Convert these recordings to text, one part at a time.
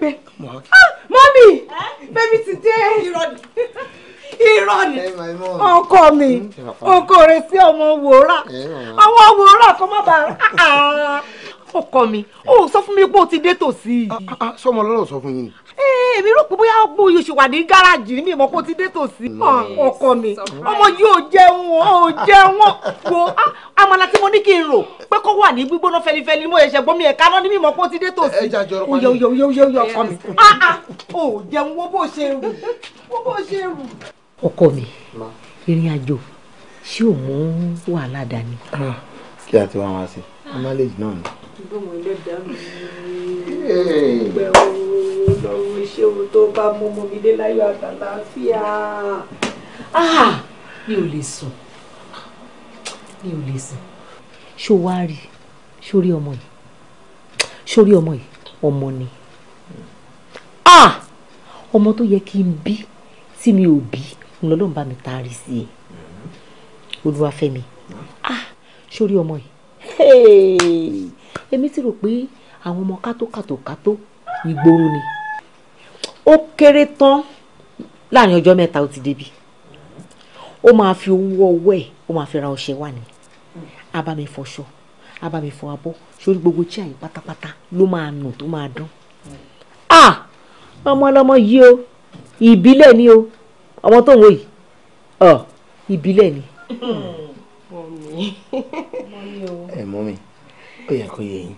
pípẹ́. mọ́mí bẹ́bí ti dé. irọ́ ni irọ́ ni ọkọ mi hmm? ọkọ rẹ̀ sí ọmọ wòórà ọwọ́ wòórà kọ́ má bàa ọkọ mi ó sọ fún mi pé ó ti dé tòsí. Ah, ah, ah, sọmọ lọ́rọ̀ sọ fún yín ni. Eh, èmi rò pé bóyá mo yóò ṣe wà ní gáràjì mi mọ̀ kó ti dé tòsí ah, ọkọ mi ọmọ yóò jẹun ó jẹun wo ah, àmàlà tí mo ní kí n rò pé kó wà ní gbígbóná fẹlifẹli mo ẹ̀ṣẹ̀ gbọ́ mi ẹ̀ka náà ní mi kó ti dé tòsí yóò yóò yóò yóò yóò ọkọ mi ó ah, jẹun wo bó ṣe rù wo bó ṣe rù. ọkọ mi ìrìn àjò ṣé ò mú wàhálà dání. kí a ti wá wá sí i a náà ni. gbọ́mọ lọ́wọ́ iṣẹ́ òun tó bá mú ọmọ mi dé láyọ̀ àtàlàáfíà ah, mi ò lè sùn mi ò lè sùn. ṣó wáá rí sórí ọmọ yìí sórí ọmọ yìí ọmọ ni ah! ọmọ tó yẹ kí n bí tí mi ò bí ńlọ́lọ́run bá mi taari sí i olúwafẹ́mi sórí ah! ọmọ yìí èmi ti rò pé àwọn ọmọ kátó kátó kátó ìgboro ni ó kéré tán láàrin ọjọ́ mẹ́ta ó ti débi ó máa fi owó ọwọ́ ẹ̀ ó máa fi ra ọṣẹ wà ní abami fọṣọ abami fọ abọ́ sórí gbogbo tí àyè pátápátá ló máa nù tó máa dán ah ọmọ ọlọmọ yìí o ìbílẹ̀ ni o ọmọ tó ń wò yìí ọ ìbílẹ̀ ni. ẹ mọ mi ó yẹ kó yẹ yín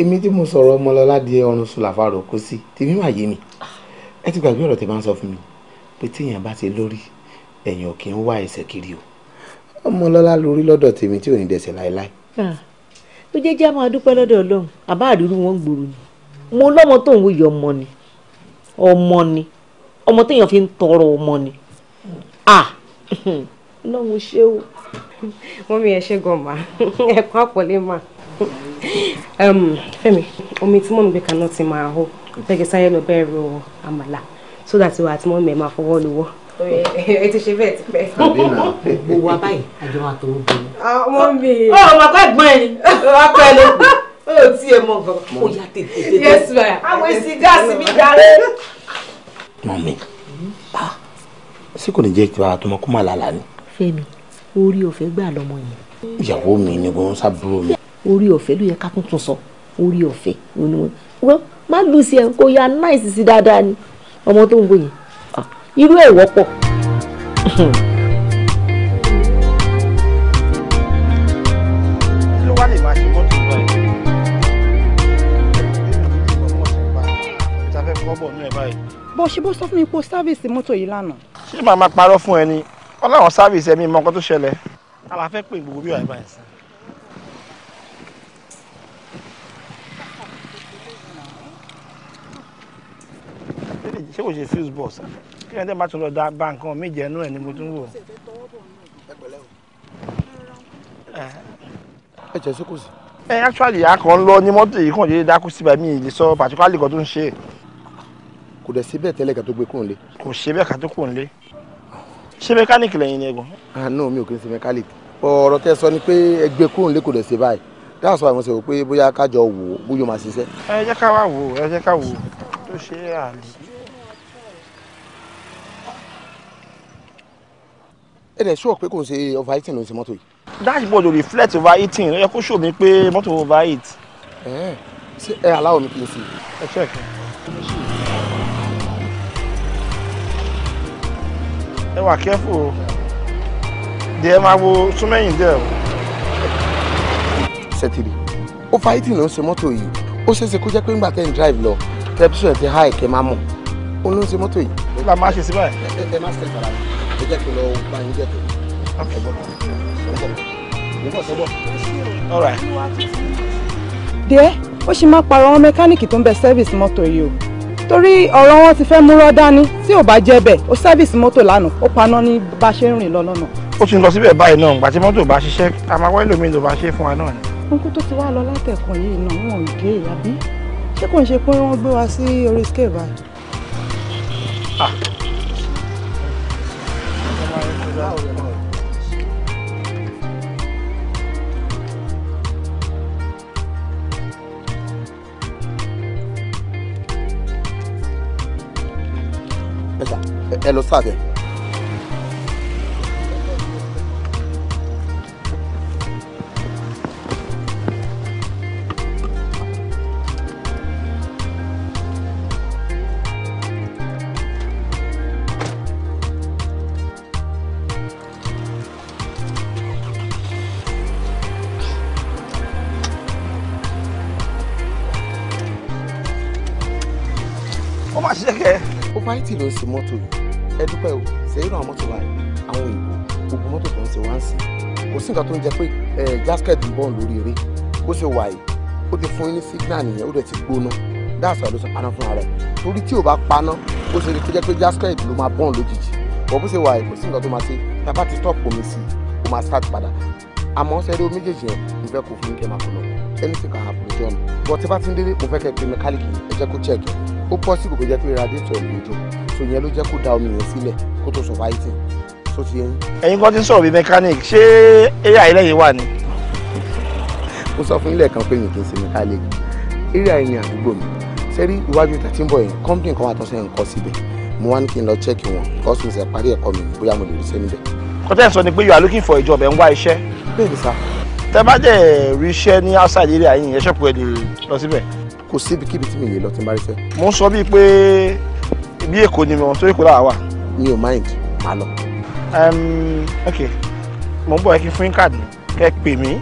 èmi tí mo sọ̀rọ̀ ọmọlọ́lá di ọrùn sùn làfàrọ̀ kó sí tèmi máa yé mi ẹ ti gbàgbé ọ̀rọ̀ tẹ́ bá ń sọ fún mi pé téèyàn bá ti lórí èèyàn kì í wá ẹsẹ̀ kiri o ọmọ ọlọ́lá lórí lọ́dọ̀ tèmi tí ò ní dẹsẹ̀ láéláé. ó jẹ́ jẹ́ máa dúpẹ́ lọ́dọ̀ ọlọ́run àbá àdúrú wọn gbòòrò ni mo lọ́mọ tó ń wòye ọmọ ni ọmọ ni ọmọ téèyàn fi ń tọrọ ọmọ ni ọlọ́run ṣé o. wọ́n mi ẹ ṣe gọ̀mà ẹ̀kọ́ àpọ̀lé mà fẹ́mi omi tí mò ń gbé kaná ti máa hó fẹ́kẹ́ sáyé lọ bẹ́ẹ̀ ro àmàlà so that ìwà àti mọ́mí ẹ̀ máa fọwọ́ lówó. ẹ ti ṣe bẹ́ẹ̀ ti pẹ́. àbí nà owó wa báyìí àjọ wa tó ń bọ̀. Ah, oh, ọmọ mi. ọ ọmọ akọ ẹ̀gbọ́n ẹyin akọ ẹ ló kù ó tí ẹ mọ gan. ó yà tètè tètè. yes ma àwọn èsì gáàsì mi darí. mọ̀mí sí ah, kò ní jẹ́ kí wàá tó mọ kó má lálàá ni. fẹ́mi orí ọ̀fẹ́ gbà lọ́mọ yẹn. ìyàwó mi ni wọn sábúrò mi. orí ọ̀fẹ́ ló yẹ ká tún sọ orí ọ̀fẹ́ má lù sí ẹ̀ kó ya náìsì sí dáadáa ni ọmọ tó ń wò yẹn ah, irú ẹ̀ wọ́pọ̀. bó ṣe bó sọ fún mi pé sáfíìsì mọ́tò yìí lánàá. ṣé màá máa parọ́ fún ẹ ni ọlọ́run sáfíìsì ẹ̀mí mọ nǹkan tó ṣẹlẹ̀. a máa fẹ́ pè gbogbo bí wàá báyìí sí. ṣé kò ṣe fuse box kí ẹni tẹ́ bá tún lọ da bá nǹkan mí jẹ́ inú ẹ̀ ni mo tún wò. ẹ jẹ́ sí sí. ẹ actually a kàn ń lọ ní mọ́tò yìí kàn lè dákú síbẹ̀ mi ì lè sọ particularly kan tó ń ṣe. kò dẹ̀ síbẹ̀ tẹ́lẹ̀ ká tó gbé kúrò lé. kò ṣe bẹ́ẹ̀ ká tó kúrò lé. ṣé mẹkáníìkì lẹ́yìn ni ẹ̀gbọ́n. àná ah, mi ò kí n ṣe mẹkáníìkì ọ̀rọ̀ tẹ́ sọ ni pé ẹ gbé kúrò lé kò dẹ̀ ṣe báyìí dáàsọ àwọn ṣe wò pé bóyá kájọ wò bóyá máa ṣiṣẹ́. ẹ jẹ́ ká wá wò ẹ jẹ́ ká wò tó ṣe é àlè. ẹ dẹ̀ sọ pé kò ń ṣe overheating ló ń ṣe mọ́tò yìí. dashboard ò reflect overheating ó yẹ kó show mi pé mọ́tò overheat. ẹ ṣe ẹ aláwọ̀ mi kì í sí. ẹ check. ẹ wà careful o díẹ̀ máa wo súnmẹ́yìn díẹ̀ o. sẹ́tìrì overheating ló ń ṣe mọ́tò yìí ó ṣeéṣe kó jẹ́ pé ńgbà tẹ́ ń drive lọ tẹ́písọ̀ ẹ̀ ti há ẹ̀kẹ́ máa mọ̀ ó ló ń ṣe mọ́tò yìí. ó là máa ṣe sí ẹ ẹ ṣe ìfara mi ẹ jẹ́ kí n lọ bá yín jẹ́kọ̀ọ́. ọ̀kẹ́bọ̀ ọ̀kẹ́bọ̀ ọ̀kẹ́bọ̀ ọ̀rẹ́. díẹ̀ ó ṣì máa parọ́ wọn mẹkáníìkì tó ń bẹ sẹ́fíìsì mọ́tò yìí o torí ọ̀rọ̀ wọn ti fẹ́ múrọ́ dání tí ò bá jẹ́ bẹ́ẹ̀ ó sẹ́fíìsì mọ́tò lánàá ó paná ní bá ṣe ń rìn lọ lọ́nà. ó ti ń lọ síbẹ̀ báyìí náà gbàtí mọ́tò bá ṣiṣẹ́ àmàwọ́ ẹlòmíín ló bá ṣe fún wa náà ni. nkú tó ti wá lọ látẹ̀kọ̀ yìí náà wọn ò gé àbí ṣé kò ń ṣe pé wọ́n gbé wa sí orí scale báyìí. Ah, ẹ lọ sábẹ́. ó máa ṣiṣẹ́ kẹ́. ó fáìtì ló ń sin mọ́tò yìí dúpẹ́ o ṣèyí náà mọ́tò wa àwọn òyìnbó gbogbo mọ́tò tó ń ṣe wá ń sìn kò sí nǹkan tó ń jẹ pé gasket ń bọ̀ lórí eré bó ṣe wà yìí ó ti fún yín ní signal nìyẹn ó dẹ̀ ti gbóná dáàsì àlọ́ sọ paná fúnra rẹ̀ torí tí ò bá paná bó ṣe rí tó jẹ́ pé gasket ló máa bọ̀n lójijì bó ṣe wà yìí kò sí nǹkan tó máa ṣe tá a bá ti stop omi sí i ó máa start padà àmọ́ ṣẹ́rí omi méjèèjì yẹn mo fẹ́ kó fún kẹ́ máa kọ́ lọ anything can happen jọ́nù bọ̀ tí bá ti ń délé mo fẹ́ kẹ́ pé mẹkáníìkì ẹ jẹ́ kó check yẹn ó pọ́sibù kó jẹ́ pé radiator ló jó so yẹn ló jẹ́ kó da omi yẹn sílẹ̀ kó tó sọ wáìtì tó ti yẹn. ẹ̀yin kan ti ń sọ̀rọ̀ bíi mechanic ṣé ai lẹ́yìn wà ni. mo sọ fún ilé kan pé mi kì í ṣe mechanic ai ni àdúgbò mi sẹ́rí iwájú tàtí ń yẹn company kan wà tó sẹ́yìn kọ́ síbẹ̀ mo wá ní kí n lọ check wọn because mo ṣe parí ẹ̀kọ́ mi bóyá mo lè rí sẹ́yìn bẹ̀. kọ́tẹ́ ni pé you are looking for a job ẹ̀ ń wá iṣẹ́. bẹ́ẹ̀ ni sá. tẹ bá dẹ̀ rí iṣẹ́ ní outside area yìí ẹ ṣọ́pù ẹ lè lọ síbẹ̀ kò sí ibikíbi tí mi lè lọ tí n bá rí sẹ́. mo ń sọ bíi pé bí èkó ni mo sórí èkó lára wà. mi ò mind máa lọ. ok mo ń bọ̀ ẹ́ kí fún káàdì kẹ́ pè mí.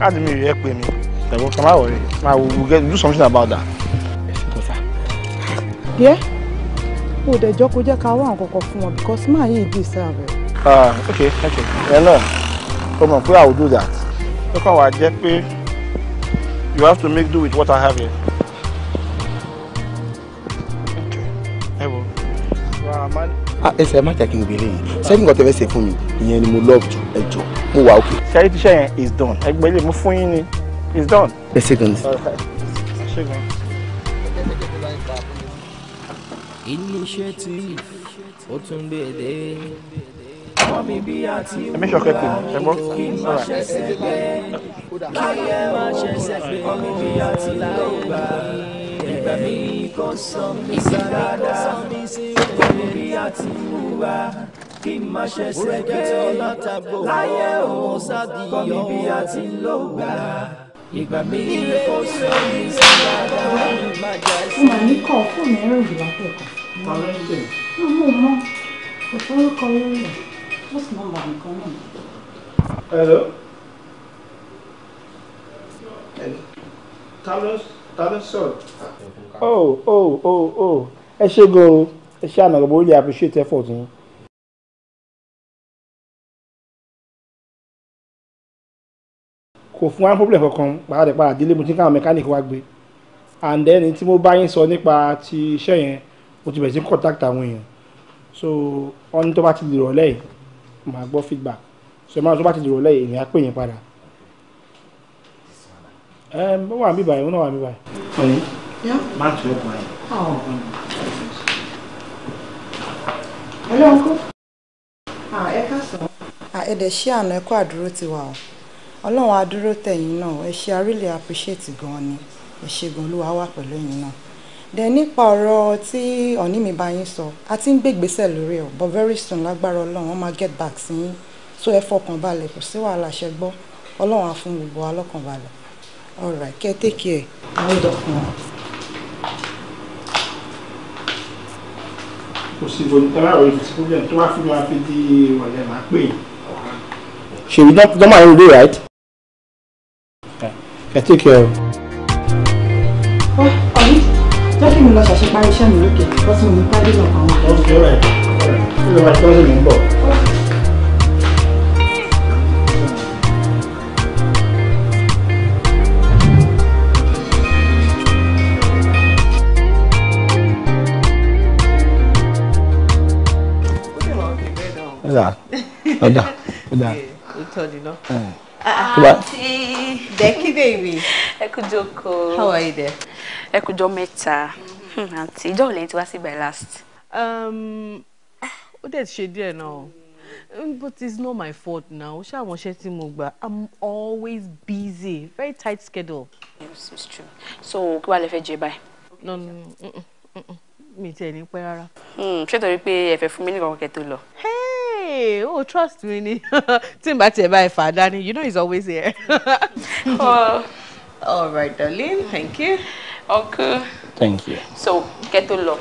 káàdì mi rẹ̀ pè mí. ẹ̀wọ̀n kan máa wọ̀ rẹ̀ máa wò we get do something about that díẹ̀ ó dẹ̀ jọ́ kó jẹ́ ká wá nǹkan kan because máa yìí dì it. ah okay, thank you. náà come on, pé i will do that. Look how I jẹ́ pé you have to make do with what i have here. ẹ wo ah, ah, ẹsẹ̀ má jẹ́ kí n gbélé yìí sẹ́yìn nǹkan tẹ́fẹ́ ṣe fún mi ìyẹn ni mo love ju ẹjọ́ mo wà okay. ṣe ti is done I believe mo fún is done. The second. gan initiative ó tún gbèdé wọ́n mi bí a ti wù wá kí n má ṣẹ̀ṣẹ̀ gbé kí ẹ má ṣẹ̀ṣẹ̀ gbé wọ́n mi bí a ti là ó ìgbà mi kò sọ mí sí dáadáa wọ́n mi bí a ti wù wá kí n má ṣẹ̀ṣẹ̀ gbé láyé òun kọ́ mi bí a ti lò gbà ìgbà mi kò sọ mí sí dáadáa. ó mà ní kọ́ fóònù ẹ̀rọ ìdìbò àti ta ló ń pè mí. mo mọ kò sórúkọ lórí ẹ ó sì máa ń bà hello ta ló sọ̀rọ̀. oh oh oh oh ẹ ṣe gan-an ẹ ṣe àná ọ̀gbọ̀n ó lè appreciate effort yín. kò fún wa problem kankan pàdé pàdé délé mo ti káwọn mẹkáníìkì wa gbé and then tí mo bá yín sọ nípa ti iṣẹ́ yẹn o ti bẹ̀rẹ̀ sí contact àwọn èèyàn so wọ́n ní tó bá ti di ìrọ̀lẹ́ màá gbọ́ feedback so ẹ máa tó bá ti di ìrọ̀lẹ́ yìí á pè yín padà ẹ ó wà mí báyìí ó náà wà mí báyìí. ọ̀rẹ́ máa tún ẹ̀kọ́ ẹ̀. ọlọ́nkú ẹ ah, ah, ká ah, ẹ dẹ̀ ṣé àná ẹ̀kọ́ àdúró ti wà o ọlọ́run á dúró tẹ̀yìn náà ẹ ṣé i appreciate gan-an ni ẹ ṣé gan-an olúwa wà pẹ̀lú ẹ̀yin náà dẹ̀ nípa ọ̀rọ̀ tí ọ̀ní mi bá yín sọ a ti ń gbé ìgbésẹ̀ lórí ẹ̀ but very soon lágbára ọlọ́run wọ́n máa get back sí yín so ẹ fọkàn balẹ̀ kò sí wàhálà ṣẹ gbọ́ ọlọ́run á fún gbogbo wa lọ́kàn balẹ̀ all right kẹ́ take care àwọn ìdọ̀kùn wa. kò sí ibo nítorí àwọn ìdí tó yẹn tó wá fún wa fi di ìrọ̀lẹ́ máa pè é. ṣèyí dọ́mọ̀ àyẹ̀wò dé right. kẹ́ take care. Oh jẹ́ kí mi lọ ṣàṣẹ parí iṣẹ́ mi lókè bọ́ sí mi parí lọ àwọn ọ̀rẹ́. ok all right all right ṣé wàá ṣe ń bọ̀. Ọ̀dà ọ̀dà ọ̀dà. Ó tọ́ di náà. Auntie. Deki baby. Ẹ kú How are you there? Ẹ kú jọ́ mẹ́ta. Hmm, Auntie, ìjọ́ òlẹ́yìn tí wá sí by last. Um, Ó dẹ̀ ṣe díẹ̀ náà. Mm, but it's not my fault now. Ṣé àwọn iṣẹ́ tí mo gbà? I'm always busy. Very tight schedule. Yes, it's true. So, kí wàá lè fẹ́ jẹ báyìí? No, no, no. Mi tiẹ̀ ní pẹ́ rárá. Hmm, ṣé torí pé ẹ fẹ́ fún mi nìkan kẹ́ tó lọ? Hey! hey oh trust me ni tí n bá tiẹ̀ báyìí fà á dání you know he's always here. Oh, all right darling thank you. uncle. thank you. so kẹ́tó lọ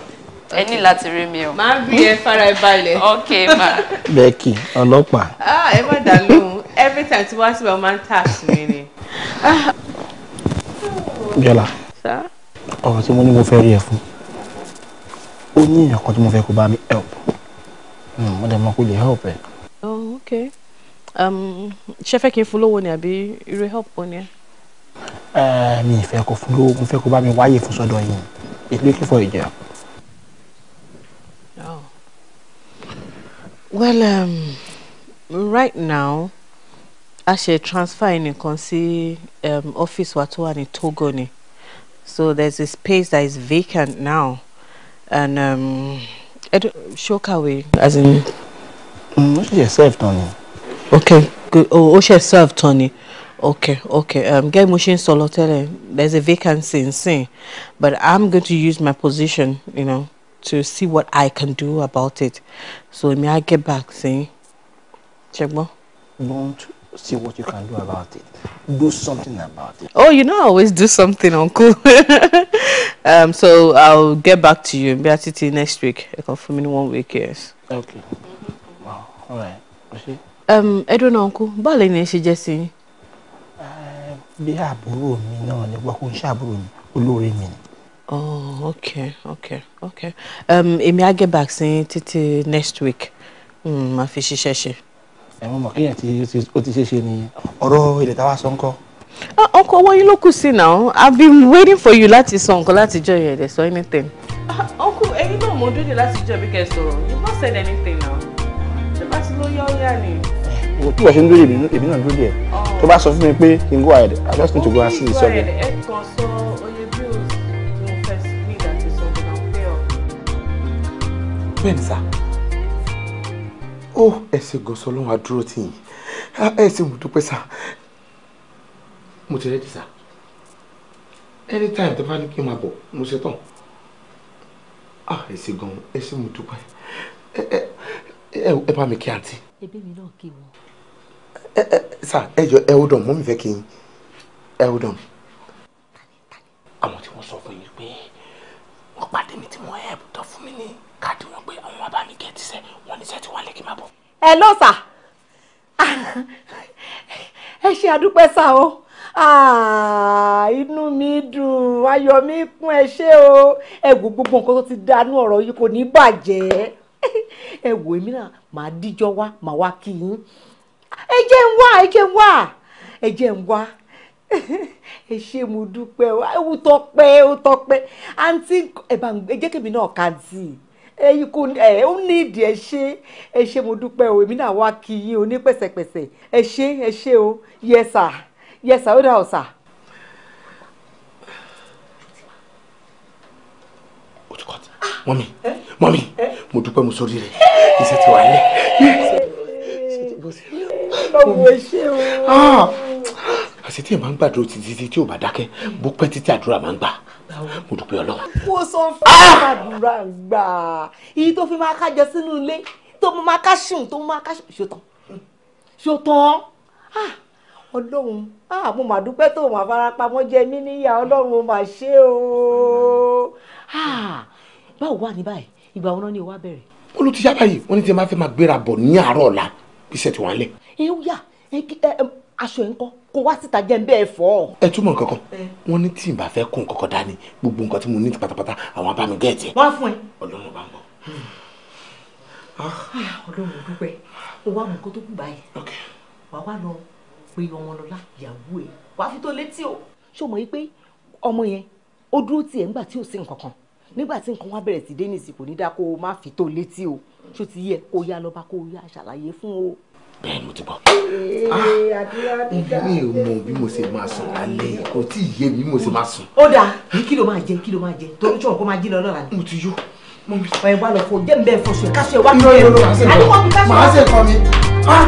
ẹ ní láti rí mi o. máa ń rí ẹ fara ẹ balẹ̀. ok ma. Becky ọlọ́pàá. ah ẹ má dá every time tí wọ́n á síbẹ̀ máa ń tax mi ni. Bíọ́lá ọ̀rọ̀ tí mo ní mo fẹ́ rí ẹ fún ó ní èèyàn kan tí mo fẹ́ kó bá mi help. Hmm, mo mọ̀ kó lè help ẹ. oh okay um, ṣe fẹ́ kí n fún lówó ni àbí irú help wo ni ẹ. mi ì fẹ́ kó fún lówó mo fẹ́ kó bá mi wáyè fún sọ́dọ̀ yìí it's looking for a job. oh well um, right now a ṣe transfer nìkan sí um, office wa tó wà ní Togo ni so there's a space that is vacant now and. Um, shock away, as in. ó mm, ṣe serve tán ni. Oh, ó oh, ṣe Tony. okay okay um, get mo solo telling. there's a vacancy in sin but i'm going to use my position you know, to see what i can do about it so may I get back see? sí ṣẹgbọ́n see what you can do about it. Do something about it. Oh, you know, I always do something, Uncle. um, so I'll get back to you in Beatity next week. I confirm in one week, yes. Okay. Wow. All right. Um, I don't know, Uncle. Báwo ni ẹ ṣe jẹ́ sí yín? Um, bí àbúrò mi náà ni wọ́n kò ń ṣàbúrò mi, olóore Oh, okay, okay, okay. Um, èmi á get back sí yín next week. Mm, màá fi ṣiṣẹ́ ẹ̀wọ̀n mọ̀ kéèyàn ó ti ṣe ṣe nìyẹn ọ̀rọ̀ ilẹ̀ táwa sọ ń kọ́. Ah, ọkọ owó yín ló kù sí náà I've been waiting for you láti sọ nǹkan láti jọ yẹn ẹ̀ sọ anything. ọkọ ah, ẹyin náà mo dúró láti jọ bí kẹ sọ̀rọ̀ you no said anything now ṣé bá ti ló yá ó yá ni. mo tí wàá ṣe ń dúró èmi náà dúró díẹ̀ oh. tó bá sọ fún mi pé n go ahead I just need to go and see the surgeon. ẹ kàn sọ oye bí o ti mo fẹ́ ó ẹsẹ̀ gọ̀ọ́sọ ọlọ́run àdúró tì yín ẹsẹ̀ mo dúpẹ́ sá mo ti anytime tó bá ní kí n ah bọ̀ mo ṣe tán ẹsẹ̀ gan ẹsẹ̀ mo dúpẹ́ ẹ bá mi kí àǹtí. ẹbí mi náà kí wọn. ẹ ẹ sá ẹ jọ ẹ ó dàn mọ́ mi fẹ́ kí n ẹ ó dàn. àwọn tí wọ́n sọ fún yín pé wọ́n pàdé mi tí wọ́n ẹ ló sà ẹ ṣe àdúpẹ́ sà o inú mi dùn ayọ̀ mi kún ẹ o ẹ gbogbo nǹkan tó ti dánú ọ̀rọ̀ yìí kò ní bàjẹ́ ẹ wò èmi náà màá díjọ́ wá màá wá kí yín ẹ jẹ́ ń wá ẹ jẹ́ mo dúpẹ́ o tọpẹ́ tọpẹ́ àǹtí bá náà ká èyí kò ẹ ó ní ìdí ẹ ṣe ẹ ṣe mo dúpẹ́ o èmi náà wá kí yín o ní pẹ̀sẹ̀pẹ̀sẹ̀ ẹ ṣe ẹ ṣe o yẹsà yẹsà ó dà ọ sà. o ti kọ́ ti mọ́mí mọ́mí mo dúpẹ́ mo sórí rẹ̀ iṣẹ́ ti wà nílẹ̀. ọmọ ẹ ṣe o. àṣetí ẹ̀ máa ń gbàdúró títí tí ò bá dákẹ́ bó pẹ́ títí àdúrà máa ń gbà mo dúpẹ́ ọlọ́run. mo sọ fún ah! àdúrà gbà èyí tó fi máa kájọ sínú ilé tó máa ká ṣùn tó máa ká ṣòtàn ṣòtàn ah! ọlọ́run ah! mo mà dúpẹ́ tó mà farapamọ́ jẹ mí níyà ọlọ́run mo mà ṣe o báwo wà ní báyìí ìgbà wo náà ni ìwà bẹ̀rẹ̀. ó ló ti yá báyìí wọ́n ní tí ẹ máa fẹ́ máa gbéra bọ̀ ní àárọ̀ ọ̀la bí iṣẹ́ ti wà ń lẹ̀. ẹ aṣọ ẹ̀ ń kọ́ kó wá síta jẹ́ bẹ́ẹ̀ fọ́. ẹ túmọ̀ nǹkan kan wọ́n ní tí n bá fẹ́ kó nǹkan kan dání gbogbo nǹkan tí mo ní pátápátá àwọn abá mi gẹ̀ẹ́tì. wá fún ẹ. ọlọ́run bá ń bọ̀. Ah, ọlọ́run dúpẹ́ o wá mú nǹkan tó kù báyìí wàá wá lọ pé ọmọ lọlá ìyàwó ẹ wàá fi tó létí o. ṣé o mọ̀ pé ọmọ yẹn ó dúró tiẹ̀ nígbà tí ò sí nǹkan kan nígbà tí nǹkan wá bẹ̀rẹ̀ sí dé kò ní dáa kó o má fi tó létí o ṣó ti yẹ kó yá lọ bá kó o yá ṣàlàyé fún o bẹ́ẹ̀ mo ti gbọ́. Eh, ah, mi ò mọ bí mo ṣe máa sùn lálẹ́ kò tí ì yé mi bí mo ṣe máa sùn. ó dáa eh, kí ló máa jẹ kí ló máa jẹ torí tí òun kò máa jí lọ lọ́la ni. mo ti yó. ọ̀yẹ̀wá lọ fún un jẹ́ mi bẹ́ẹ̀ fọṣọ káṣọ ẹ̀ wá mi. àdúgbò mi káṣọ ẹ̀ wá mi. màá ṣe kọ́ mi. Ah,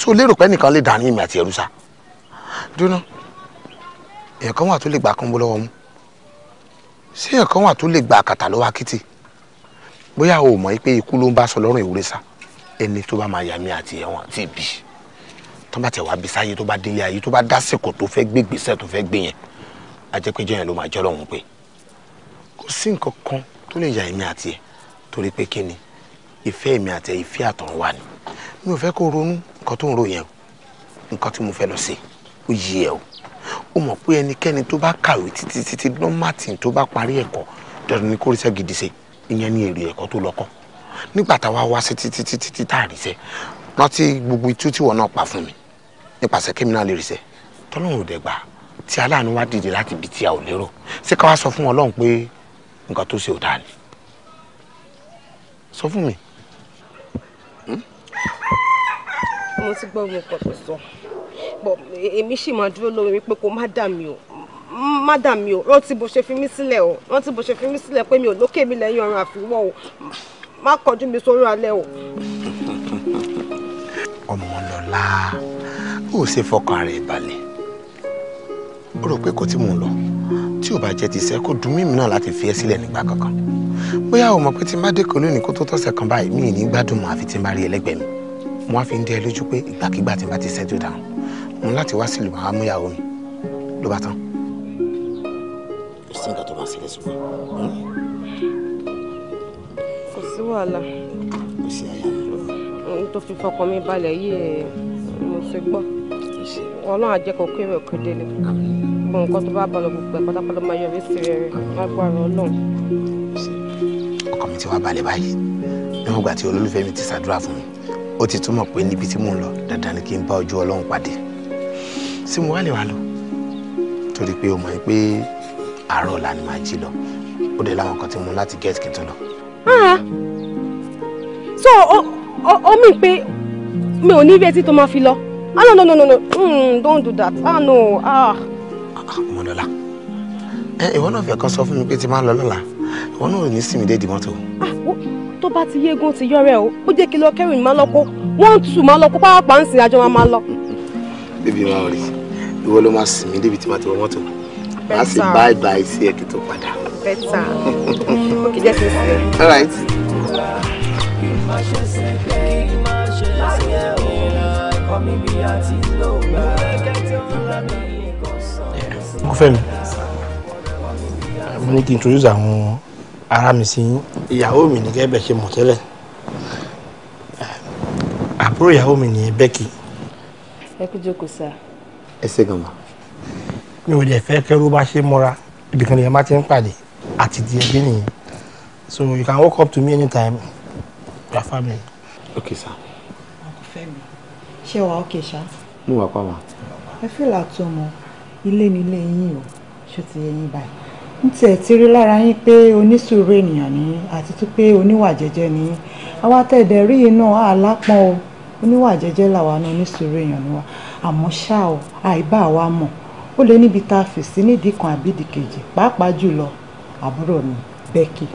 so lérò pé nìkan lè dàrin èmi àti ẹrú sa dúró èèyàn kan wà tó lè gba kánbó lọ́wọ́ mú sí èèyàn kan wà tó lè gba àkàtà lọ́wọ́ akitì bóyá o mọ̀ pé ikú ló ń bá sọ lọ́rùn ìwúre sa ẹni tó bá máa yà mí àti ẹ̀wọ̀n àti ìbí tó bá tẹ̀ wá bí sáyé tó bá délé ayé tó bá dásìkò tó fẹ́ gbé gbèsè tó fẹ́ gbé yẹn ajẹ́pẹ́jọ́ yẹn ló máa jọ́ lọ́hùn pé kò sí nǹkan kan tó lè yà èmi àti ẹ̀ torí pé kí ni ìfẹ́ èmi àti ẹ̀ ìfẹ́ àtọ̀run wà ní mi ò fẹ́ kó ronú nǹkan tó ń ro yẹn o nǹkan tí mo fẹ́ lọ sí ó yí ẹ o ó mọ̀ pé ẹnikẹ́ni tó bá kàwé títí títí nọ́màtì tó bá parí ẹ̀kọ́ dandan ni kó gidi ṣe ìyẹn ní èrè ẹ̀kọ́ tó lọ́kọ́ nígbà táwa wá sí títí títí tí tá a rí iṣẹ́ rántí gbogbo itú tí wọn náà pa fún mi nípasẹ̀ kémi náà lè rí iṣẹ́ tọ́lọ́run ò dẹ̀ gbà tí aláàánú wá dìde láti ibi tí a ò lérò ṣé ká wá sọ fún ọlọ́run pé nǹkan tó ṣe ò dáa ni sọ fún mi. mo ti gbọ́ ohun kan tó sọ bọ̀ èmi sì máa dúró lórí pé kó má dà mí o má dà mí o rántí bó ṣe fi mí sílẹ̀ o rántí bó ṣe fi mí sílẹ̀ pé mi ò lókè mi lẹ́yìn ọ̀run àfiwọ́ o má kọjú mi sórí alẹ́ o. ọmọlọlá ó ṣe fọkàn rẹ balẹ̀ ó rò pé kò tí mò ń lọ tí ò bá jẹ́ ti kó dùn mímu náà láti fi ẹ́ sílẹ̀ nígbà kankan bóyá o mọ̀ pé tí n bá dé kọ́ lónìí kó tó tọ̀sẹ̀ kan báyìí mi ì ní gbádùn mọ́ àfi tí n rí ẹlẹ́gbẹ̀ẹ́ mi mo wá fi ń dẹ ẹ lójú pé ìgbàkigbà tí n bá ti settle down mo ní láti wá sílùú màá mú ìyàwó mi ló bá tán. kò sí nǹkan tó máa ṣẹlẹ̀ ṣùgbọ́n. Hmm? kò sí wàhálà. kò sí àyà. n tó fi fọkàn mi balẹ̀ yìí mo ti gbọ́ ọlọ́run àjẹkọ̀ kéré òkè délé gbogbo nǹkan tó bá balọ̀ gbogbo ẹ̀ pátápátá máa yọrí sí rere lágbára ọlọ́run. ọkàn mi ti wá balẹ̀ báyìí níwọ̀n ìgbà tí olólùfẹ́ mi ti ṣàdúrà fún mi ó ti túmọ̀ pé níbi tí mò ń lọ dandan ni kí n bá ojú ọlọ́run pàdé tí mo wá lè wá lọ torí pé o mọ̀ pé àárọ̀ ọ̀la ni màá jí lọ ó dẹ̀ láwọn kan tí mo láti get kí n tó lọ. so o mì pé mi ò ní retí tó máa fi lọ ah no no no no no mm, don't do that ah no ah. ọmọdọ́là ẹ ìwọ náà fi ẹ̀kan sọ fún mi pé tí máa lọ lọ́la ìwọ náà ò ní sinmi dé di mọ́tò. ah wo tó bá ti yégun ti yọrẹ o ó jẹ́ kí lọ kẹ́rù ní máa lọ kó wọ́n ń tù máa lọ kó pápá ń sìn àjọ máa máa lọ. bébí máa rí ìwọ ló máa sìn mí débi tí màá ti wọ mọ́tò màá sì báyìí báyìí sí ẹ̀kí tó padà. bẹ́tà ó kì í jẹ́ kí n sìn. all right. mo fẹ́ mi mo ní kí n introduce àwọn ara mi sí ìyàwó mi ní gẹ́gẹ́ bẹ́ẹ̀ ṣe mọ̀ tẹ́lẹ̀ àbúrò ìyàwó mi nìyẹn Becky. ẹ kú jókòó sá. ẹ ṣe gan ma. mi ò dẹ̀ fẹ́ kẹ́rú bá ṣe mọ́ra ibìkan nìyẹn bá ti ń pàdé àti di ẹbí nìyẹn so you can walk up to me anytime you are family. ok sir. ọkọ fẹ́ mi ṣé wàá òkè ṣá. mo wà pa ma. ẹ fìlà tó mọ ilé nílé yín o ṣó ti yẹ yín báyìí ń tiẹ̀ ti rí lára yín pé onísùúrù ènìyàn ni àti tún pé oníwà jẹ́jẹ́ ni àwa tẹ̀dẹ̀ rí iná àlápọ̀n o oníwà jẹ́jẹ́ làwa náà onísùúrù èèyàn ni wa àmọ́ ṣá o àìbá wa mọ̀ ó lè níbi tá a fì sí nídìí kan àbídìí kejì pàápàá jùlọ àbúrò mi Becky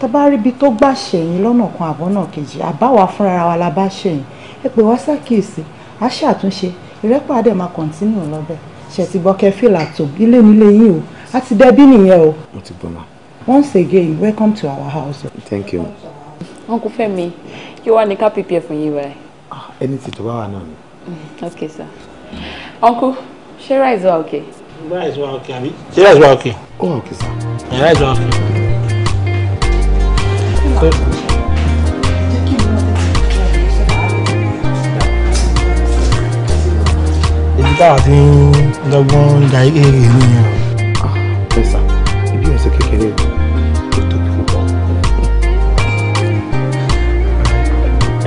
tá a bá rí ibi tó gbà ṣẹ̀yìn lọ́nà kan àbọ́nà kejì àbáwa fúnra wa la bá ṣẹ̀yìn ẹ pè wá ṣàkíyèsí a ṣàtúnṣe ìrẹ́pàdé máa kọ̀ntínú lọ́bẹ̀ ṣètìgbọ́kẹ́ fìlà tó ilé nílé yìí o a ti dẹbí nìyẹn o. mo ti gbọ́ once again welcome to our house. thank you. uncle Fẹ́mi kí wàá ní ká prepare fún yín báyìí. ẹni ah, tí tó bá wà náà ni. Mm, ok sir. uncle ṣé rice wa okay. rice wa okay àbí. ṣé rice wa okay. ó wà okay sir. rice wa okay. So, tá a fi ń dọ́gbọ́n da èrè nìyẹn o ẹ sà ibi ọ̀sẹ̀ kékeré tó tóbi púpọ̀.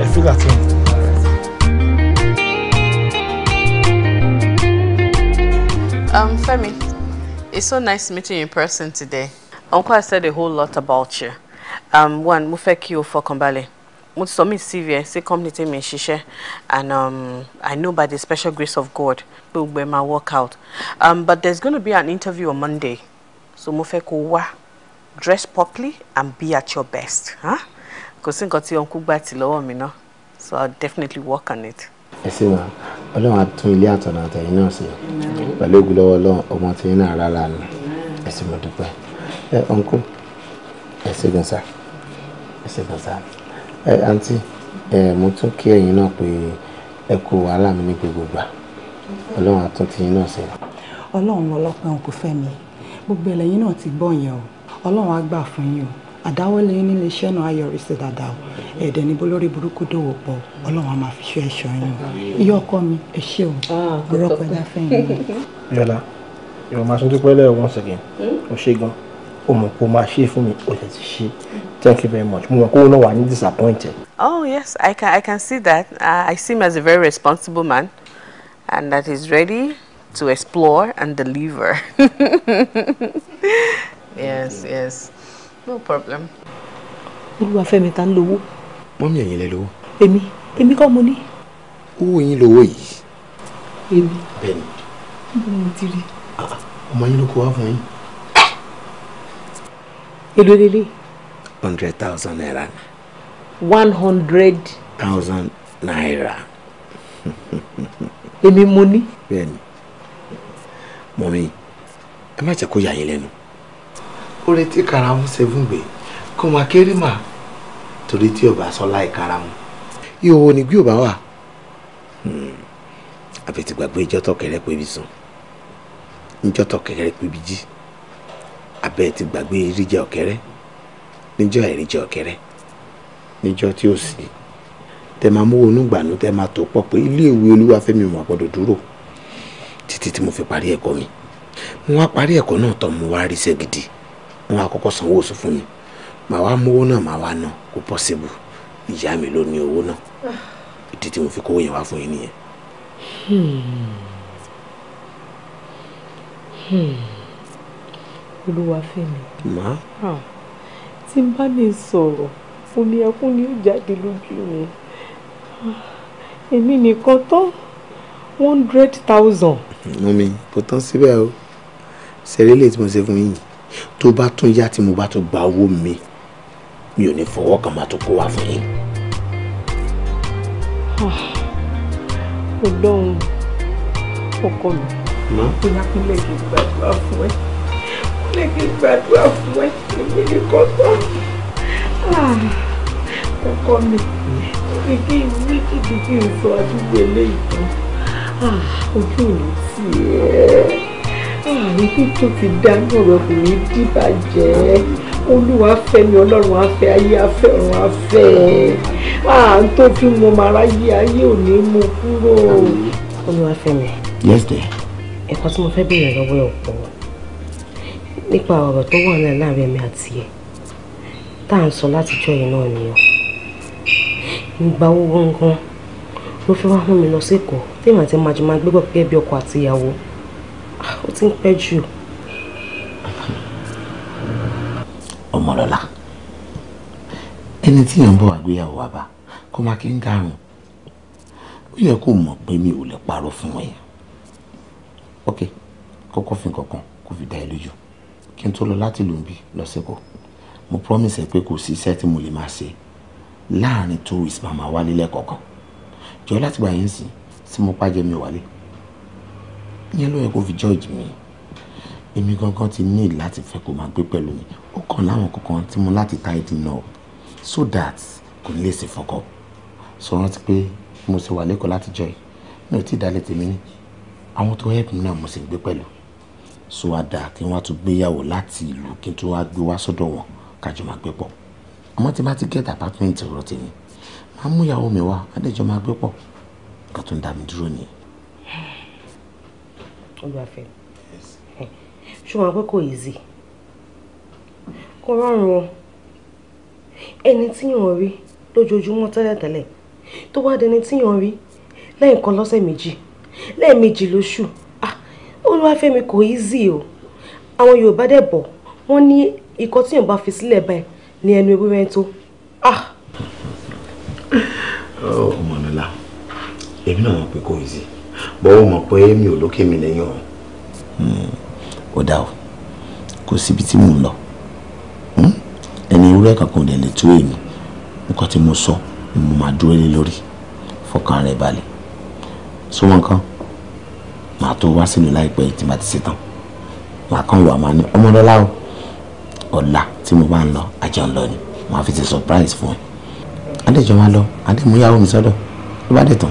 ẹ fílà tí mo. Um, Femi, it's so nice meeting you in person today. Uncle, has said a whole lot about you. Um, one, mo fẹ́ kí o fọkàn balẹ̀. Mo ti sọ mi CV Say sí company tí mi ń ṣiṣẹ́ and um, I know by the special grace of God we'll gbogbo ẹ work out. Um, but there's going to be an interview on Monday so mo fẹ́ kó wá dress properly and be at your best kò sí nǹkan tí ọ̀nkú gbà tì lọ́wọ́ mi náà so I'll definitely work on it. ẹ ṣe wa ọlọ́run á tún ilé àtọ̀nà àtẹ̀yìn náà ṣe pẹ̀lú ògùn lọ́wọ́ ọlọ́run ọmọ tẹ̀yìn náà rárá ni ẹ ṣe mo dúpẹ́ ẹ ọ̀nkú ẹ ṣe gan sa ẹ ṣe gan sa ẹ àǹtí ẹ mo tún kí ẹ̀yin náà pé ẹ kú wàhálà mi ní gbogbo gbà ọlọ́run á tún tẹ̀yìn náà ṣe. ọlọ́run ọlọ́pẹ́ òǹkú fẹ́ mi gbogbo ẹlẹ́yìn náà ti gbọ́ yẹn o ọlọ́run á gbà fún yín o àdáwọ́lé nílé iṣẹ́ náà ayọ̀ rí sí dáadáa o ẹ̀ẹ́dẹ̀ níbo lórí burúkú dòwò pọ̀ ọlọ́run á máa fi ṣe ẹ̀ṣọ́ yín o iye ọkọ mi ẹ ṣé o ọ̀rọ̀ ah, pẹ̀lú afẹ́yìn mi. yọlá yọọ máa tún dúpẹ́ once again hmm? o ṣe gan o mọ̀ kó máa ṣe fún mi o lè ti ṣe thank you very much mo mọ̀ kó náà wà ní disappointed. oh yes i can i can see that uh, i see him as a very responsible man and that is ready to explore and deliver. yes, yes. No problem. Olúwafẹ́mi ta ń lówó. Mọ́mí ẹ̀yin lẹ lówó. Èmi, èmi kọ́ mo ní. Owó yín lówó yìí. Èmi. Emi. Ben. ni mo ti rí? Ah, ah, ọmọ yín ló kó wá fún yín. Èló lélẹ̀. Hundred thousand naira. One hundred. Thousand naira. Emi, mo ní. Bẹ́ẹ̀ni mọ̀mí ẹ má jẹ́ kó yà yín lẹ́nu. ó retí karamu seven gbé kó máa kéré mà torí tí ọba sọ láì karamu. ìhòòhò ni gbé ọba wà. àfẹ̀tìgbàgbé hmm. ìjọ́tọ̀ kẹrẹ́ pé ibi sùn níjọ́tọ̀ kẹrẹ́ pé ibi jí abẹ́ ti gbàgbé ìríjẹ ọ̀kẹ́rẹ́ níjọ́ ìríjẹ ọ̀kẹ́rẹ́ níjọ́ tí ó sì tẹ máa mówó onúgbànú tẹ máa tó pọ̀ pé ilé ìwé olúwàfẹ́mi ò mà gbọ́dọ̀ dúró títí tí mo fi parí ẹ̀kọ́ mi mo wá parí ẹ̀kọ́ náà tán mo wá rí iṣẹ́ gidi mo wá kọ́kọ́ sanwó oṣù fún mi màá wá mówó náà màá wá ná kó pọ́sibù ìyá mi ló ní owó náà ìdí tí mo fi kówó yẹn wá fún yín nìyẹn. Hmm. Hmm. olúwàfẹ́mi tí n bá lè sọ̀rọ̀ omi ẹkún ni ó jáde lójú mi ah, èmi nìkan tán one hundred thousand mú mi kò tán síbẹ̀ o ṣẹlẹ̀ lè tí mo ṣe fún yín tó bá tún yá tí mo bá tún gba owó mi mi ò ní fọwọ́ kan máa tún kó wá fún yín. kò ah, lóhun ọkọ mi kò yá kúnlẹ̀ kí n gbàdúrà fún ẹ kúnlẹ̀ kí n gbàdúrà fún ẹ èmi ni kò tán ah, ọkọ mi hmm. kí n wí kí n sọ àdúgbò ojú ò ní tì Ah, àrùn tó ti dáná ọ̀rọ̀ kò ní dìbàjẹ́ olúwa fẹ́ mi ọlọ́run afẹ́ ayé afẹ́ ọ̀run afẹ́ àà tó fi mọ màrá yé ayé ò ní mú kúrò. olúwa fẹ́ mi. yes dear. ẹ̀kọ́ tí mo fẹ́ béèrè lọ́wọ́ ẹ̀ pọ̀ nípa ọ̀rọ̀ tó wà náà láàrin ẹ̀mí àti ẹ̀ tá à ń sọ látijọ́ yìí náà nìyẹn ìgbà wo gangan ló fẹ́ wá mú mi lọ sí Èkó téèyàn àti ẹ̀ma jọ máa gbégbọ̀ gẹ́gẹ́ bí ọkọ àti ìyàwó ó ti ń pẹ́ jù. ọmọlọ́lá ẹni tí yàn ń bọ̀ àgbéyàwó wa bá kó má kí ń dárùn ó yẹ kó mọ̀ pé mi ò lè parọ́ fún ẹ ok kọ́kọ́ fi kankan kó fi dá ẹ lójú kí n tó lọ láti lò ń bí lọ́sẹ̀kọ̀ mo promise ẹ pé kò sí iṣẹ́ tí mo lè máa ṣe láàrin tourist màmá wálé lẹ́kọ̀ọ̀kan jọ láti gbà yín sìn tí mo pàjẹ́ mi wálé ìyẹn ló yẹ kó fi judge mi èmi gangan ti ní láti fẹ́ kó máa gbé pẹ̀lú mi ó kàn láwọn kankan tí mo láti tidy náà so that kò ní lè ṣe fọkọ sọ rántí pé mo ṣe wà lẹ́kọ̀ọ́ láti jọ yìí mi ò tí ì dalẹ̀ tèmi ní àwọn tó help mi náà mo sì gbé pẹ̀lú so àdá kí wọ́n tún gbéyàwó láti ìlú kí n tún wá gbé wá sọ́dọ̀ wọn kájọ máa gbé pọ̀ àmọ́ tí bá ti get apartment ọ̀rọ̀ tèmi máa mú ìyàwó mi wá adéjọ máa gbé pọ̀ ká tún dá mi dúró ni. olùwàfẹ́ ṣùgbọ́n pé kò easy kò rọrùn o ẹni tí yàn rí lójoojúmọ́ tẹ́lẹ̀tẹ́lẹ̀ tó wá dẹni tí yàn rí lẹ́yìn kan lọ́sẹ̀ méjì lẹ́ẹ̀mejì lóṣù olúwàfẹ́mi kò easy o àwọn yorùbá dẹ̀ bọ̀ wọ́n ní ikọ̀ tí yàn bá fi sílẹ̀ báyìí ní ẹnu ewúrẹ́ tó. ọmọ nílá èmi náà mọ̀ pé kò easy bọ́ ó mọ̀ pé mi ò lókè mi lẹ́yìn ọ̀hún. Hmm, ó dá o kò síbi tí mò ń lọ hmm? ẹni ewúrẹ́ kankan ò dẹ̀ lè tó èmi nǹkan tí mo sọ ni mo máa dúró lé lórí fọkàn rẹ balẹ̀ súnmọ́ nǹkan màá tó wá sínú láìpẹ́ tí màá ti ṣe tán màá kàn wà máa ní ọmọdọ́lá o ọ̀la tí mo bá ń lọ àjọ ń lọ ni màá fi ti surprise fún ẹ adéjọ máa lọ adémúyàwó mi sọ́dọ̀ ló bá dé tán.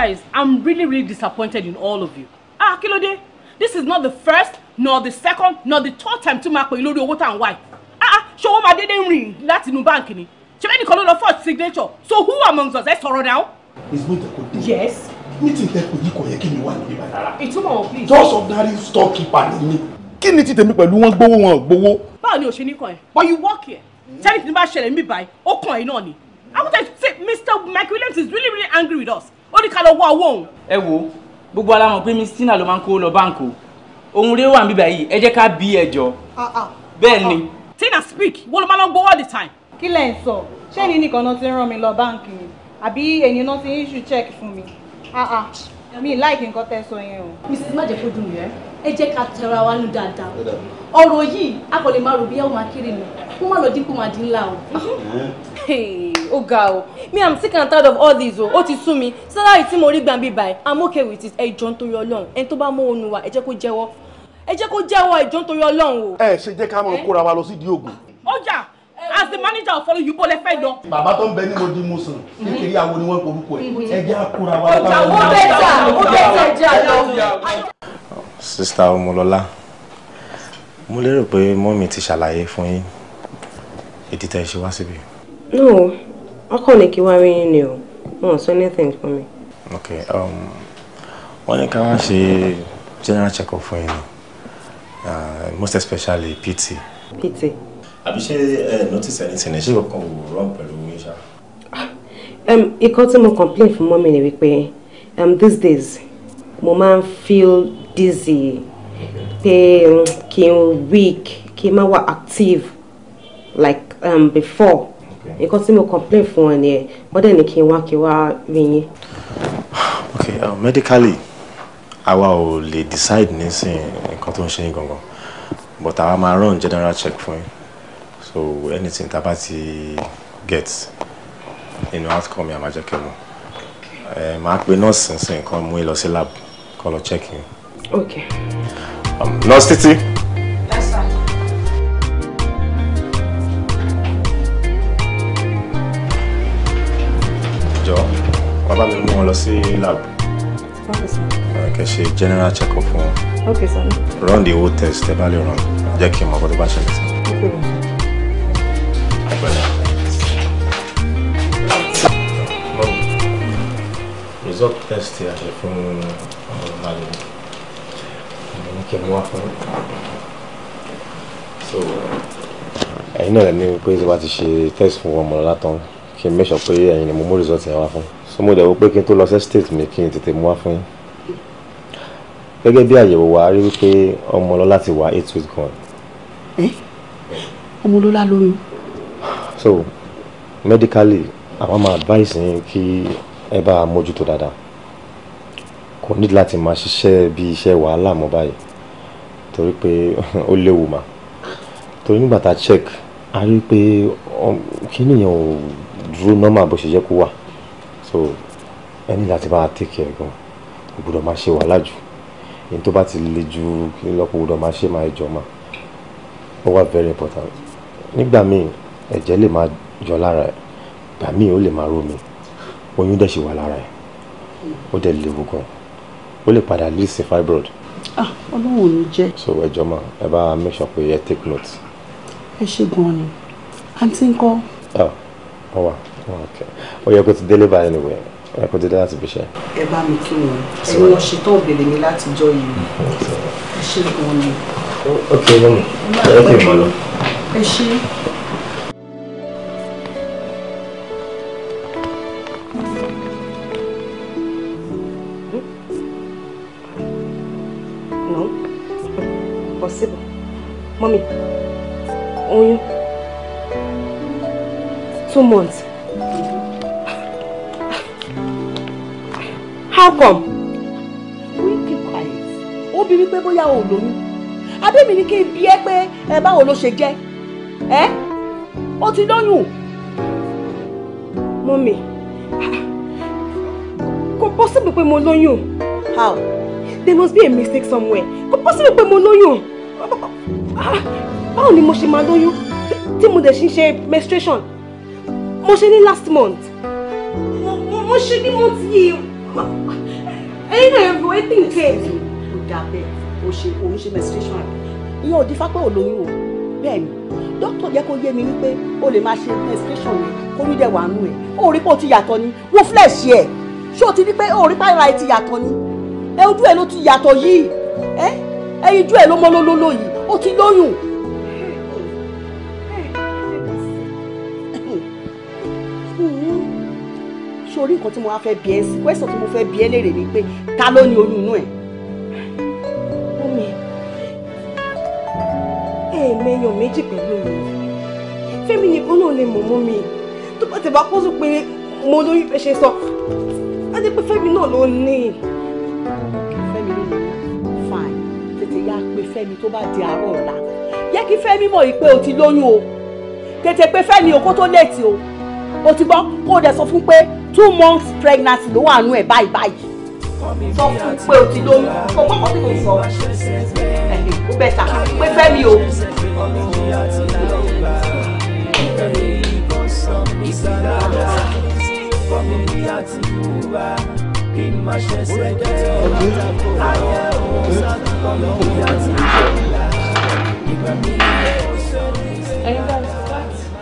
guys i'm really really disappointed in all of you ah kí this is not the first nor the second nor the third time tí mo pè é lórí owó tá à ń wá yìí ah, ah ṣé owó máa dédé rìn láti inú báǹkì ni ṣé bẹ́ẹ̀ nìkan ló lọ forge signature so who among us ẹ sọ̀rọ̀ now. is me tẹ̀kọ̀ dé. yes. ní ti tẹ̀kọ̀ yìí kò yẹ kí mi wà níbí báyìí rárá. ìtumọ̀ wọn please. just ordinary storekeeper ni mi. kí ni ti tèmi pẹ̀lú wọn gbowó wọn gbowó. báwo ni òṣèlú kan ẹ but you work here tẹ́lifí ti bá ṣẹlẹ̀ níbí báyìí ó kàn ẹ́ náà ni i want to say mr mike williams is really really angry with us ó ní ká lọ wá owó òun. ẹ wo gbogbo alamọ pé miss tina ló máa ń kó lọ báǹkì o òun rẹ wà níbí báyìí ẹ jẹ́ ká bí ẹjọ́ ah, ah. bẹ́ẹ̀ ni. Ah. tina speak wọ́n ló máa ń gbowó all the time. kí lẹ̀ ń sọ ṣé ẹni nìkan náà ti ń rán mi lọ báǹkì ni àbí ẹni náà ti ń issue check fún mi mi láìkí nǹkan tẹ́ sọ yẹn o. mrs májèkúdùn yẹn ẹ jẹ́ ká tẹra wa nù dáadáa ọ̀rọ̀ yìí a kò lè máa rò bí ẹ ó máa kiri ni kó má lọ dínkù máa dín ńlá ó ga o me i'm sick and tired of all this o ó ti sú mi salary tí mo rí gbàǹbí báyìí i'm okay with it ẹ jọ̀ọ́ nítorí ọlọ́run ẹni tó bá mọ òun wa ẹ jẹ́ kó jẹ́wọ́ ẹ jẹ́ kó jẹ́wọ́ ẹ jọ̀ọ́ nítorí ọlọ́run o. ẹ ṣe jẹ́ ká máa kóra wa lọ sí di oògùn. ọjà as the manager of follow you bó lè fẹ́ lọ. bàbá tó ń bẹ ní mo di musan kékeré àwọn ni wọ́n porúkọ ẹ̀ ẹ jẹ́ àkúra wa. ọjà ó bẹ tà ó bẹ tà jẹ́ àlọ́. sista Ọmọlọ́lá mo lérò pé mọ́mì ti ṣàlàyé fún yín ìdí tẹ́ ẹ ṣe wá síbí. no wọ́n kàn ní kí wá rí yín ni o wọn sọ anything for me? ok um, wọ́n ní ká wá ṣe general check up fún yín ni uh, most especially pt. pt. àbí ṣé ẹ eh, notice anything ẹ ṣé kankan wò rán pẹ̀lú yín ṣá. Ah, um, ikọ́ tí mo complain fún mọ́mí ni wípé um, these days mo máa ń feel dizzy pé um, kí n weak kí n má wà active like um, before nǹkan tí mo complain fún wọn nìyẹn wọ́n dẹ̀ ní kí n wá kí n wá rí yín. ok uh, medically àwa ò lè decide nísìn nǹkan tó ń ṣe yín gangan but àwa máa run general check fún yín so anything tá a bá ti get nínú outcome yẹn a máa jẹ́ kí n mọ̀ ẹ eh, máa pe nurse nísìn kan mú yín lọ sí lab kó lọ check yín. ok. Um, nurse títí. bá mi mú wọn lọ sí lab. Okay sir. ṣe general check up fún Okay sir. Run the whole test ẹ bá lè ràn jẹ́ kí n mọ̀ bó tó bá ṣẹlẹ̀ sí. Okay. Ẹgbẹ̀rún. result test here fún ọmọlẹ ní kí n wá fún so ẹ̀yin náà lẹni pé tí wàá ti ṣe test fún ọmọ lọ́la tán kí n mẹ́sọ̀ pé ẹ̀yin ni mo mú result yẹn wá fún so mo dẹ̀ wò pé kí n tó lọ sí state mi kí n tètè mú wá fún yín gẹ́gẹ́ bí àyẹ̀wò wa rí wípé ọmọ ọlọ́lá ti wà eight weeks gone. ọmọ ọlọ́lá lóyún. so medically àwọn máa advice yín kí ẹ bá a mójútó dáadáa kò ní láti máa ṣiṣẹ́ bí iṣẹ́ wàhálà mọ́ báyìí torí pé ó léwu mà torí nígbà tá a check a rí i pé um, kí nìyẹn ò dúró normal bó ṣe yẹ kó wà so ẹni láti bá take care gan kò gbọdọ̀ máa ṣe wàhálà jù èyí tó bá ti le ju kí lọ́pọ̀ gbọdọ̀ máa ṣe máa jọ máa ó wà very important nígbà míì ẹ̀jẹ̀ lè máa yọ lára ẹ̀ gbà míì ó lè máa rómi oyún dẹ̀ ṣì wà lára ẹ̀ ó dẹ̀ léwu gan ó lè padà lead sí fibroid. ah ọlọ́run ò ní jẹ́. so ẹ jọ máa ẹ bá make sure pé ẹ take note. ẹ ṣe gan-an ni àǹtí ń kọ́. ah wọ́n wà okay ó yẹ kó ti deliver anyway ó yẹ kó ti dé láti fi ṣe. ẹ bá mi kí wọn ẹni wọn ṣetán òbèrè mi láti jọ yìí mm-hmm. ẹ ṣe gan ni. ok mọ́mí ẹ kì í mọ́ lọ. ẹ ṣe. Hmm? two months how come. we keep quiet ó bí wípé bóyá o ò lóyún abẹ́mi ni kí n bi ẹ́ pé ẹ báwo ló ṣe jẹ́ ẹ́ ó ti lóyún mọ́mì kò possible pé mo lóyún how there must be a mistake somewhere Ko possible pé mo Ah, how ni mo ṣe máa lóyún tí mo dẹ̀ ṣe menstruation mo ṣe ní last month mo ṣe ní month yìí ẹ̀yin náà ẹ̀bùn eighty k. o da bẹ́ẹ̀ o ṣe òun ṣe menstruation rẹ ìyẹn ò di fápá olóyún o bẹ́ẹ̀ ni dókítà jẹ́ kó yé mi wípé o lè máa ṣe menstruation rẹ kó ní dẹ̀wà nù ẹ̀ o rí pé ẹ ojú ẹ̀ ló yìí o ti lóyún sórí nǹkan tí mo wá fẹ́ bí ẹ sí kwẹ́sọ̀ tí mo fẹ́ bí ẹ léèrè ni pé ta ló ní oyún inú ẹ̀. omi èèmẹ̀yàn méjì pẹ̀lú mi fẹ́mi nìkan náà lè mọ̀ mọ́ mi tó bá ti bá kó sọ pé mo lóyún fẹ́ ṣe sọ láti pé fẹ́mi náà ló ní. fẹ́mi ló ní fàìn tètè yá pé fẹ́mi tó bá di àárọ̀ ọ̀la yẹ kí fẹ́mi mọ̀ yìí pé o ti lóyún o tètè pé fẹ́mi o kó tó léètì o o ti gbọ́ kó o dẹ̀ sọ fún pé two months pregnancy ló wà nú ẹ̀ báyìí báyìí sọ fún pé o ti lóyún kò gbọ́ kọ́tí kò sọ ẹ̀hìn ó bẹ̀ta pé fẹ́ mi o. ẹ̀yin guys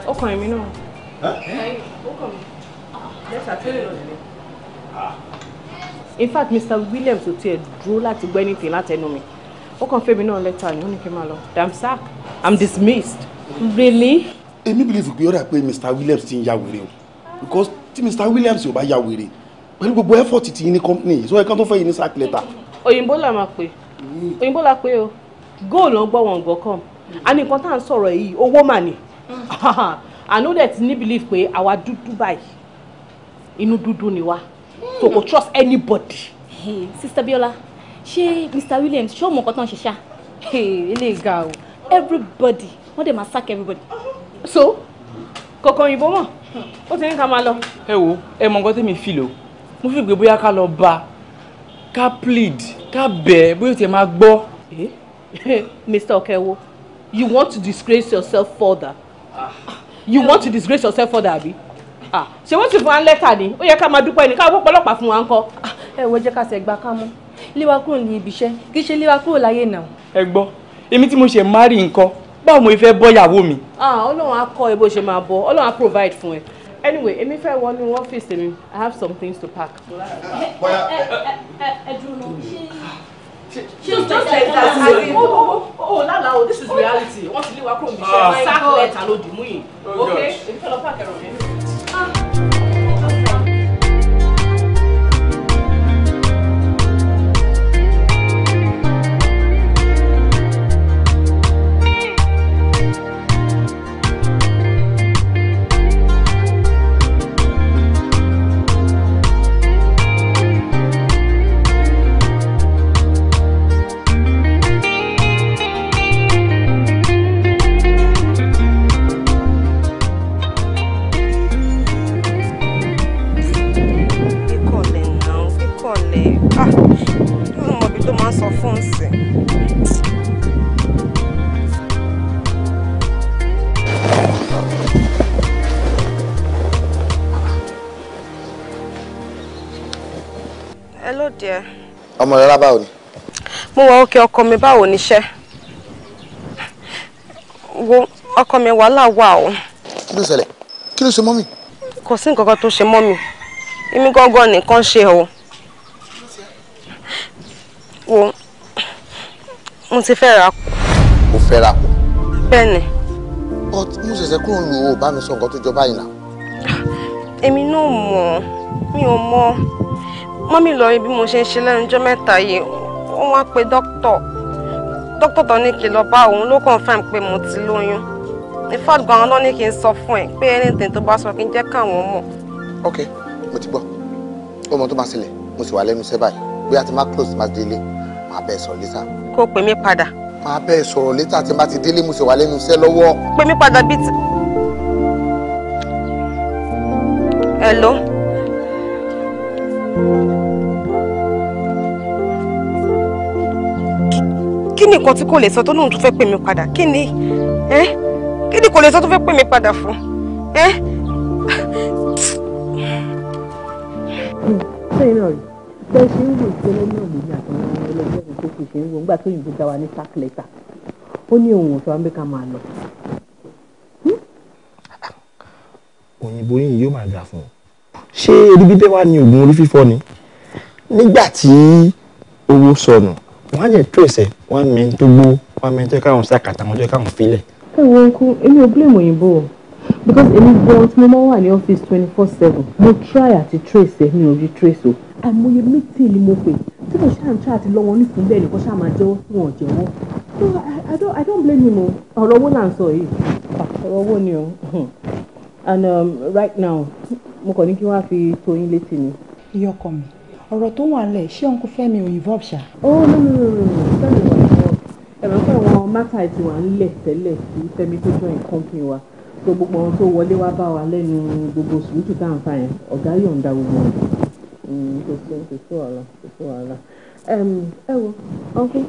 ọkàn mi náà ọkàn mi. Ah. in fact mr williams ò tiẹ̀ dúró láti gbọ́ anything látẹnu you ó kàn fẹ́mi náà lẹ́tà ni ó ní kí n máa lọ dam sack i'm dismissed. really. èmi believe You ó dà pé mr williams in ń because mr williams ò bá ya wèrè we have effort in the company so I tó fẹ́ you ní sack letter. Oh, là máa pè òyìnbó là pé o góòlù ló ń gbọ́ wọn gbọ́ kàn á ní nǹkan tá à ń sọ̀rọ̀ Oh, owó I know that you dẹ̀ ti ní believe pé àwa dúdú báyìí inú dúdú ni wá so kò trust anybody. Hey, sister Biola ṣé Mr. Williams ṣé o mọ nǹkan tó ń ṣe ṣá ilé ga o everybody wọ́n dẹ̀ máa sack everybody. so kọ̀ọ̀kan òyìnbó mọ̀ ó ti ní ká máa lọ. ẹ wo ẹ mọ nǹkan tẹ́mi fi lò mo fi gbé bóyá ká lọ bá ká plead ká bẹ̀ bóyá tiẹ̀ máa gbọ́. Eh? Mr. Okewo you want to disgrace yourself further ah. you want to disgrace yourself further abi. Ah, ṣé wọ́n sì fún wa lẹ́tà ni ó yẹ ká máa dúpẹ́ ni ká wọ́pọ̀ ọlọ́pàá fún wa ń kọ́. Ah, ẹ wo jẹ́ ká ṣe gbà ká mú léwa kúrò ní ibi iṣẹ́ kì í ṣe léwa kúrò láyé náà. ẹ gbọ́ èmi tí mo ṣe márì nǹkan báwo mo fẹ́ bọ́ ìyàwó mi. Ah, ọlọ́run á kọ́ ẹ bó ṣe máa bọ́ ọlọ́run á provide fún ẹ anyway èmi fẹ́ wọnú ọ́fíìsì mi i have some things to pack. ẹ dúró She, she was just like that. I mean, oh, oh, oh, oh, la, la, oh, this is reality. Wọ́n ti lé wa kúrò níbi iṣẹ́. Sack letter ló dì mú yìí. Okay, èmi fẹ́ lọ pàkẹ́rọ̀ yẹn. ọmọlọ́lá báwo ni. mo ọkọ mi báwo wo ọkọ mi wàhálà wà o. kí ló ṣẹlẹ̀ kí ló ṣe mọ́mì. kò sí nǹkan kan tó ṣe mọ́mì èmi gángan nìkan o wo mo ti fẹ́ ra fẹ́ o bá mi sọ nǹkan tó jọ báyìí náà. èmi náà mọ̀ mọ́mí lọ́rin bí mo ṣe ń ṣe lẹ́nu ọjọ́ mẹ́ta yìí wọ́n wá pe dókítọ̀ dókítọ̀ tó ní kí n lọ bá òun ló confirm pé mo ti lóyún in fact gan-an ló ní kí n sọ fún ẹ pé anything tó bá sọ kí n jẹ́ káwọn mọ̀. ok mo ti gbọ́ ọmọ tó máa ṣẹlẹ̀ mo sì wà lẹ́nu iṣẹ́ báyìí bóyá ti máa close máa délé máa bẹ́ẹ̀ sọ̀rọ̀ létà. kó o pè mí padà. máa bẹ́ẹ̀ sọ̀rọ̀ létà tí n bá ti délé mo sì wà lẹ́nu iṣẹ́ lọ́wọ́. pè mí padà bíi ti. hello. kí ni nǹkan tí kò lè sọ tó lóun tún fẹ́ pè mí padà kí ni ẹ kí ni kò lè sọ tó fẹ́ pè mí padà fún ẹ. sẹ́yìn náà rí bẹ́ẹ̀ ṣe ń wò ìṣẹ́lẹ̀ náà lèmi àtàwọn ẹlẹgbẹ́ tó kù ṣe ń wò ńgbà tó yìnbó dá wa ní sack letter ó ní òun ò sọ wá pé ká máa lọ. Hmm? òyìnbó yìí yóò máa dà fún un ṣé orí bíbẹ́ wà ní oògùn orí fífọ́ ni nígbà tí owó sọnù wọ́n á lè trace ẹ̀ wọ́n á mẹ́ni tó gbó wọ́n á mẹ́ni tó yẹ káwọn sàkà àtàwọn tó yẹ káwọn filẹ̀. ẹ wo nkú èmi ò blame òyìnbó o because èmi gan tí mo máa wà ní office twenty four seven mo try àti trace ẹ mi ò rí trace o àìmọye meeting ni mo pè tí mo ṣáà ń try àti lọ́wọ́ nípìn bẹ́ẹ̀ nìkan ṣáà máa jẹ́wọ́ tí wọ́n jẹ́wọ́ so I, I don't I don't blame him o ọ̀rọ̀ owó là ń sọ yìí ọ̀rọ̀ owó ni o and um, right now mo kàn ní kí wọ́n á fi tó létí ni. iye mi ọ̀rọ̀ tó wà lẹ̀ ṣé òun kò fẹ́ mi ò involve ṣá. ó ní mi ò fẹ́mi wà lọ ẹ̀rọ pé àwọn mátà ti wà ńlẹ̀ tẹ́lẹ̀ kí fẹ́mi tó join company wa tó gbogbo ohun tó wọlé wá bá wa lẹ́nu gbogbo sùúrù tá à ń fa yẹn ọ̀gá yọ̀ǹda gbogbo rẹ̀ hmm, kò sí kò sí wàhálà kò sí wàhálà. ẹ wo uncle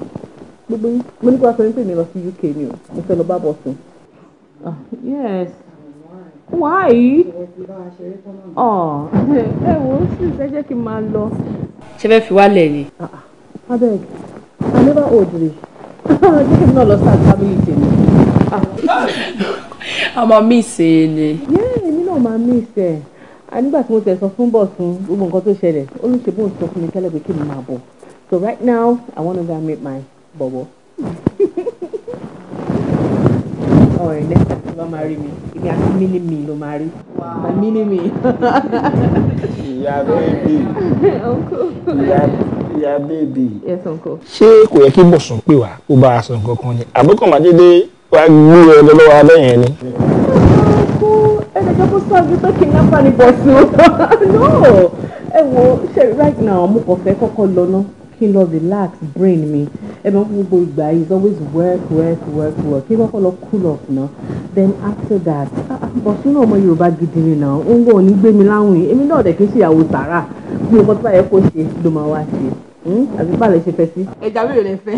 gbogbo yín mo ní kí wàá sọ pé mi lọ sí UK ni o mo fẹ́ lọ bá bọ̀ sùn. Ah, yes why? Oh, ẹ wo sis ẹ jẹ́ kí n máa lọ. ṣé fẹ́ fi wálẹ̀ ni. Ah, ah, abeg i never hold re jẹ́ kí n náà lọ start family tèmi. ọmọ mi ṣe é ni. èmi náà máa mí ìṣe ẹ nígbà tí mo tẹ̀ sọ fún bọ̀ fún gbogbo nǹkan tó ṣẹlẹ̀ olùṣe bóun sọ fún mi tẹ́lẹ̀ pé kí n máa bọ̀ so right now i wan go meet my bọ̀bọ̀. ọ̀rẹ́ lẹ́sẹ̀ bá máa rí mi èmi àti mini mi ló máa rí my mini mi. ìyá bèbí ìyá bèbí ṣé kò yẹ kí bọ̀sùn pè wá ó bá a sọ nǹkan kan ni àbúkọ̀ màdédé wàá gbúrò ẹ lọ́wọ́ abẹ́yẹn ni. ẹnìkan tó sọ́jú pé kidnapper ni bọ̀sùn no ẹ wo ṣe right now mo kàn fẹ́ kọ́kọ́ lọ náà kí n relax brain mi ẹ mọ̀ gbogbo ìgbà is always work work work work kí kọ́kọ́ lọ cool off ná then after that bọ̀sí náà ọmọ Yorùbá gidi ni náà ó ń wọ̀ ní gbé mi láwìn èmi náà dẹ̀ kí n ṣèyàwó tààrà bí nǹkan tó bá yẹ kó ṣe ló máa wá ṣe àbí bá lè ṣe fẹ́ sí. ẹja mi ò lè fẹ́.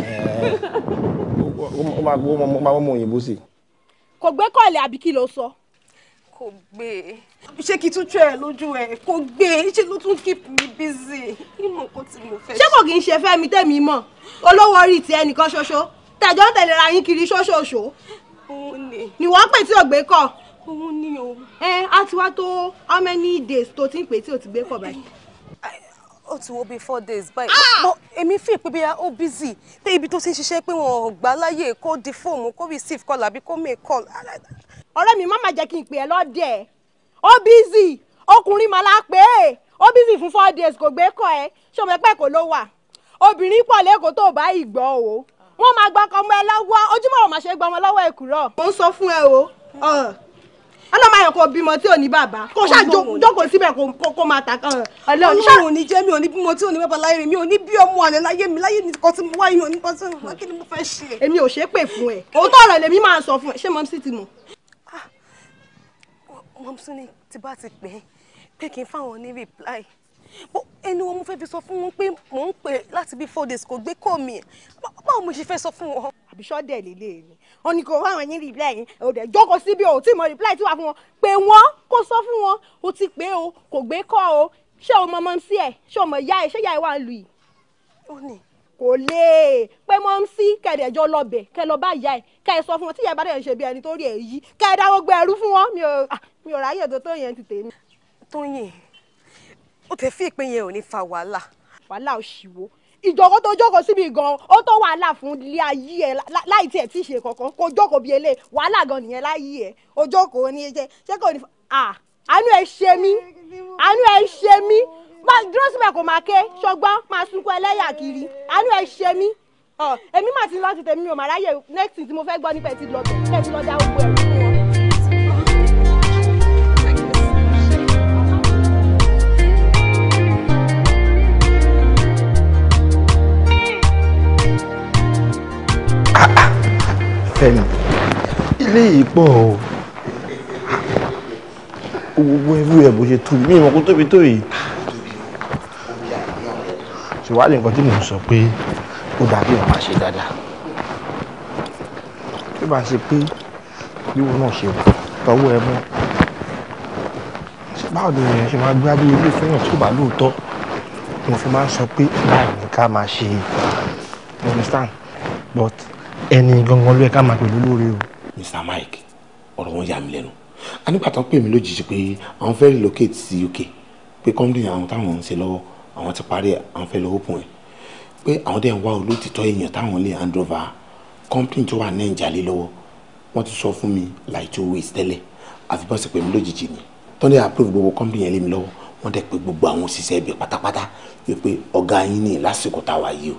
ó máa gbọ́ ọmọ òyìnbó sí. kò gbẹ́kọ̀lé àbí kí ló sọ kò gbé. E. ṣé kí tún tún ẹ lójú ẹ kò gbé e. ṣé ló tún keep me busy nínú nǹkan tí mo fẹ́. ṣé kò kí n ṣe fẹ́mi tẹ̀mí mọ̀ olówó orí ti ẹnìkan ṣoṣo tẹ̀jọ́ ń tẹ̀lé ra yín kiri ṣoṣooṣo. òun ni. ni wọ́n pè tí ò gbé kọ̀. òun ni o. ẹ á ti wá tó how many days tó ti ń pè tí ò ti gbé kọ̀ báyìí ó ti wo bíi four days báyìí but ah! èmi fi pé bíi ó busy pé ibi tó ti ń ṣiṣẹ́ pé wọn ò gbà láyè kó di fóònù kó receive call àbí kó make call ọ̀rẹ́ mi má má jẹ́ kí n pè ẹ́ lọ́dẹ̀ ó bízì ọkùnrin mà la pè é ó bízì fún four days kò gbé kọ́ ẹ ṣé ọmọ ẹgbẹ́ kò ló wà obìnrin pọ̀ lẹ́kọ̀ọ́ tó bá ìgbọ́ o wọ́n máa gba ọkọ ọmọ ẹ lọ́wọ́ ojúmọ́ ọ̀rọ̀ máa ṣe gba ọmọ lọ́wọ́ ẹ̀kúrọ̀. mo ń sọ fún ẹ o ọlọ́mọ ayọ̀ kò bímọ tí ò ní bàbá kò ṣáà jókòó síbẹ̀ kó máa tà kàn. ọlọ́run ò ní jẹ́ mi ò ní bímọ tí ò ní bàbá láyé mi mi ò ní bí ọmọ àlẹ́ láyé mi láyé mi kò tí mo wáyé mi ò ní bọ́ sí mi wá kí ni mo fẹ́ ṣe. èmi ò ṣépè fún ẹ òótọ́ ọ̀rọ̀ lèmi máa sọ fún ẹ ṣé mọ́mísì ti mọ̀ mọ́m sún ni tí bá ti pè é pé kí n fáwọn ní reply ẹni wọn mo fẹ́ fi sọ fún wọn pé mò ń pè láti bí four days kò gbé kọ́ mi báwo mo ṣe fẹ́ sọ fún wọn. àbíṣọ́ dẹ̀ lélẹ̀ ni wọn ni kò fáwọn yín reply yín ọ̀dẹ̀ jókòó síbi ò tí mo reply tí wà fún wọn pé wọ́n kó sọ fún wọn o ti pé o kò gbé kọ́ o ṣé o mọ mọ́ sí ṣé o mọ ìyá ẹ̀ ṣé ìyá ẹ̀ wà ń yìí. ó ní kò lè pé mo ń sí kẹ̀dẹ̀jọ lọ́bẹ̀ kẹ lọ bá ìyá ẹ̀ kẹ sọ fún wọn tí ìyá ìbàdàn yẹn ṣe bí ẹni tó rí ẹ̀ yí kẹ ẹ dáwọ́ gbé ẹrú fún wọn mi ò ah, mi ò ráyè tó tó yẹn ti tèmi. Tóyìn ó tẹ fí ìpín yẹn ò ní fa wàhálà. wàhálà ò ṣìwò ìjọkọ tó jókòó síbi gan ó tó wàhálà fún ilé ayé ẹ láì tiẹ̀ tí ì ṣe kankan kó jókòó bíi eléyìí wàhálà gan nìyẹn láyé ẹ ó jókòó ní ṣe ṣé kò ní ah, àánú ẹ ṣe mí àánú ẹ ṣe mí máa dúró síbẹ̀ kó máa ké ṣọgbọ́n máa sunkún ẹlẹ́yà kiri àánú ẹ ṣe mí èmi máa ti lọ́ọ́ ti tèmi ò máa ráyè next thing tí mo fẹ́ gbọ́ nípa ẹ̀ ti lọ́ọ́ bẹ̀ ti lọ́ọ́ dá fẹ́mi ilé yìí pọ̀ o gbogbo ẹrú ẹ̀ bó ṣe tóbi ní ìmọ̀kú tóbi tó kí wàá lè nǹkan tí mò ń sọ pé ó dàbí ọ̀ma ṣe dáadáa tí bá ṣe pé níwọ̀n náà ṣe wà tọwọ́ ẹ mọ́ báwo ni èèyàn ṣe máa gbádùn ilé fún yàn tí ò bá lóòótọ́ mo fi máa ń sọ pé báyìí ni ká máa ṣe understand but ẹni gangan ló yẹ ká máa pè lólórí o. Mr. Mike ọ̀rọ̀ wọn yà mí lẹ́nu a nígbà tán pè mí lójijì pé àwọn fẹ́ relocate sí UK pé company àwọn táwọn ń ṣe lọ́wọ́ àwọn ti parí àwọn fẹ́ lọ open ẹ̀ pé àwọn dẹ̀ ń wá olótìtọ́ èèyàn táwọn lè hand over company tó wà ní ìjàlè lọ́wọ́ wọ́n ti sọ fún mi like two weeks tẹ́lẹ̀ àfi bọ́sẹ̀ pẹ̀lú lójijì ni tọ́lẹ̀ approve gbogbo company yẹn lé mi lọ́wọ́ wọ́n dẹ̀ pé gbogbo àwọn òṣìṣẹ́ ibẹ̀ pátápátá wípé ọ̀gá yín ní lásìkò táwa yìí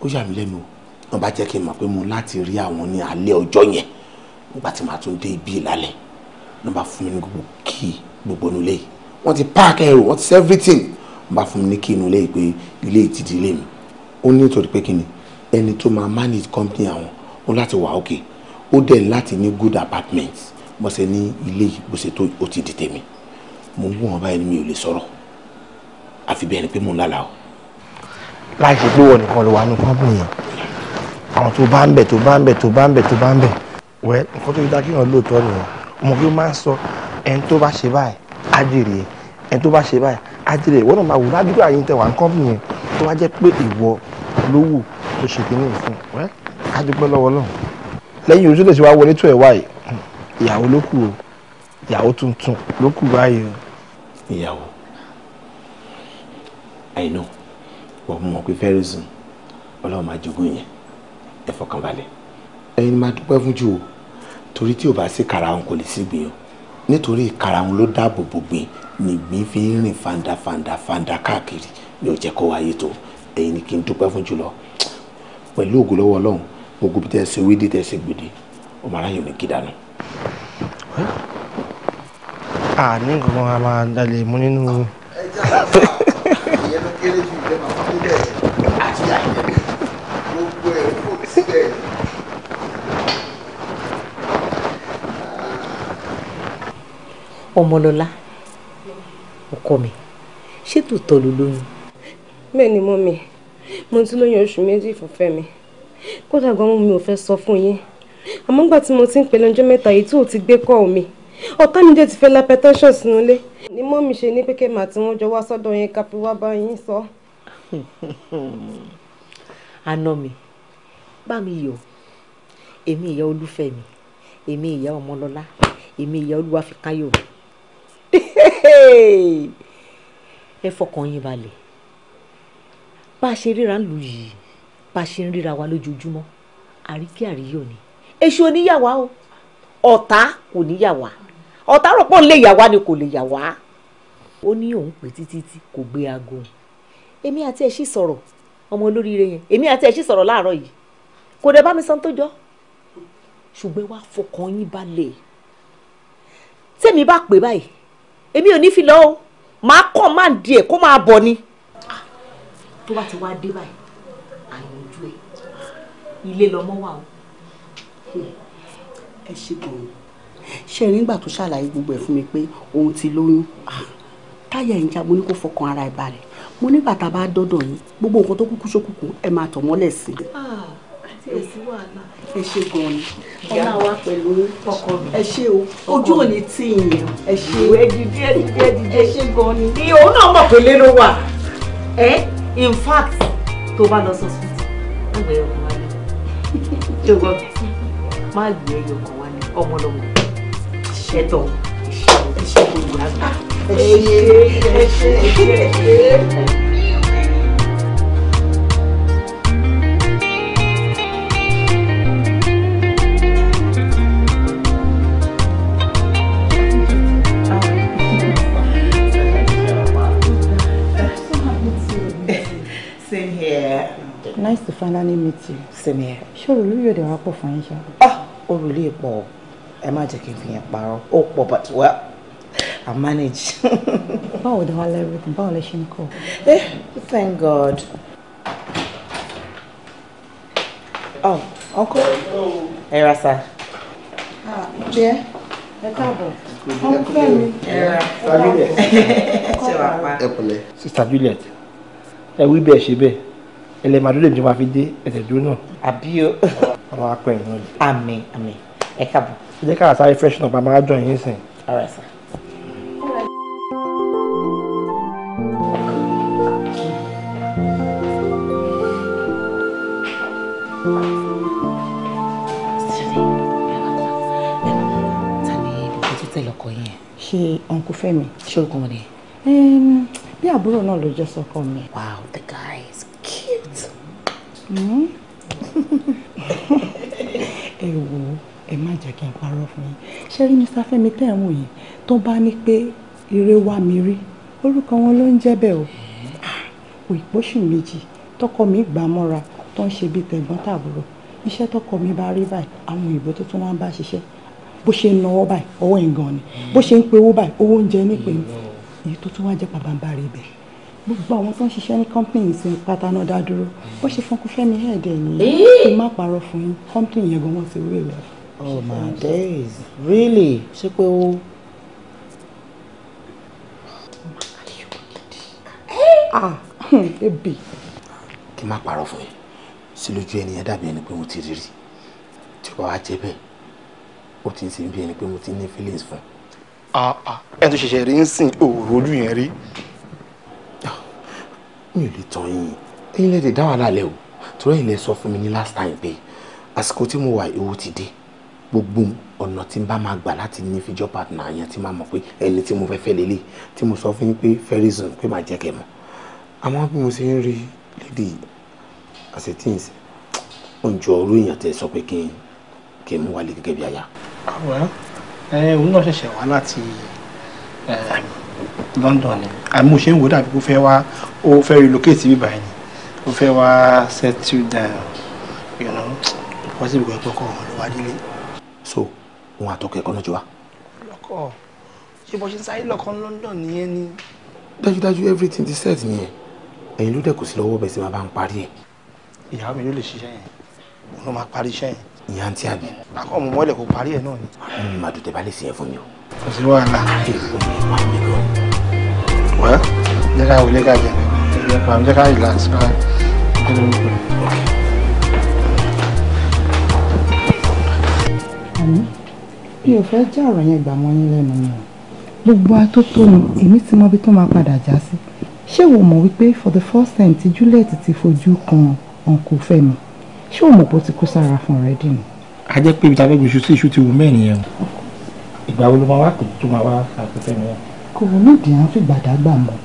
o ó yà mí lẹ́nu o wọ́n bá jẹ́ kí n mọ̀ pé mo láti rí àwọn ní alẹ́ ọjọ́ yẹn nígbà tí màá tún dé ibi ìlálẹ̀ wọ́n bá fún mi ní gbogbo kíì gbogbo nulẹ̀ yìí wọ́n ti páàkì ẹrù wọ́n ti everything bá fún mi ní kí inú ilé pé ilé ìtìdí ilé mi ó nítorí pé kí ni ẹni tó máa manage company àwọn ó láti wà òkè ó dẹ̀ láti ní good apartment mo ṣe ní ilé ìgbọ̀nsẹ̀ tó ó ti di tèmi mo ń wọ̀n báyìí mi ò lè sọ̀rọ̀ àfi bẹ́ẹ̀ ni pé mo ń lálàá o. láì ṣe pé wọ́n nìkan ló wà ní company yẹn àwọn tó bá ń bẹ̀ tó bá ń bẹ̀ tó bá ń bẹ̀ tó bá ń bẹ̀ wẹ́ nǹkan tó fi dákì hàn lóòótọ́ nìyẹn ọmọ kí ó máa sọ ẹni tó bá ṣe báyìí á jèrè ẹni tó bá ṣe báyìí ajẹrẹ ìwọ náà máa wò ládùúgbò àyín tẹwà ń kọ́mpì yẹn tó wá jẹ́ pé ìwọ ló wù tó ṣe kínní ìfún ẹ adúpẹ́ lọ́wọ́ náà lẹ́yìn oṣù tẹ̀síwá wọlé tó ẹ̀ wáyé ìyàwó ló kù o ìyàwó tuntun ló kù báyìí o. ìyàwó àìnà wọ́n mọ̀ pé fẹ́rẹ́sìn ọlọ́run máa jogún yẹn ẹ fọkànbalẹ̀ ẹ̀yin máa dúpẹ́ fún jù o torí tí o bá sí karahun kò lè sí gbìn nítorí karahun ló dáàbò bò gbìn nìgbín fi ń rìn fanda fanda fanda káàkiri mi ò jẹ́ kó wáyé tó ẹ̀yin ni kí n dúpẹ́ fún jùlọ pẹ̀lú ògo lọ́wọ́ ọlọ́run gbogbo bí tẹ́ ẹ ṣe wídí tẹ́ ẹ ṣe gbòdì ọmọ aráyọ̀ ní kí dànù. àní nǹkan a máa dalẹ̀ mú nínú. ìyẹn ọmọlọlá ọkọ mi ṣé tòótọ́ ló lóyún. bẹ́ẹ̀ ni mummy mo ti lóyún oṣù méjì fọ́fẹ́ mi kódà gan mi ò fẹ́ sọ fún yín àmọ́ nígbà tí mo ti ń pè lọ́jọ́ mẹ́ta yìí tí ò ti gbé kọ́ mi ọ̀tá mi dé ti fẹ́ la sínú ilé ni mummy ṣe ní pékè màá tí wọ́n jọ wá sọ́dọ̀ yẹn kápẹ́ wá bá yín sọ. àna mi bá mi yọ̀ èmi ìyá olúfẹ́ mi èmi ìyá ọmọlọ́lá èmi ìyá olúwa mi ẹ fọkàn yín balẹ̀ bá a ṣe ríra ń lù yìí bá a ṣe ń ríra wa lójoojúmọ́ àríkí àríyọ̀ ni èṣù oníyàwá o ọ̀tá kò níyàwá ọ̀tá rò lè yàwá ni kò lè yàwá ó ní òun pè títí tí kò gbé aago èmi àti ẹ̀ sì sọ̀rọ̀ ọmọ olóríire yẹn èmi àti ẹ̀ sì sọ̀rọ̀ láàárọ̀ yìí kò dẹ̀ bá mi san tó jọ ṣùgbọ́n wàá fọkàn yín balẹ̀ tẹ́mi bá pè báyìí èmi ò ní fi lọ o màá kàn máa di ẹ̀ kó máa bọ̀ ni. tó bá ti wá dé báyìí àyànjú ẹ ilé lọmọ wà o ẹ ṣe gbòòrò ṣe rí nígbà tó ṣàlàyé gbogbo ẹ̀ fún mi pé òun ti lóyún táyà ẹ̀ ń já mo ní kó fọkàn ara ẹ̀ balẹ̀ mo nígbà tá a bá dọ́dọ̀ yín gbogbo nǹkan tó kúkú ṣókùnkùn ẹ máa tọ̀ mọ́lẹ̀ sí i. Ah ẹ ṣe gan ni ọlá wa pẹ̀lú ọkọ ẹ ṣe o ojú òní tí ìyẹn ẹ ṣe ẹ dìde ẹ dìde ẹ dìde ẹ ṣe gan ni. ni òun náà mọ̀ pé lé ló wà ẹ in fact tó bá lọ sọ́sọ́ má gbé ọkọ̀ wálé tó gbọ́ má gbé ọkọ̀ wálé ọmọ lọ́mọ ṣẹ́tọ̀ ìṣẹ́ ìṣẹ́ gbogbo àgbà. ẹ ṣe ẹ ṣe ẹ ṣe. nice to finally meet you. Same here. Sure, òrùlé yóò dé wá pọ̀ fún yín ṣá? Ah, òrùlé pọ̀ ẹ má jẹ́ kí n fi yẹn parọ́. Ó but well, I manage. Báwo ni wàá lẹ́rù everything. Báwo lẹ ṣe ń kọ́? Eh, thank God. Oh, uncle. Ẹ ra sa. Ah, jẹ́ ẹ káàbọ̀. Uncle mi. Ẹ ra. Juliet. Ẹ wí bẹ́ẹ̀ ṣe bẹ́ẹ̀ ẹlẹ́ màdúrà èmi máa fi dé ẹ̀sẹ̀ dúró náà. àbí o. ọmọ akọ ẹ̀yìn náà ni. àmín àmín ẹ káàbọ̀. jẹ́ ká àṣà refresh náà bá máa jọ yín sìn. ọ̀rẹ́ sà. ṣe ọ̀nkú fẹ́mi. ṣé orúkọ wọn ni. bí àbúrò náà ló jẹ́ sọ́kọ mi. wà Hmm? ẹ wo! ó ẹ má jẹ́ kí n parọ́ fún yín ṣé rí mr fẹ́mi tẹ́ ẹ̀ wò yẹn tó bá ní pé eré wá mi rí orúkọ wọn ló ń jẹ́ bẹ́ẹ̀ o kò ah, ìpóṣù méjì tọkọ mi gbà mọ́ra tó ń ṣe bíi tẹ̀gbọ́n tàbúrò iṣẹ́ tọkọ mi bá rí báyìí àwọn òyìnbó tó tún wá ń bá ṣiṣẹ́ bó ṣe ń náwó báyìí ọwọ́ ìgàn ni bó ṣe ń pe owó báyìí owó oúnjẹ nípe èyí tó tún wá jẹ́ pàbàǹbà rẹ̀ bẹ́ẹ̀ gbogbo àwọn tó ń ṣiṣẹ́ ní company sí pátá náà dá dúró bó ṣe fọ́nkú fẹ́mi ẹ̀ẹ́dẹ̀ yìí eh? kí má parọ́ fún yín company yẹn gan wọ́n ti wé rẹ̀. oh my days really ṣé pé ó. ah hmm, ebi. kí má parọ́ fún yín sí lójú ẹni yẹn dàbí ẹni pé mo ti rí rí tí ó bá wá jẹ́ bẹ́ẹ̀ ó ti ń sin bí ẹni pé mo ti ní feelings fún. Ah, ah. ẹ tó ṣẹ̀ṣẹ̀ rí ń sìn òòrùn ojú yẹn rí mi ò lè tàn yín ẹ̀yin lẹ́dẹ̀ dá wàhálà lẹ́ o torí ẹ̀yin lẹ sọ fún mi ní last time pé àsìkò tí mo wà ewu ti dé gbogbo ọ̀nà tí n bá máa gbà láti ní fíjọ́ partner yẹn tí máa mọ̀ pé ẹni tí mo fẹ́ fẹ́ lélẹ̀ tí mo sọ fún yín pé ferrison pé màá jẹ́ kẹ́ mọ̀ àmọ́ bí mo ṣe ń rí lady asetins oúnjẹ orú èèyàn tẹ sọ pé kí n kí n mú wálé gẹ́gẹ́ bí aya. àwọn ah, ẹ̀ eh, òun náà ṣẹ̀ṣẹ̀ wá láti eh, London ni àmọ́ ṣe ń wò dàbí kó fẹ́ wá ó fẹ́ relocate bíbá yẹn ó fẹ́ wá settle down you know possible kò ẹ̀pọ̀ kọ́ ọ̀hún ló wá délé. so òun àtọkọ ẹ̀kọ́ náà jọ wá. lọkọ ṣé bó ṣe ń sáré lọkọ London nìyẹn ni. dájúdájú everything ti set yẹn ẹ̀yin ló dẹ̀ kò sí lọ́wọ́ bẹ́ẹ̀ sí máa bá ń parí ẹ̀. ìyàwó mi ló lè ṣiṣẹ́ yẹn òun ló máa parí iṣẹ́ yẹn ìyá ń tí àbí. akọ ọmọ mọlẹ kò parí ẹ náà ni. àwọn mi máa dùn tẹ bá lè ṣe é fún mi o. kò sí wàhálà. èrò mi wà mí lọ wẹ́ jẹ́ ká wọlé ká jẹ jẹ́ ká relax ká jẹ́ lórí pẹ̀lú. àmì mi ò fẹ́ já ọ̀rọ̀ yẹn gbà mọ́ yín lẹ́nu mi o gbogbo atótónu èmi ti mọ ibi tó for the first time tí Juliet ti fojú kan ọ̀nkò Fẹ́mi ṣé o mọ̀ bó ti kó sára fún ọ̀rẹ́ dì ní. a jẹ́ pé ibi tá a fẹ́ gbèsè sí iṣu ti wù mẹ́rin yẹn o kò nídìí à ń fi gbàdágbà mọ́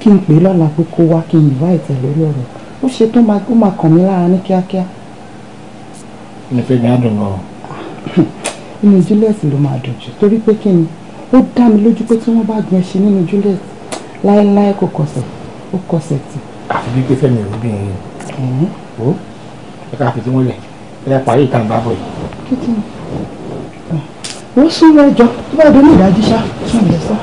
kí n pè é lọ́la pé kó wá kí n ìwá ìtẹ̀ lórí ọ̀rọ̀ ó ṣe tó máa kàn mí lára ní kíákíá. ilé fẹ́ gan dùn gan. Ah, inú Juliet ló máa dùn jù torí pé kí ni ó dá mi lójú pé tí wọ́n bá gbin ẹṣin nínú Juliet láéláé kò kọsẹ̀ ó kọsẹ̀ tì. àfi bí pé fẹ́mi ìrú bíi o ẹ ká fi tí wọ́n lẹ̀ ẹ parí ìtàn bá bọ̀ yìí. kí ni wọ́n sún mẹ́jọ tó bá dé ní ìdájí ṣá tún lè sọ.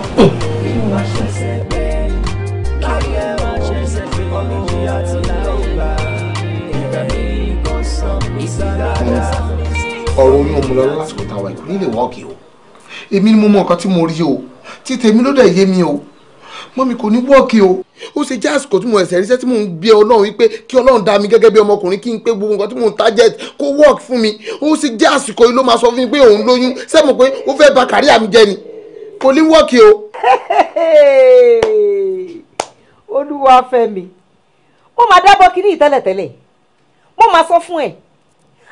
ọ̀rọ̀ oyún ọmọ lọ́lọ́ lásìkò táwa ìkú nílé wọ́ọ̀kì o èmi ni mo mọ nǹkan tí mo rí o tí ló dẹ̀ yé mi o mọ́mi kò ní wọ́ọ̀kì o ó ṣe jẹ́ àsìkò tí mo ẹ̀sẹ̀ ríṣẹ́ tí mo ń bí ọlọ́run wípé kí ọlọ́run dá mi gẹ́gẹ́ bí ọmọkùnrin kí n pé gbogbo nǹkan tí mo ń target kó work fún mi ó ṣe jẹ́ àsìkò yìí ló máa sọ fún mi pé òun lóyún sẹ́mo pé ó fẹ́ bà kàríà mi jẹ́ ni kò ní wọ́ọ̀kì o. olúwa fẹ́ mi mo máa dábọ̀ kínní tẹ́lẹ̀tẹ́lẹ̀ mo máa sọ fún ẹ̀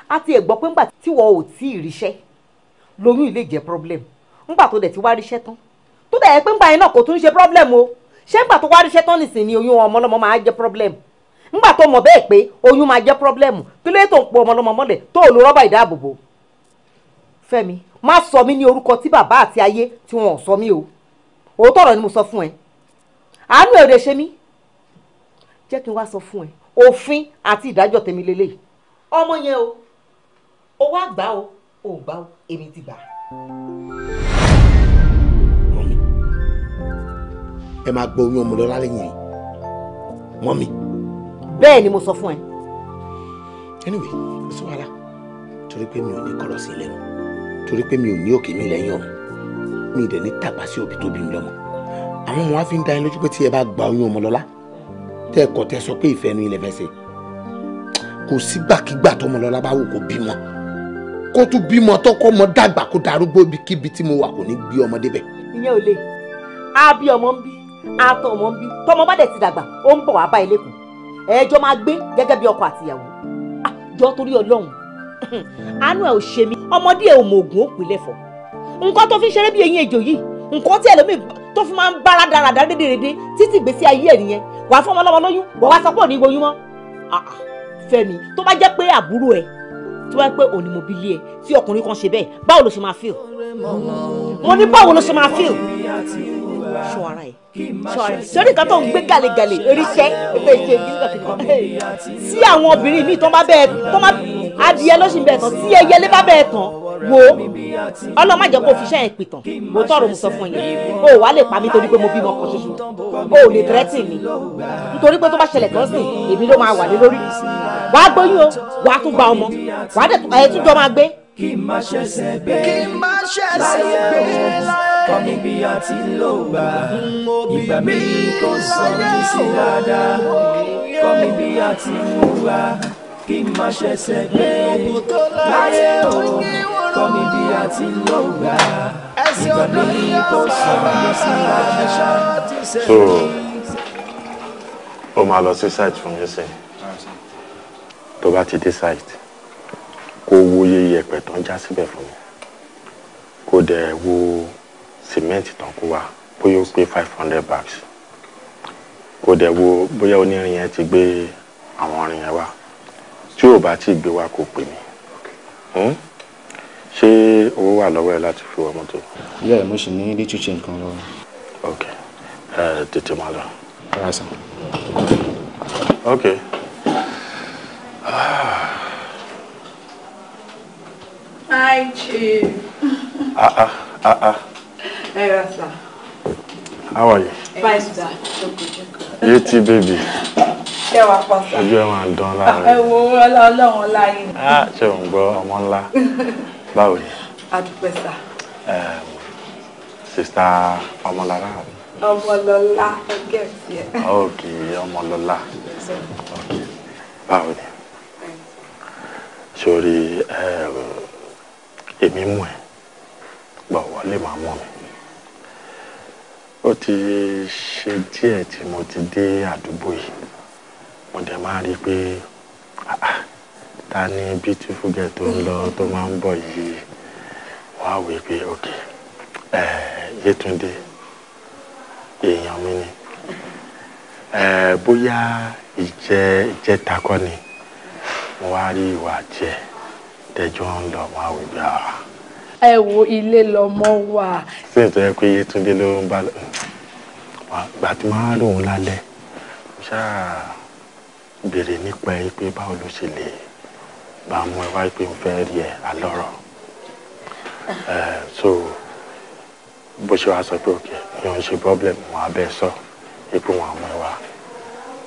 àti ẹ̀ gbọ́ pé ńgbà tí wọ́n ò tí ì ríṣẹ́ lóyún ilé jẹ́ problem ńgbà tó dẹ̀ ti wá ríṣẹ́ tán tó dẹ̀ yẹ pé ńgbà yẹn náà kò tún ṣe problem o ṣé ńgbà tó wá ríṣẹ́ tán nìsín ni oyún ọmọ ọlọ́mọ máa jẹ́ problem ńgbà tó mọ̀ bẹ́ẹ̀ pé oyún máa jẹ́ problem kí ló yẹ tó ń po ọmọ ọlọ́mọ mọ́lẹ̀ tó ò lo rọ́bà ìdáàbòbò fẹ́mi má sọ mí ní orúkọ tí bàbá àti ayé tí wọn ò sọ mí o òótọ́ ọ̀rọ̀ ni mo sọ fún ẹ àánú ẹ̀ ò lè ṣe mí jẹ́ kí n wá sọ fún ẹ òfin àti ìdájọ́ tèmi lélẹ́yìí ọmọ yẹn o owó àgbà o ò gbà o èmi ti gbà á. ẹ máa gba oyún ọmọ lọ lálẹ́ yìí mọ́mì. bẹ́ẹ̀ ni mo sọ fún ẹ. anyway sí wàhálà torí pé mi ò ní kọ́rọ̀ sí lẹ́nu torí pé mi ò ní òkè mi lẹ́yìn ọ̀hún mi ì dẹ̀ ní tàpá sí òbí tó bí mi lọ́mọ àwọn ọmọ wa fi ń dá yín lójú pé tí ẹ bá gba oyún ọmọ lọ́lá tẹ́ ẹ kọ̀ tẹ́ sọ pé ìfẹ́ nu ilẹ̀ fẹ́ ṣe kò sígbàkigbà tọmọ lọ́lá bá wù kó bímọ kó tún bímọ tọkọ mọ dàgbà kó darúgbó ibikíbi tí mo wà kò ní gbé ọmọdé bẹ. ìyẹn ò lè á bí ọmọ ń bí àtọ̀ ọmọ ń bí tọmọ bá dẹ̀ ti dàgbà ó ń bọ̀ wá bá ilé kan ẹjọ́ máa gbé gẹ́gẹ́ bí ọkọ àtìyàwó àjọ ah, torí ọlọ́run àánú ẹ̀ ò ṣe mí ọmọdé ẹ̀ ò mọ ògùn ó pìlẹ̀ fọ nǹkan tó fi ń ṣeré bí eyín ejò yìí nǹkan tí ẹlòmíì tó fi máa ń bára dáradá dédéredé títí gbèsè ayé ẹ̀ nìyẹn wàá fọmọ ọlọ́mọ lóyún wàá wá sọpọ̀ ní oyún mọ́ ah, ah, fẹ́mi tó bá jẹ́ pé àbúrò ẹ̀ tó bá pẹ́ òní mo bí lé ẹ tí ọkùnrin kan ṣe bẹ́ẹ̀ báwo ló ṣe máa fíl mo ní báwo ló ṣe máa fíl ṣọ́ ara ẹ̀ sọ̀rọ̀ sórí nǹkan tó ń gbé gàlégàlé oríṣẹ́ ètò ìṣe ìgbésẹ̀ kankan tí àwọn obìnrin míì tó má bẹ́ẹ̀ tó má adìyẹ ló sì ń bẹ̀ẹ̀ tán tí ẹyẹlé bá bẹ́ẹ̀ tán wo ọlọ́mọ àjọ kò fi iṣẹ́ yẹn pè tán mo tọrọ mo sọ fún yín o wà lè pa mí torí pé mo bímọ kan ṣoṣo o lè tẹ́tì mi nítorí pé tó bá ṣẹlẹ̀ tán sí èmi ló máa wà lé lórí wà á gbóyún o wà á tún gba ọmọ wà á dẹ̀ tún jọ máa gbé. kí n má ṣẹ̀ṣẹ̀ bẹ́ẹ̀ láyé bẹ́ẹ̀ kọ́ mi a ti lò gbà ìgbà mi kò sọ ní sí kọ́ mi a ti múra kí n má ṣẹ̀ṣẹ̀ gbé láyé o kọ́ mi a ti lò gbà ìgbà mi kò sọ ní sí so o máa lọ sí site fún mi sẹ́yìn tó bá ti dé site kó wo yeye ẹ̀pẹ̀ tán já síbẹ̀ fún mi kó dẹ̀ wo sìmẹ́ǹtì tán kó wa bóyá ó pé five hundred bags kó dẹ̀ wo bóyá onírin yẹn ti gbé àwọn irin yẹn wá tí ò bá tí ì gbé wá kó pè mí hmm? ṣé owó wà lọ́wọ́ ẹ láti fi wọ mọ́tò. yẹ́ẹ̀ mo sì ní little change kan lọ́wọ́. ok tètè máa lọ. ara sàn. ok. Hi, Chief. ah ah ah ah. Hey, Rasta. How are you? Fine, sir. You too, baby. Ṣé wàá pọ̀ sá? Ojú ẹ̀ máa ń dán láàárọ̀. Ẹ wo ọlá ọlọ́run ọlá yìí. Ṣé ò ń gbọ́ ọmọ ńlá? Báwo ni? Adúpẹ́ sá. Sista Ọmọlára. Ọmọlọ́lá ẹgẹ́ tiẹ̀. Ok, Ọmọlọ́lá. Ok, báwo ni? Sori, èmi mú ẹ, gbọ̀ wọlé màá mú mi ó ti ṣe díẹ̀ tí mo ti dé àdúgbò yìí mo dẹ̀ máa rí i pé ta ni beautiful girl tó ń lọ tó máa ń bọ̀ yìí wá wí pé ok Yétúndé èèyàn mi ni bóyá ìjẹ ìjẹta kọ́ ni mo wá rí ìwà jẹ tẹjọ ń lọ wá wí pé. Ah. ẹ wo ilé lọmọ wà. sí ìtọ́jú pé Yétúndé ló ń bá lọ wá gbà tí máa lòun lálẹ́ mo ṣáà béèrè nípa ẹ pé báwo ló ṣe lè bá mú ẹ wáyé pé mo fẹ́ rí ẹ alọ́rọ̀ so bó ṣe wá sọ pé òkè mi ń ṣe problem wọn abẹ sọ ipò wọn àwọn ẹwà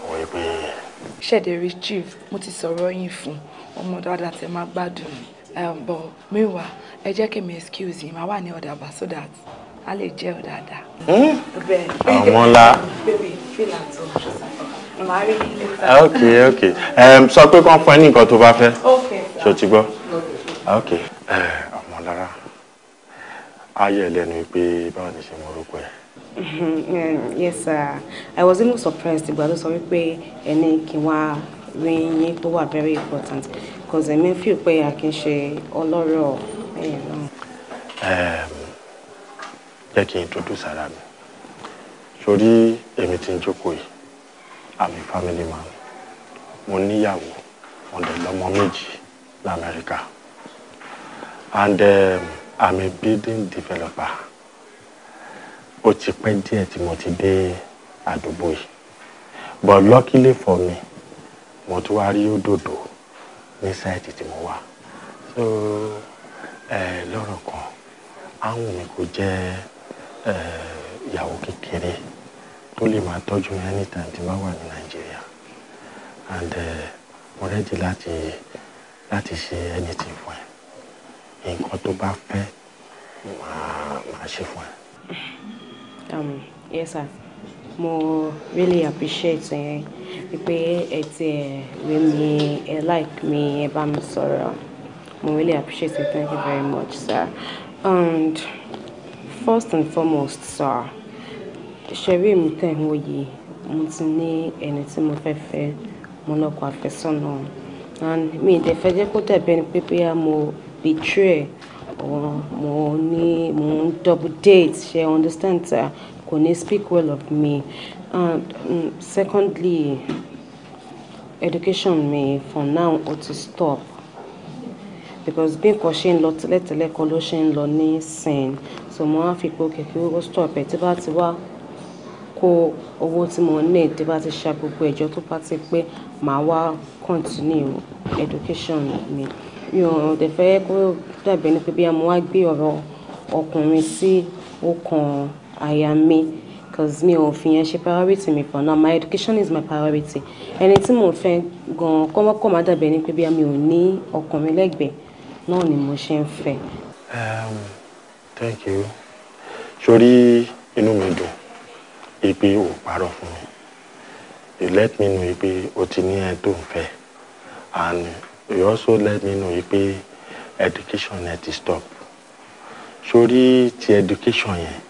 wọ pé. ṣèdèrí chief mo ti sọ̀rọ̀ yín fún ọmọ dáadáa tẹ máa gbádùn bọ̀ mẹ́wàá ẹ jẹ́ kí mi excuse yín máa wà ní ọ̀dà bá so that a lè jẹ́ ọ̀ dáadáa. Hmm? àwọn ńlá. ok ok sọ pé kán fún ẹ ní nǹkan tó bá fẹ́ ṣó ti gbọ́ ok ọmọ lára ayé ẹlẹ́nu pé báwo ni ṣe mọ orúkọ ẹ. yes sir i was even surprised ìgbà tó sọ wípé ẹni kí n wá rí yín tó wà very important because I èmi feel pé a kì í ṣe ọlọ́rọ̀ ẹ̀yìn náà jẹ́ kí n introduce ara mi sórí èmi tí ń jókòó yìí I'm a family man mo níyàwó mo dẹ̀ lọ́mọ méjì lamẹ́ríkà and um, I'm a building developer ó ti pẹ́ díẹ̀ tí mo ti dé àdúgbò yìí but luckily for me mo tún wá rí òdòdó ní sáìtì tí mo wà so eh, lọ́rọ̀ kan àwọn mi kò jẹ́ Eh, ìyàwó kékeré tó lè máa tọ́jú mi anytime tí wà ní nàìjíríà and eh, mo rẹ́dí láti láti ṣe anything fún ẹ nǹkan tó bá fẹ́ màá ṣe fún ẹ. yes, sir. Mo really appreciate eh, pé ẹ ti ẹ rí mi, ẹ like mi, ẹ bá mi sọ̀rọ̀. Mo really appreciate it. Thank you very much, sir. And first and foremost sir ṣẹ̀rí mi tẹ̀ ń wòye mo ti ní ẹni tí mo fẹ́ fẹ́ mo lọ́kọ àfẹ́sọ́nà and mi ìdẹ̀ fẹ́ jẹ́ kó dàbí ẹni pé bóyá mo betray or mo ní mo ń double date ṣe understand sir kò ní speak well of me and um, secondly education mi for now ó ti stop because bí nǹkan ṣe ń lọ tẹ́lẹ̀tẹ́lẹ̀ kan ló ṣe ń lọ nísìn so mo á fi pé òkè kí ó stop ẹ̀ tí bá ti wá kó owó tí mo ní tí bá ti ṣa gbogbo ẹ̀jọ́ tó bá ti pé màá wá continue education mi mi ò dẹ̀ fẹ́ kó dàbí ẹni pé bí mo wá gbé ọ̀rọ̀ ọkùnrin sí ọkàn àyà mi because mi ò fi yẹn ṣe priority mi for now my education is my priority ẹni tí mo fẹ́ gan kọ́mọ́kọ́ máa dàbẹ̀ ni pé bí mi ò ní ọkùnrin lẹ́gbẹ̀ẹ́ náà ni mo ṣe ń fẹ́ thank you sori inú mi dùn ipe ò parọ́ fún mi you let me know ipe o ti ní ẹ to ń fẹ́ and you also let me know ipe education ẹ ti stop sori ti education yẹn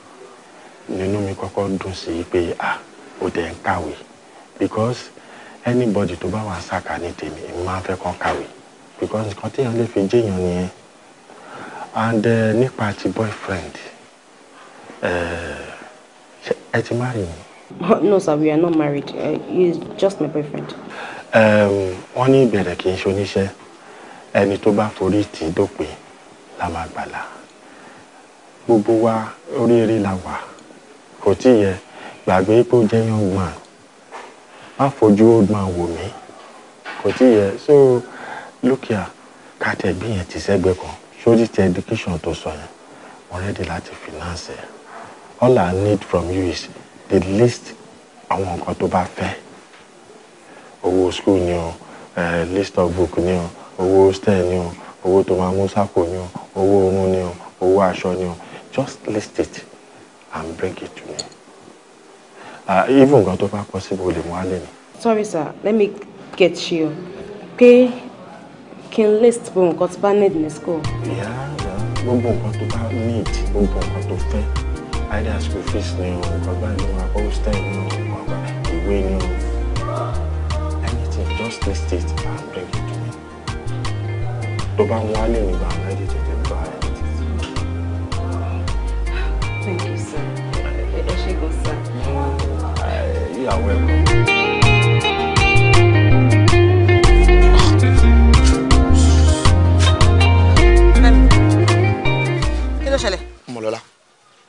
nínú mi kọ́kọ́ dùn sí ipe ah o dẹ̀ ń kàwé because anybody to bá wà sáka ní tèmi èmi máa ń fẹ́ kàn kàwé because nǹkan téèyàn lè fi jẹ́yàn nìyẹn and uh, nípa ti boyfriend uh, ẹ ti marry mi. no sir we are not married uh, he is just my boyfriend. Um, wọ́n ní ìbẹ̀rẹ̀ kì í ṣe oníṣẹ́ ẹni tó bá forí tì í dópin la máa gbàlà gbogbo wa oríire la wà kò tí yẹ gbàgbé pé ó jẹ́ young man má fojú old man wò mí kò tí yẹ so look here ká tẹ̀ gbìyànjú sẹ́gbẹ̀ẹ́ kan sórí ti education tó sọ yẹn wọ́n ready láti finance ẹ̀ all I need from you is the list àwọn nǹkan to bá fẹ́ owó school new. uh, list of book new. o owó new. ni o owó tó máa mú new. ni o owó oorun just list it and bring it to me uh, even nǹkan tó bá possible lè mú sorry sir let me get you Okay kí n list gbogbo nǹkan tó bá need ní school. ìyá àgbà gbogbo nǹkan tó bá need gbogbo nǹkan tó fẹ́ either school fees ni o nǹkan bá ní wa hostel ni o nǹkan bá ìwé ni o anything just list it and bring it to me. tó bá ń wálé nígbà náà lè tètè Thank you, sir. Ẹ ṣe gan, sir. Ìyàwó mm, ẹ̀kọ́.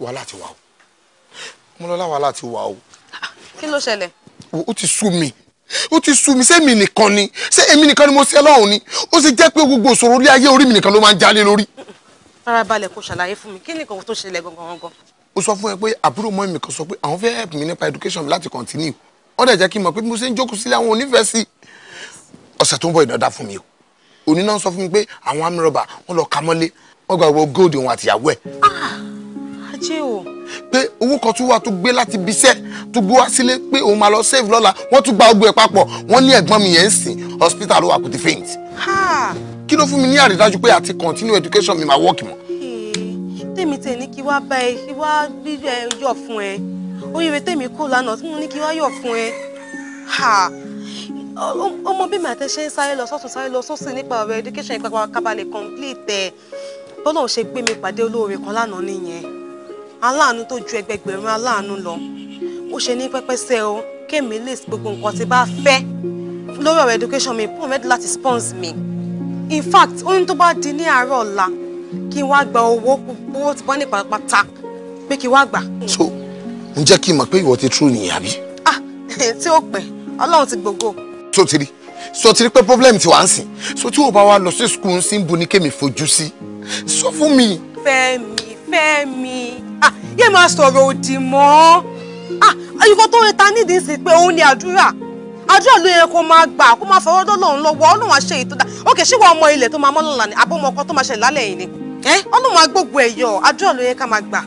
wàhálà ti wà o Ọmọlọ́lá wàhálà ti wà o. kí ló ṣẹlẹ̀. ó ti sú mi ó ti sú mi ṣé èmi nìkan ni ṣé èmi nìkan ni mo ṣe lọ́hùn ni ó sì jẹ́ pé gbogbo òṣòro orí ayé orí mi nìkan ló máa ń jálé lórí. rárá balẹ̀ kò ṣàlàyé fún mi kí ni nǹkan tó ṣẹlẹ̀ gangan gangan. ó sọ fún ẹ pé àbúrò mọ́ mi kan sọ pé àwọn fẹ́ help mi nípa education mi láti continue wọ́n dẹ̀ jẹ́ kí n mọ̀ pé mo ṣe ń jókòó sílé àwọn onífẹ̀ẹ́ sí ọ̀sẹ̀ tó ń bọ̀ ìdọ̀dá fún mi o òní náà sọ fún mi pé àwọn amírọ̀bà wọ́n lọ kamọ́lé wọ́n gba gbogbo gold òun àtìyàwó ẹ̀. Ah! ajé o. pé owó kan tún wà tó gbé láti bisẹ́ tó gbé wá sílé pé òun máa lọ save lọ́la wọ́n tún gba ọgbẹ́ ẹ̀ papọ̀ wọ́n ní ẹ̀gbọ́n mi yẹn ń sìn hospital wà kò ti faint. kí ló fún mi ní àrídájú pé àti continue education mi máa work mọ́. tèmi tè ní kí wá bá ẹ kí wá yọ̀ fún ẹ oyinre tèmi kò lánàá tí mo ní kí wá yọ̀ fún ẹ ọmọ bí màá tẹ ṣe ń sáré lọ sọ́sùn sáré lọ sọ́sùn nípa ọ̀rọ̀ education ìpapọ̀ kábàlẹ̀ complete ẹ̀ bọ́lá ò ṣe gbé mi pàdé olóore kan lánàá nìyẹn aláàánú tó ju ẹgbẹgbẹ̀rún aláàánú lọ ó ṣe ní pẹ́pẹ́sẹ́ o kémi lè gbogbo nǹkan tí bá fẹ́ lórí ọ̀rọ̀ education mi pọ́n mẹ́tò láti sponsor mi in fact oyún tó bá di ní àárọ̀ ọ̀la kí n wá gba owó owó ti bọ́ ní pàtàpàtà pé kí n wá gbà. so ǹjẹ́ kí n mọ̀ pé ìwọ ti tú nìyẹn àbí. ah tí ó pẹ́ ọlọ́run ti gbogbo. tó ti rí so ti rí pé problem ti wà ń sìn so tí o bá wa lọ sí school ń sìn bo ni kémi fojú sí sọ fún mi. fẹ́mi fẹ́ mi ah, yé máa sọ̀rọ̀ òdì mọ́ ah, ayíkọ́ tó ń ta nídìí sí pé òun ni àdúrà àdúrà ló yẹ kó máa gbà kó máa fọwọ́ dọ́lọ́run lọ́wọ́ ọlọ́run àṣẹ ìtọ́jà òkè ṣé wàá mọ ilẹ̀ tó máa mọ́ lọ́la ni àbọ̀mọ ọkọ tó máa ṣẹlẹ̀ lálẹ́ yìí ni ọlọ́run agbógun ẹ̀yọ àdúrà ló yẹ ká máa gbà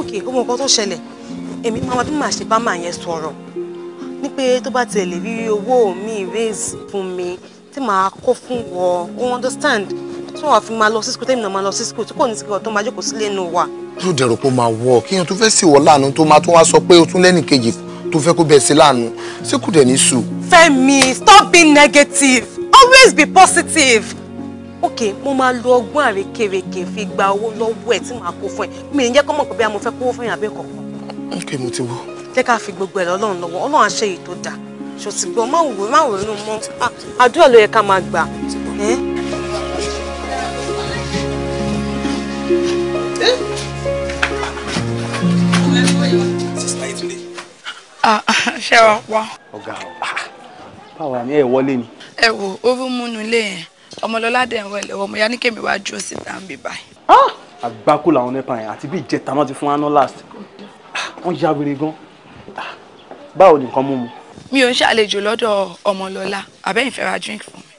òkè ó mọ ọkọ tó ṣẹlẹ̀ èmi máa bí màá ṣe bá màá yẹn sọ̀rọ̀ ní pé tó bá tiẹ̀ lè rí owó mi raise fún mi tí màá kó fún wọ o understand tí wọn fi máa lọ sí school tẹ́mi náà máa lọ sí school tí kò ní sí ọ̀tọ́ máa jókòó sílé nù wa. tó dẹ̀rọ pé ó máa wọ kíyàn tó fẹ́ sì wọ láàánú tó máa tún wá sọ pé ó tún lẹ́nì kejì tó fẹ́ kó bẹ̀ sí láàánú ṣé kò dẹ̀ ní sùn. Fẹ́mi stop being negative always be positive ok mo máa lo ọgbọ́n àrékèrèkè fi gba owó lọ́wọ́ ẹ̀ tí màá kó fún ẹ mi ò kọ́ mọ̀ pé bí a mo fẹ́ kówó fún yàn abẹ́ kọ̀ọ̀kan. ok mo ti wọ. jẹ́ ká fi gbogbo ẹ̀ lọ́lọ́run ṣòtìgbọ́n má wò má wò nínú mọ́ ah, àdúrà ló yẹ ká máa gbà. ṣé wàá pa. ọ̀gá báwa ni ẹ wọlé ni. ẹ wo oorun múnú ilé yẹn ọmọlọlá dẹ̀ ń wọlé ọmọ ya ní kèmí wàá dúró síta ń bíbá yìí. Ah! àgbákò làwọn nípa yẹn àti bí ìjẹta náà ti fún aná last ah, wọn ya wèrè gan báwo ni nǹkan mú mu mi ò ń ṣàlejò lọ́dọ̀ ọmọlọ́lá àbẹ́yìn fẹ́ ra drink fún mi.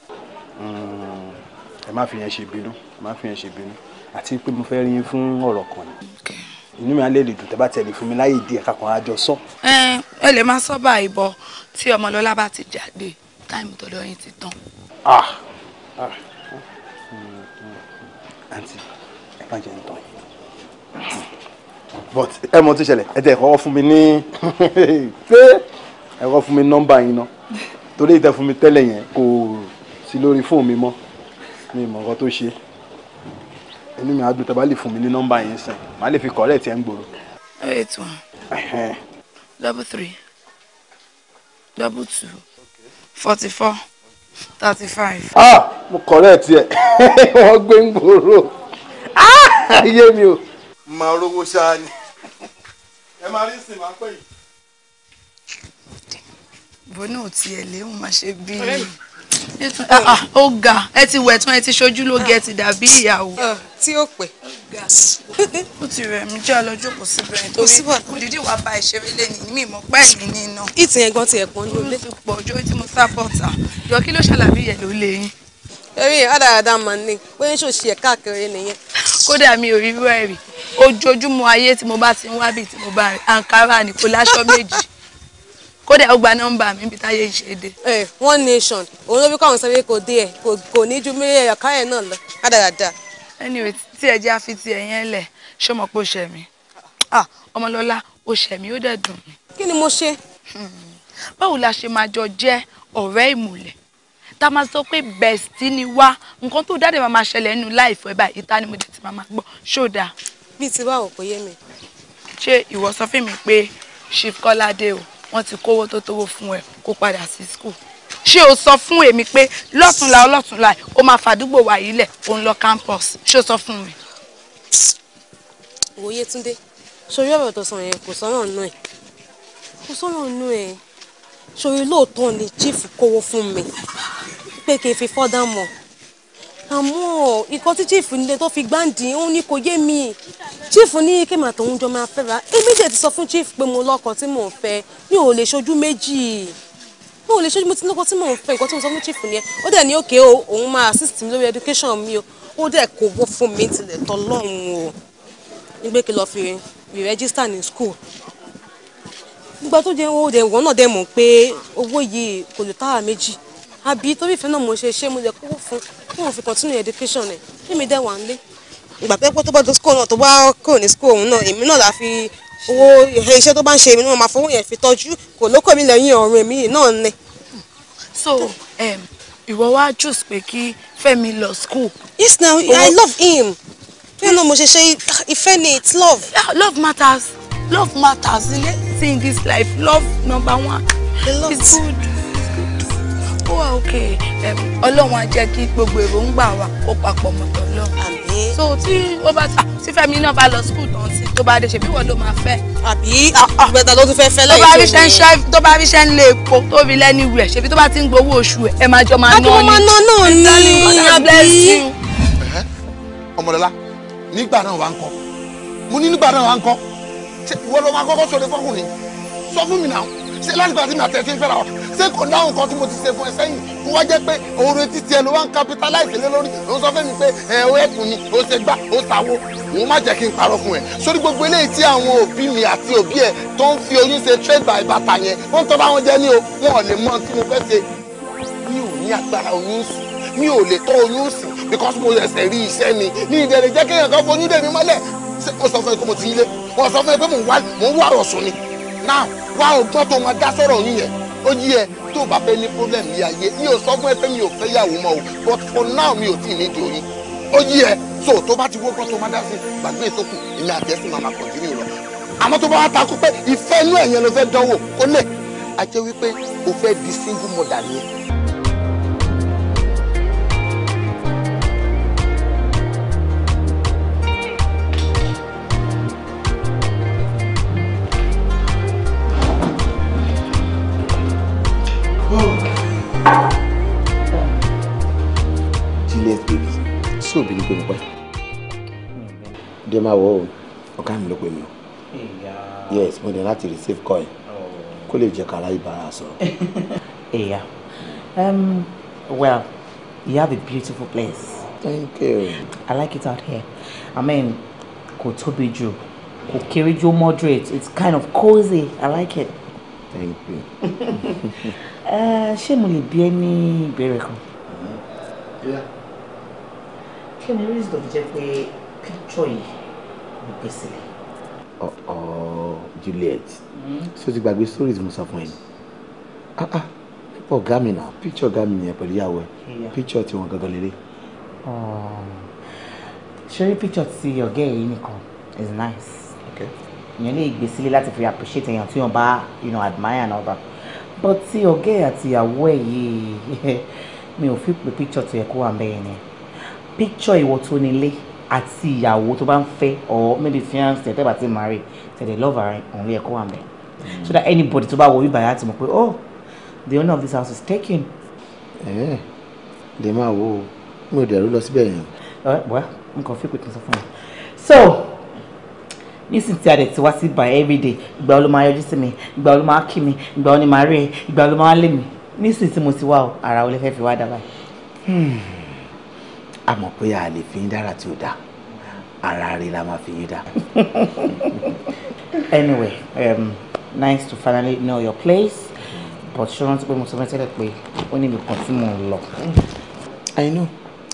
ẹ má fi yẹn ṣe bínú ẹ má fi yẹn ṣe bínú àti pé mo fẹ́ rí yín fún ọ̀rọ̀ kan ni inú mi á lè lè dùn tẹ́ bá tẹ̀lé fún mi láyé díẹ̀ kakàn á jọ sọ. ẹ lè máa sọ báyìí bọ tí ọmọlọ́lá bá ti jáde táìmù tọ́lọ́ yín ti tán. Ah, ah, hmm, hmm, hmm. àǹtí ẹ má jẹ́ ń tán yìí but ẹ mọ tó ṣẹlẹ̀ ẹ tẹ̀ kọ́kọ́ fún mi ní ẹ kọ́ fún mi nọ́mbà yín ná torí ìtẹ́ fún mi tẹ́lẹ̀ yẹn kò sí lórí fóònù mi mọ́ mi mọ̀ nǹkan tó ṣe inú mi á dùn tẹ́ bá lè fún mi ní nọ́mbà yín sìn màá lè fi kọ́rẹ́ tiẹ̀ ń gbòòrò. eight one double three double two forty four thirty five. ah mo kọ́rẹ́ tiẹ̀ wọ́n gbé ń gbòòrò ah! ayé mi o. màá rówó ṣáá ni ẹ máa rí sìn máa ìbò náà ti ẹ̀ léwu máa ṣe bí ah, ah, ó ga ẹ ti wẹ̀ tán ẹ ti ṣojú lóge ẹ ti dàbí ìyàwó. tí ó pẹ́. ó ti rẹ̀ mí jẹ́ ọlọ́jọ́ kò sí bẹ̀rẹ̀ torí wàá ba ìṣeré lẹ́yìn ní mímọ́ pẹ́ẹ́lí ní iná. ìtì yẹn ti ẹ̀pọ̀ ń lólé. ó ti pọ̀ ọjọ́ tí mo sá bọ̀tà yọ kí ló ṣàlàyé yẹn ló lé yín. eré àdáradá máa ń ní pé ń ṣòṣì ẹ̀ káàkiri nìyẹn. kódà mi ò rí rú ẹ̀rì ojoojúmọ́ ayé tí mo bá ti ń wábì tí mo bá àǹkárá ni láṣọ méjì kódà ó gba nọ́mbà mi ibi táyé ìṣe dé. ẹ eh, one nation òun ló bí káwọn sọ pé kò dé ẹ kò ní ju mílíọ̀nù ẹ̀ka ẹ̀ náà lọ rádaràda. anyway tí ẹ jẹ́ àfi ti ẹ̀yẹn lẹ̀ ṣé mo pò ṣẹ̀ mi ah, ọmọlọ́lá o ṣẹ̀ mi ó dẹ̀ dùn mí. kí ni mo ṣe. báwo la ṣe máa jọ jẹ́ ọ̀rẹ́ ìmùlẹ̀ tá a máa sọ pé bẹ̀sì ni wá nǹkan tó dáadé máa máa ṣẹlẹ̀ nínú láìfọ́ ẹ̀bà ìta ni mo ti ti máa gbọ́ ṣódà. bíi ti wá òpó yé mi. ṣé ìwọ sọ fún mi pé chief kọ́ládé o wọ́n ti kówó tó tówó fún ẹ kó padà sí school ṣé o sọ fún èmi pé lọ́túnla ọlọ́túnla o máa fàdúgbò wà yìí lẹ̀ o ń lọ campus ṣé o sọ fún mi. òye túndé sori ọ̀rọ̀ tó sọ yẹn kò sọ̀rọ̀ nù ẹ̀ kò sọ̀rọ̀ nù ẹ̀ sori lóòótọ́ ni chief kówó fún mi pé kí n fi fọ́dà mọ̀ àmọ́ ikọ̀ tí chief nílé tó fi gbáǹdì òun ni kò yé mi chief ní kéèmà tòun jọ máa fẹ́ra èmi jẹ́ ti sọ fún chief pé mo lọ́kọ tí mò ń fẹ́ mi ò lè ṣojú méjì mi ò lè ṣojú mo ti lọ́kọ tí mò ń fẹ́ nǹkan tí mo sọ fún chief nìyẹn ó dẹ̀ ní òkè o òun máa assist mi lórí education mi o ó dẹ̀ kò wọ́ fún mi tilẹ̀ tọ́ lọ́hùn o nígbè kí lọ fi rí register ní school nígbà tó jẹ́ owó dẹ̀ wọ́n náà dẹ̀ mọ̀ pé owó yìí kò lè táwa àbí torí ìfẹ́ náà mo ṣe ṣe mo lè kúrò fún kí wọ́n fi continue education ẹ̀ kí mi dẹ̀ wà ń lé. ìgbà tó tó bá do school náà tó bá kúrò ní school òun náà èmi náà la fi owó iṣẹ́ tó bá ń ṣe èmi náà máa fowó yẹn fi tọ́jú kò lóko mi lẹ́yìn ọ̀run èmi náà ni. so um, ìwọ wá choose pé kí Fẹ́mi lọ school. yes na i love him fẹ́ẹ́ náà mo ṣe ṣe ìfẹ́ ni it's love. Yeah, love matters love matters The next in this life love number one. the love is good ó wà òkè ọlọ́run á jẹ́ kí gbogbo èròǹgbà wa kó papọ̀ mọ́tò lọ́wọ́ so tí ó bá tí Fẹ́mi náà bá lọ skul tán sí tó bá dé ṣe bí wọ́n ló máa fẹ́. àbí àgbẹ̀dà ló tún fẹ́ fẹ́ lẹ́yìn tó ní. tó bá ríṣẹ́ ń lé epo tó rí lẹ́ni wẹ̀ ṣebí tó bá ti ń gbowó oṣù ẹ̀ ẹ máa jọ máa ná ni. àjọmọ̀ náà náà ni àbí. ọmọlọlá nígbà náà wà ń kọ́ mo ní nígbà náà wà ń kọ́ ìwọ ló máa kọ́kọ́ ṣé lásìkò àti màtẹ ti ń fẹ́ra ṣé kò dáhùn kan tí mo ti ṣe fún ẹ sẹ́yìn kó wá jẹ́ pé oore títí ẹ ló wá ń capitalize lé lórí òun sọ fẹ́mi pé ẹ o ẹ̀kùn ni o ṣe gbá o ṣàwo òun má jẹ́ kí n parọ́ fún ẹ sórí gbogbo eléyìí tí àwọn òbí mi àti òbí ẹ tó ń fi oyún ṣe trade by bàtà yẹn wọ́n tọ́ bá wọn jẹ́ ní o wọn ò lè mọ tí mo fẹ́ ṣe mi ò ní agbára oyún sùn mi ò lè tọ́ oyún sùn because mo ẹsẹ̀ rí iṣẹ́ ni ní ìdẹ̀rẹ̀ jẹ́ kéèyàn kan fojú dèmi mọ́lẹ̀ ṣé mo sọ fún ẹ pé mo ti ilé mo sọ fún ẹ pé mo ń wá ọ̀sùn ni now wá ọgbọ́n tó máa dá sọ̀rọ̀ yín yẹn ó yí ẹ tó bá fẹ́ ní problem yìí ayé mi ò sọ fún ẹ pé mi ò fẹ́ yàwó mọ́ o but for now mi ò tí ì ní di oyin ó yí ẹ so tó bá ti wọ́pọ̀ tó máa dá sí gbàgbé ìtókù èmi àti ẹ̀sìn máa máa continue lọ àmọ́ tó bá wá takú pé ìfẹ́ inú ẹ̀yẹn ló fẹ́ dánwò ó lè àjẹ́ wípé o fẹ́ di single mother yẹn ṣó bí ní pé mo pẹ́ dé máa wọ mi ló pè mí o yes mo ní láti receive coin oh. kó lè jẹ́ kára ìbára sọ̀rọ̀. ẹ̀yà well you have a beautiful place. thank you. I like it out here I mean kò tóbi jù kò kéré jù moderate it's kind of cozy I like it. thank you. Uh, ṣé mo lè bi ẹ́ ní ìbéèrè kan. yeah kí ni reason tó fi picture yìí ló gbé sílẹ̀. ọ̀ Juliet ṣé o ti gbàgbé stories mo sọ fún ẹ ni ah, ah, ọ̀gá mi náà picture ọ̀gá mi nìyẹn pẹ̀lú ìyàwó ẹ̀ picture tiwọn gangan lélẹ̀. Um, ṣé rí picture ti ọ̀gá ẹ̀ yìí nìkan is nice èèyàn lè gbé sílé láti fi appreciate èèyàn tí wọn bá you know admire and all that but ti ọ̀gá ẹ̀ àti ìyàwó ẹ̀ yìí mi ò fi pè picture tó yẹ kó wà bẹ́ẹ̀ yẹn picture ìwọ tó nílé àti ìyàwó tó bá ń fẹ́ or maybe fiance tẹ́lẹ̀ bá ti marry tẹ̀lé love ara òun lè ẹ̀kọ́ wà mẹ́ mm. so that anybody tó bá wọ bíbá yà mọ̀ pé oh the owner of this house is taken. ẹ eh, ẹ lè máa wo mi ò dẹ̀rú lọ síbẹ̀ yẹn. ọ̀rẹ́ bọ́lá n kò fi pèkì sọ fún mi. so nísìnyí tí a dẹ̀ ti wá sí by everyday ìgbà wo ló máa yọjú sí mi ìgbà wo ló máa kí mi ìgbà wo ni màá rí ẹ ìgbà wo ló máa lé mi nísìnyí tí mo ti wá ara wo fẹ́ fi wá dábàá a mọ̀ pé a lè fi yín dára tí ó dáa ara rẹ̀ la máa fi yín dá. anyway um, nice to finally know your place but ṣé rántí pé mo sọ mẹ́tẹ́lẹ̀ pé ó ní nǹkan tí mò ń lọ. I know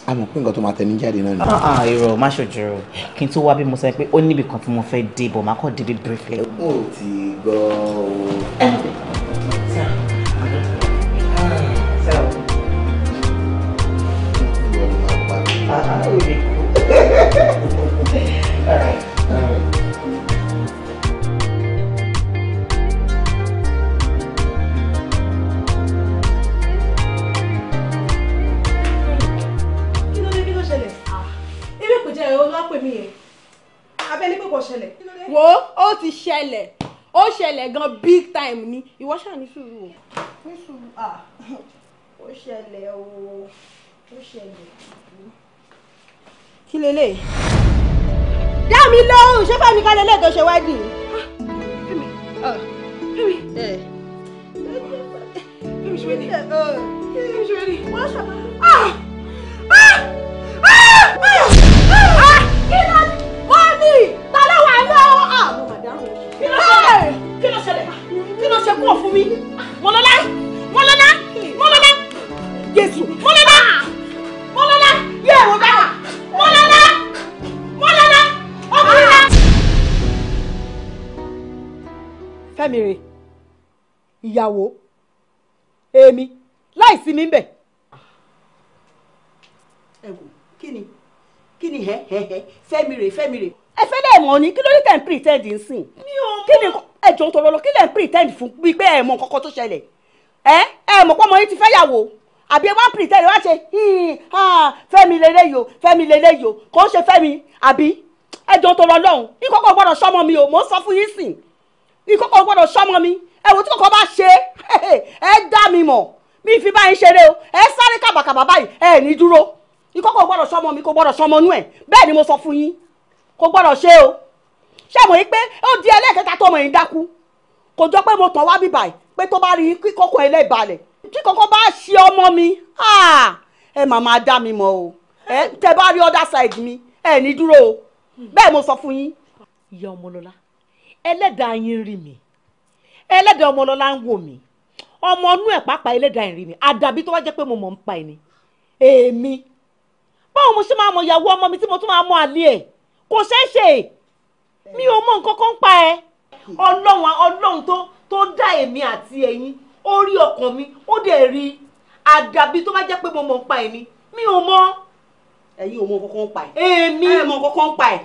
a mọ̀ pé nǹkan tó máa tẹni jáde náà ni. Ah, ah irọ́ má ṣojú o kí n tó wá bí mo sọ pé ó níbi kan tí mo fẹ́ dé bọ̀ má kọ́ débi briefly. ó ti gbọ́ o. All right. wo ó ti ṣẹlẹ̀ ó ṣẹlẹ̀ gan big time ni ìwọ ṣáà ní sùúrù o. ní sùúrù ah ó ṣẹlẹ̀ o ó ṣẹlẹ̀ kí leléyìí. dá mi lóhùn ṣé fẹ́mi ká lélẹ̀ tó ṣe wẹ́dìn. fẹ́mi fẹ́mi fẹ́mi ṣe wẹ́dìn fẹ́mi ṣe wẹ́dìn. wọ́n ṣe ah ah ah ah kí ló wọ́n ní ta ló wà ní ọ́ ah mo mà dáhùn. kí ló ṣẹlẹ̀ kí ló ṣe kú ọ̀ fún mi. mọ̀lọ́lá mọ̀lọ́lá mọ̀lọ́lá jésù. mèrè ìyàwó èmi láì sí mi ń bẹ̀. ẹ wò kí ni kí ni ẹ ẹ ẹ fẹ́mi rè fẹ́mi rè. ẹ fẹ́ dẹ̀ mọ̀ ni kí ló ní tẹ̀ ń pretend ń sìn. mi ò mọ̀ kí ni ẹ jọ ń tọrọ lọ kí lẹ̀ ń pretend fún bíi pé ẹ mọ nǹkan kan tó ṣẹlẹ̀ ẹ ẹ mọ̀ pé ọmọ yín ti fẹ́ yàwó àbí ẹ wá ń pretend wá ṣe hmm, ah, fẹ́mi lélẹ́yìí o fẹ́mi lélẹ́yìí o kò ń ṣe fẹ́mi àbí ẹ jọ tọrọ lọ́hùn ní gbọ́dọ̀ sọ́mọ mi o mò ń sọ fún yín sìn ìkókò gbọ́dọ̀ sọ́mọ mi ẹ wò tí kòkó bá ṣe ẹ dá mi mọ̀ mi fi báyìí ṣeré o ẹ sáré kàbàkàbà báyìí ẹ ní dúró ìkókò gbọ́dọ̀ sọ́mọ mi kò gbọ́dọ̀ sọ́mọ nú ẹ̀ bẹ́ẹ̀ ni mo sọ fún yín kò gbọ́dọ̀ ṣe o ṣé mo yí pé ó di ẹlẹ́ẹ̀kẹta tó mọ̀ yín dákú kò jọ pé mo tàn wá bíbà yìí pé tó bá rí kíkókò ẹlẹ́ẹ̀balẹ̀ tí kòkó bá ṣe ọmọ mi ẹ mà máa dá mi mọ̀ o ẹ tẹ bá rí other side mi ẹ ní dúró o bẹ́ẹ̀ mo sọ fún yín. ìyá ọmọlọ́lá ẹlẹ́dàá yín rí mi ẹlẹ́dàá ọmọ ọlọ́lá ń wò mí ọmọ ọnú ẹ̀ pàápàá ẹlẹ́dàá yín rí mi àdàbí tó wá jẹ́ pé mo mọ̀ ń pa ẹni èmi báwo mo ṣe máa mọ ìyàwó ọmọ mi tí mo tún máa mọ àlè ẹ̀ kò ṣeé ṣe mi ò mọ nǹkan kan pa ẹ ọlọ́run ọlọ́run tó tó dá èmi àti ẹ̀yin ó ọkàn mi ó dẹ̀ rí àdàbí tó bá jẹ́ pé mo mọ̀ ń pa ẹni mi ò mọ ẹ̀yin ò mọ nǹkan kan pa ẹ̀ èmi ẹ̀ mọ nǹkan kan pa ẹ̀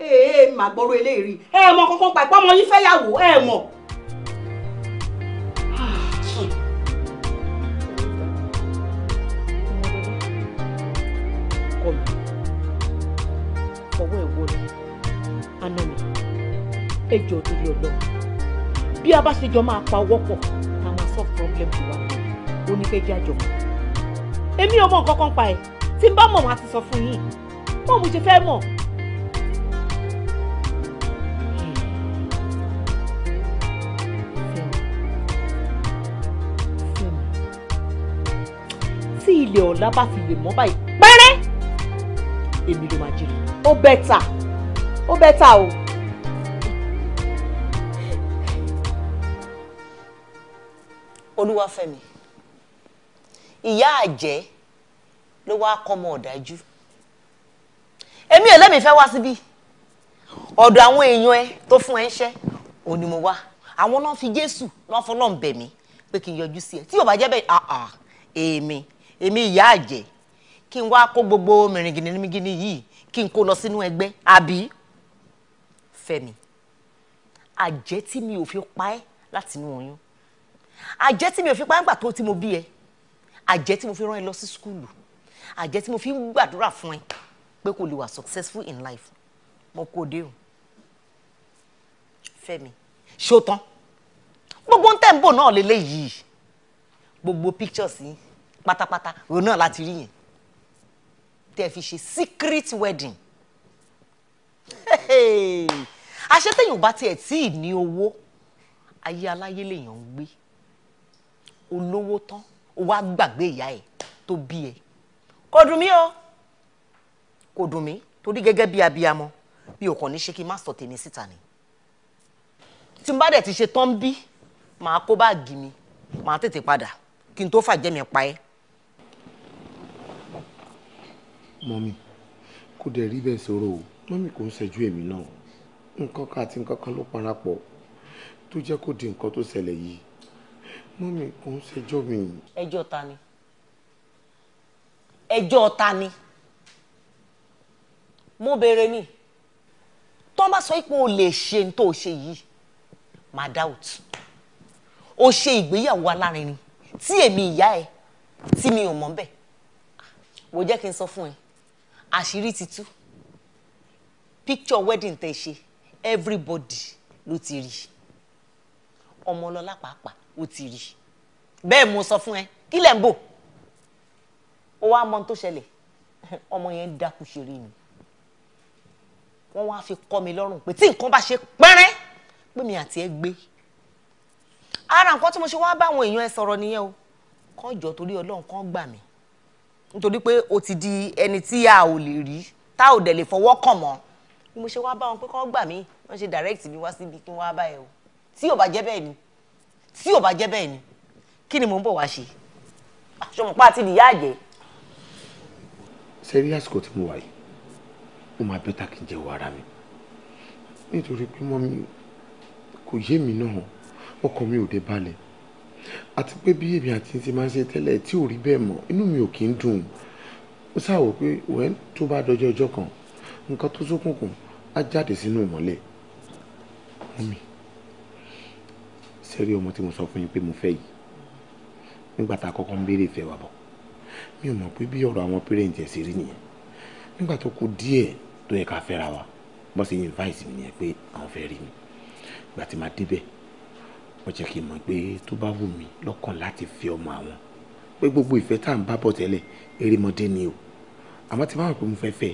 ee màá gbọ́rọ̀ eléyìí ẹ mọ̀ kankan pàpọ̀ ọmọ yín fẹ́yàwó ẹ mọ̀. fọwọ́ ẹ̀ wọlé àná mi ẹ jọ torí ọlọ́run bí a bá ṣe jọ máa pa ọwọ́ pọ̀ a máa solve problem tó wà ní oníkẹ́jẹ́ àjọmọ́ èmi ò mọ̀ nǹkan kan pa ẹ̀ tí n bá mọ̀ wọn á ti sọ fún yín mọ̀ mo ṣe fẹ́ mọ̀. ilẹ̀ ọ̀la bá fi lè mọ́ báyìí pẹ́rẹ́ èmi ló máa jèrè ó bẹ́tà ó bẹ́tà o. olúwàfẹ́mi ìyá àjẹ́ ló wáá kọ́mọ ọ̀dájú èmi ò lẹ́mìí fẹ́ wá síbí ọ̀dọ̀ àwọn èèyàn ẹ tó fún ẹ ń ṣẹ́ òun ni mo wá àwọn náà fi jésù náà fọlọ́ọ̀ bẹ̀ mí pé kí n yọjú sí ẹ tí yóò bá jẹ́ bẹ́ẹ̀ èmi èmi ìyá àjẹ́ kí n wá kó gbogbo mìrìngìnnìmìgìnnì yìí kí n kó lọ sínú ẹgbẹ́ àbí Fẹ́mi àjẹ́ tí mi ò fi pa ẹ́ láti oyún àjẹ́ tí mi ò fi pa ẹ́ nígbà tó ti mo bí ẹ àjẹ́ tí mo fi rán ẹ lọ sí skúlù àjẹ́ tí mo fi gbàdúrà fún ẹ pé kó lè wà successful in life mo kò dé o Fẹ́mi ṣó tán gbogbo ń tẹ̀ ń bò náà lélẹ́yìí gbogbo pictures yìí pátápátá òun náà láti rí yẹn tẹ́ ẹ fi ṣe secret wedding àṣẹ téèyàn bá tiẹ̀ tí ì ní owó ayé aláyé lèèyàn ń gbé olówó tán ó wá gbàgbé ìyá ẹ̀ tó bí ẹ kò dùn mí o kò dùn mí torí gẹ́gẹ́ bí abiyamọ bí o kàn ní ṣe kí n má sọ tèmi síta ni tí n bá dẹ̀ ti ṣe tán bí màá kó báàgì mi màá tètè padà kí n tó fàjẹ́ mi pa ẹ́ mọ́mí kò dẹ̀ rí bẹ́ẹ̀ sọ̀rọ̀ o mọ́mí kò ń ṣẹ́jú èmi náà nǹkan kan àti nǹkan kan ló parapọ̀ tó jẹ́ kó di nǹkan tó ṣẹlẹ̀ yìí mọ́mí kò ń ṣẹjọ́ mi. ẹjọ́ ta ni ẹjọ́ ta ni mo béèrè ni tó bá sọ pé o lè ṣe ní tó o ṣe yìí my doubt o ṣe ìgbéyàwó alárinrin tí èmi ìyá ẹ tí mi ò mọ̀ bẹ́ẹ̀ wò jẹ́ kí n sọ fún ẹ àṣírí ti tú picture wedding tẹ́ ṣe everybody ló ti rí ọmọ ọlọ́lá pàápàá ó ti rí bẹ́ẹ̀ mo sọ fún ẹ kí lẹ̀ ń bò ó wá mọ tó ṣẹlẹ̀ ọmọ yẹn dákú ṣeré ni wọ́n wá fi kọ́ mi lọ́rùn pé tí nǹkan bá ṣe pẹ́rẹ́ pé mi àti ẹ gbé ara nǹkan tí mo ṣe wá báwọn èèyàn ẹ sọ̀rọ̀ nìyẹn o kán jọ torí ọlọ́run kán gbà mí nítorí pé o ti di ẹni tí a ò lè rí tá ò dẹ̀ lè fọwọ́ kàn mọ́ bí mo ṣe wá bá wọn pé kọ́ gbà mí wọ́n ṣe direct mi wá síbi kí wọ́n wá bá ẹ o tí ò bá jẹ́ bẹ́ẹ̀ ni tí ò bá jẹ́ bẹ́ẹ̀ ni kí ni mò ń bọ̀ wá ṣe ah, ṣọmọ pa àti ìyá àjẹ́. sẹ́rí àsìkò tí mo wà yìí mo máa bẹ́tà kí n jẹ́wọ́ ara mi nítorí pé mọ́ mi kò yé mi náà ọkàn mi ò dé balẹ̀ àti pé bí èmi àti ti máa ń ṣe tẹ́lẹ̀ tí ò rí bẹ́ẹ̀ mọ́ inú mi ò kì í dùn ó ṣàwò pé wẹ́n tó bá dọjọ́ ọjọ́ kan nǹkan tó ṣókùnkùn á jáde sínú ìmọ́lẹ̀ mọ́mí sẹ́rí ọmọ tí mo sọ fún yín pé mo fẹ́ yìí nígbà tá a kọ́kọ́ ń béèrè ìfẹ́ wa bọ̀ mi ò mọ̀ pé bí ọ̀rọ̀ àwọn pérèǹtì ẹ̀ sì rí nìyẹn nígbà tó kù díẹ̀ tó yẹ ká fẹ́ra wa bọ́sẹ̀ yín advice mi nìyẹn pé àwọn fẹ́ rí mi ìgbà tí máa débẹ̀ wọ́n jẹ́ kí n mọ̀ pé tó bá wù mí lọ́kàn láti fi ọmọ àwọn pé gbogbo ìfẹ́ tá à ń bá bọ̀ tẹ́lẹ̀ erémọdé ni o àmọ́ tí bá wà pé mo fẹ́ fẹ́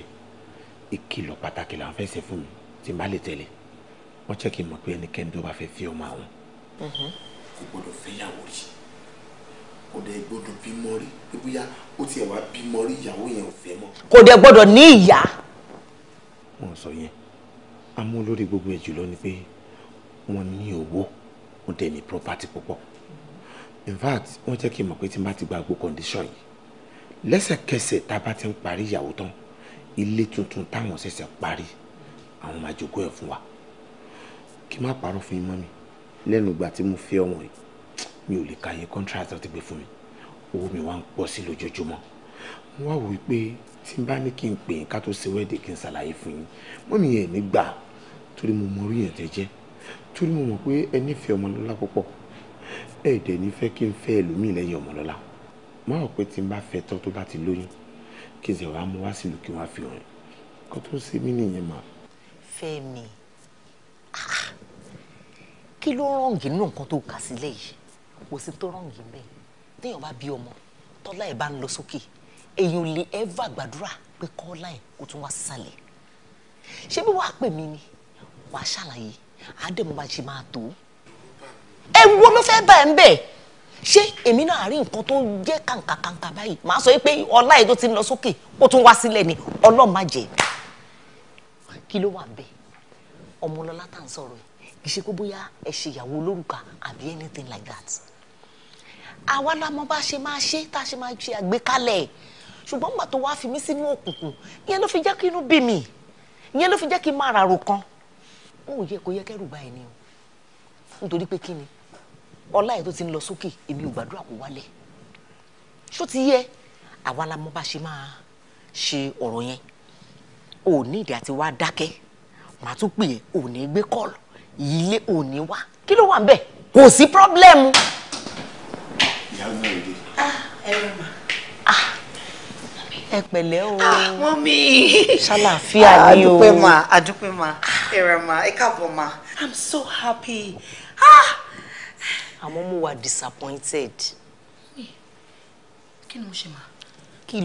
ìkìlọ̀ pàtàkì là ń fẹ́ ṣe fún mi tí n bá lè tẹ̀lé wọ́n jẹ́ kí n mọ̀ pé ẹnikẹ́ni tó bá fẹ́ fi ọmọ àwọn mm-hmm. kò gbọ́dọ̀ fẹ́yàwó rí kò dẹ̀ gbọ́dọ̀ bímọ rí pé bóyá ó tiẹ̀ wá bímọ rí ìyàwó yẹn ò fẹ́ mọ́. kò wọ́n ní owó mo dẹ̀ ní property púpọ̀ in fact wọ́n jẹ́ kí n mọ̀ pé tí n bá ti gba gbogbo condition yìí lẹ́sẹ̀kẹsẹ̀ tá a bá ti ń parí ìyàwó tán ilé tuntun táwọn ṣẹ̀ṣẹ̀ parí àwọn máa jogún ẹ̀ fún wa kí n má parọ́ fún yín mọ́ mi lẹ́nu ìgbà tí mo fẹ́ ọmọ yìí mi ò lè ka iye contract tó ti gbé fún mi owó mi wá ń pọ̀ sí lójoojúmọ́ mo wá wò ó pé tí n bá ní kí n pè é ká tó ṣe wẹ́ẹ̀dì kí n ṣàlàyé fún yín mọ́ mi yẹn nígbà torí mo mọ orí yẹn tẹ́ jẹ́ torí mo mọ̀ pé ẹ nífẹ̀ẹ́ ọmọlọ́lá púpọ̀ ẹ dẹ̀ nífẹ̀ẹ́ kí n fẹ́ ẹlòmíì lẹ́yìn ọmọlọ́lá má rò pé tí n bá fẹ́ tán tó bá ti lóyún kí n sì wá mú wá sílùú kí wọ́n á fi hàn ẹ́ kó tó ṣe mí nìyẹn mà. Fẹ́mi ah! kí ló rọǹgì nínú nǹkan tó kà sílẹ̀ yìí kò sí tó rọǹgì bẹ́ẹ̀ téèyàn bá bí ọmọ tọ́lá ẹ̀ bá ń lọ sókè èèyàn lè ẹ́fà gbàdúrà pé kọ́lá ẹ̀ kó tún wá sálẹ̀ ṣé bí wàá pè mí ni wàá ṣàlàyé àádẹ́mu máa ṣe máa tó ẹ wo ló fẹ́ bá ẹ ń bẹ̀ ṣé èmi náà rí nǹkan tó jẹ́ kàǹkàkàǹkà báyìí màá sọ pé ọlá yìí tó ti ń lọ sókè ó tún wá sílẹ̀ ni ọlọ́run má jẹ́ kí ló wà bẹ́ẹ̀ ọmọlọ́lá tá à ń sọ̀rọ̀ yìí kì í ṣe pé bóyá ẹ ṣe ìyàwó olórùka àbí anything like that àwa la mọ bá ṣe máa ṣe tá a ṣe máa ṣe àgbékalẹ̀ ṣùgbọ́n gbà tó wá fi mí sínú òkùnkùn ìyẹn ló fi jẹ́ kí inú bí mi ìyẹn ló fi jẹ́ kí n máa ràrò kan òun yẹ kó yẹ kẹ́rù báyìí ni o nítorí pé kí ni ọlá yẹn tó ti ń lọ sókè èmi ò gbàdúrà kó wálẹ̀ ṣó ti yẹ àwa la mọ bá ṣe máa ṣe ọ̀rọ̀ yẹn ò ní ìdí àti wá dákẹ́ màá tún pè é ò ní gbé kọ́ọ̀lù ilé ò ní wá kí ló wà ń bẹ̀ kò sí pírọ́blẹ́mù. Ah, ẹ rẹ ah, o. wọ́n ah, mi. ṣàlàfíà ni o. àdúpẹ́ mà àdúpẹ́ mà ẹ̀rọ ma ẹ i'm so happy ah àmọ́ mo wà disappointed kí ni mo ṣe ma kí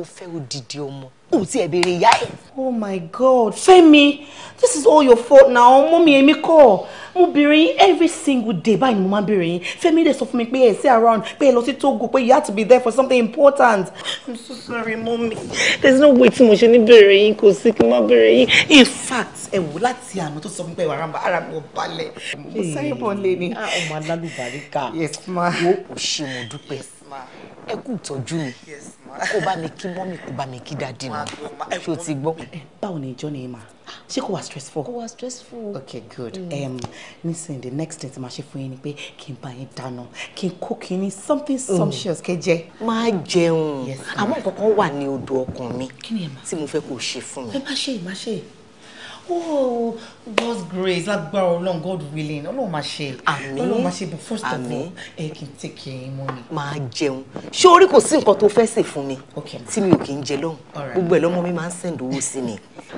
ó fẹ́ odidi ọmọ ó ti ẹ̀ ìyá ẹ̀. oh my god Femi, this is all your fault na ọmọ mi èmi kọ́ mo béèrè yín every single day báyìí ni mo máa ń béèrè yín Fẹ́mi dẹ̀ sọ fún mi pé ẹ̀ sí around pé ẹ lọ sí Togo pé you had to be there for something important. i'm so sorry mommy there's no way tí mo ṣe ní béèrè yín kò sí kí n má béèrè yín in fact ẹ wò láti àná tó sọ fún mi pé ìwà ramba ara mi ò balẹ̀ mo sáré bọ̀ lé ni. Ah, ọmọ alálùbáríkà yes ma wo kò ṣe mo dúpẹ́ ẹ kú ìtọ́jú mi kó bá mi kí mọ́mì kó bá mi kí dáadé náà ṣé o ti gbọ́. Eh, báwo ni ìjọ ni ma ṣé kò wá stressful. kò wá stressful. okay good mm. nisin the next thing ti ma ṣe fún yín ni pé kí n bá yín dáná kí n kó mm. kí ni something sumptuous kẹ jẹ. máa jẹun àmọ́ nǹkan kan wà ní odò ọkàn mi tí mo fẹ́ kó ṣe fún mi. ẹ má ṣe ẹ má ṣe. Oh, God's grace lágbára Ọlọ́run God willing Ọlọ́run máa ṣe Ọlọ́run máa ṣe but first of all ẹ kì í take care ẹ mọ mi. máa jẹun ṣé orí kò sí nǹkan tó fẹ́ sè fún mi tí mi ò kì í jẹ lọ́hùn gbogbo ẹ̀ lọ́mọ mi máa ń send owó sí ni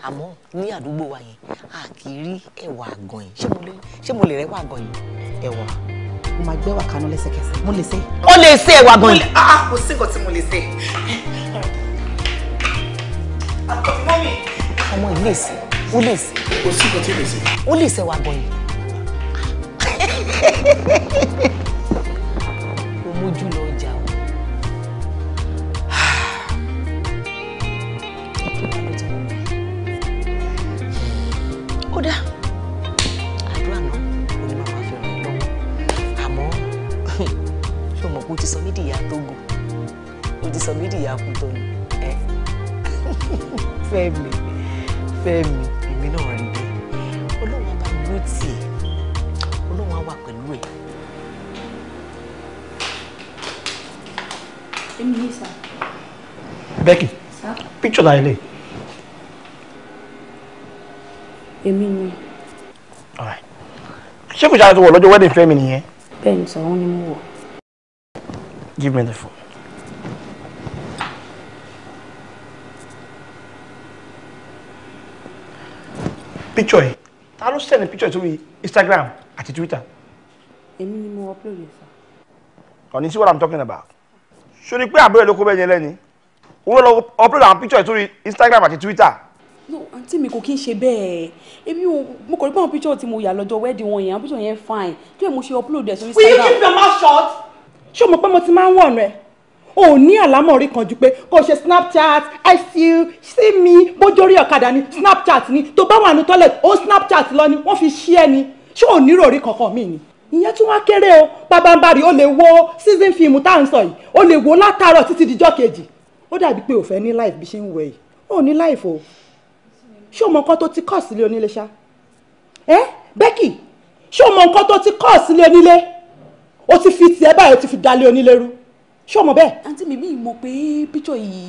àmọ́ ní àdúgbò wa yẹn a kì í rí ẹ̀wà àgàn yìí ṣé mo lè rẹ́wà àgàn yìí ẹ̀wà mo máa gbẹ́wà kaná lẹ́sẹ̀kẹsẹ̀ mo lè ṣe. ó lè ṣe ẹ̀wà gan yìí. Ah, ah, kò sí nǹkan tí mo lè ṣe. àkọ́tí mọ́mì. ọmọ ìlú èsì ó lè sè. kò sí nǹkan tí ó lè sè. ó lè sè wà bọ̀yìn. o mójú lọ ọjà o. ó dá àdúrà náà ó ní màmá fi ràn lọ́wọ́ àmọ́ ṣé o mọ̀ pé o ti sọ mí dìyà tógo o ti sọ mí dìyà Femi èmi náà rí bí olóhùn bá dúró tì í olóhùn á wà pẹ̀lú ẹ̀. èmi ní sà. Becky picture láyé lè. èmi ni. ṣé kò ṣáà ti wọ̀ lọ́jọ́ wedding fẹ́ mi nìyẹn. bẹ́ẹ̀ ni sọ wọ́n ni mo wọ̀. give me the phone. picture yìí ta ló send picture sórí Instagram àti Twitter. èmi ni mo upload yẹn sá. kàn ní sí what i'm talking about. sori pé àbúrò ló kó bẹ́ẹ̀ yẹn lẹ́ni wọ́n lọ upload àwọn picture sórí Instagram àti Twitter. no àǹtí mi kò kí n ṣe bẹ́ẹ̀ èmi ò mo kò rí pé àwọn picture tí mo yà lọ́jọ́ wedding wọn yẹn àwọn picture yẹn fine kí lè mo ṣe upload ẹ̀ sórí Instagram. will you keep your mouth shut. ṣé o mọ̀ pé mo ti máa ń wọ̀n rẹ̀ o ò ní àlámọ̀rí kan ju pé kò ṣe snapchat i see you see me bójórí ọ̀kadà ni snapchat ni tó bá wà ní toilet ó snapchat lọ ni wọ́n fi ṣí ẹni ṣé ò ní ròrí kankan mi ni ìyẹn tún wá kéré o pabambari ó lè wo season film tá à ń sọ yìí ó lè wo látàárọ̀ títí dijọ́ kejì ó dàbí pé ò fẹ́ ní life bí ṣe ń wẹ̀ yìí ó ní life o ṣé o mọ nǹkan tó ti kọ́ sílé onílé ṣá ẹ Becky ṣé o mọ nǹkan tó ti kọ́ sílé onílé o ti fi tiẹ̀ báyìí o ti fi dalé onílé rú ṣé ọmọ bẹ́ẹ̀. àǹtí mi mi mọ̀ pé píṣọ yìí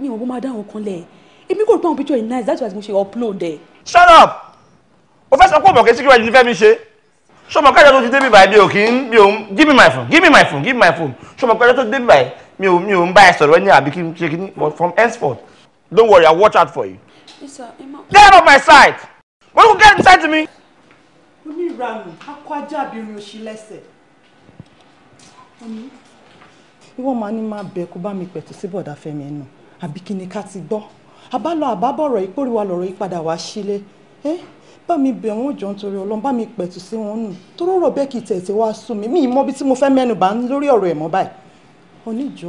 mi ò bó máa dáhùn kan lẹ̀ èmi kò tó àwọn píṣọ yìí nice that's why mo ṣe upload ẹ̀. shut up o fẹ́ sọ pé òmọ̀kẹ́ síkírọ̀ yìí ni fẹ́mi ṣe ṣọmọ kájọ tó ti débi báyìí mi ò kì í mi ò ń give me my phone give me my phone give me my phone ṣọmọ kájọ tó ti débi báyìí mi ò mi ò ń bá ẹ sọ̀rọ̀ ẹni àbí kí n ṣe kí but from henceforth don't worry I watch out for you. get out of my sight wọ́n kò get inside to me. oníranù akọ ajá abirin òṣìlẹ́sẹ̀ ìwọ máa ní máa bẹ kó bá mi pẹ̀tù sí bọ̀dá fẹ́mi ẹnu àbí kí ni ká ti gbọ́ àbálọ àbábọ̀rọ̀ ìpòríwá lọ̀rọ̀ yìí padà wá sílé ẹ bá mi bẹ̀ wọ́n jọ nítorí ọlọ́run bá mi pẹ̀tù sí wọn nù tóró rọ̀ bẹ́ẹ̀ kì í tẹ̀tẹ̀ wá sùn mí mi ì mọ ibi tí mo fẹ́ mẹ́nu bá ń lórí ọ̀rọ̀ ẹ̀ mọ́ báyìí oníjọ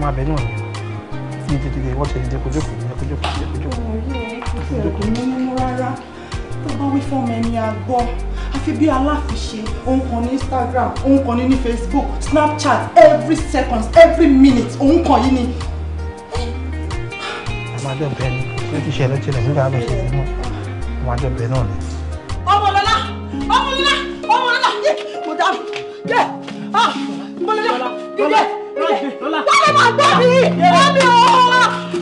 máa ah, bẹ náà ni dídí dídí wọ́n ṣe dídí kojókòó ní kojókòó ní kojókòó. ọ̀rẹ́ ẹ kò sí ẹ̀kọ́ mímú rárá tó bá wí fún ọmọ ẹni àgbọ̀ àfi bí aláfiṣe òun kan ní Instagram òun kan ní ní Facebook Snapchat every second every minute òun kan yìí ni. àmàjọ bẹ́ẹ̀ ni pé kí ṣe ẹlẹ́tì rẹ̀ nígbà lọ́sẹ̀ yìí mọ́ àmàjọ bẹ́ẹ̀ náà ni. ọmọlọlá ọmọlọlá ọmọlọlá yẹ kò dáa yẹ ah ọmọlọlá yẹ lọ́lẹ̀ máa gbọ́ mi mọ́mí o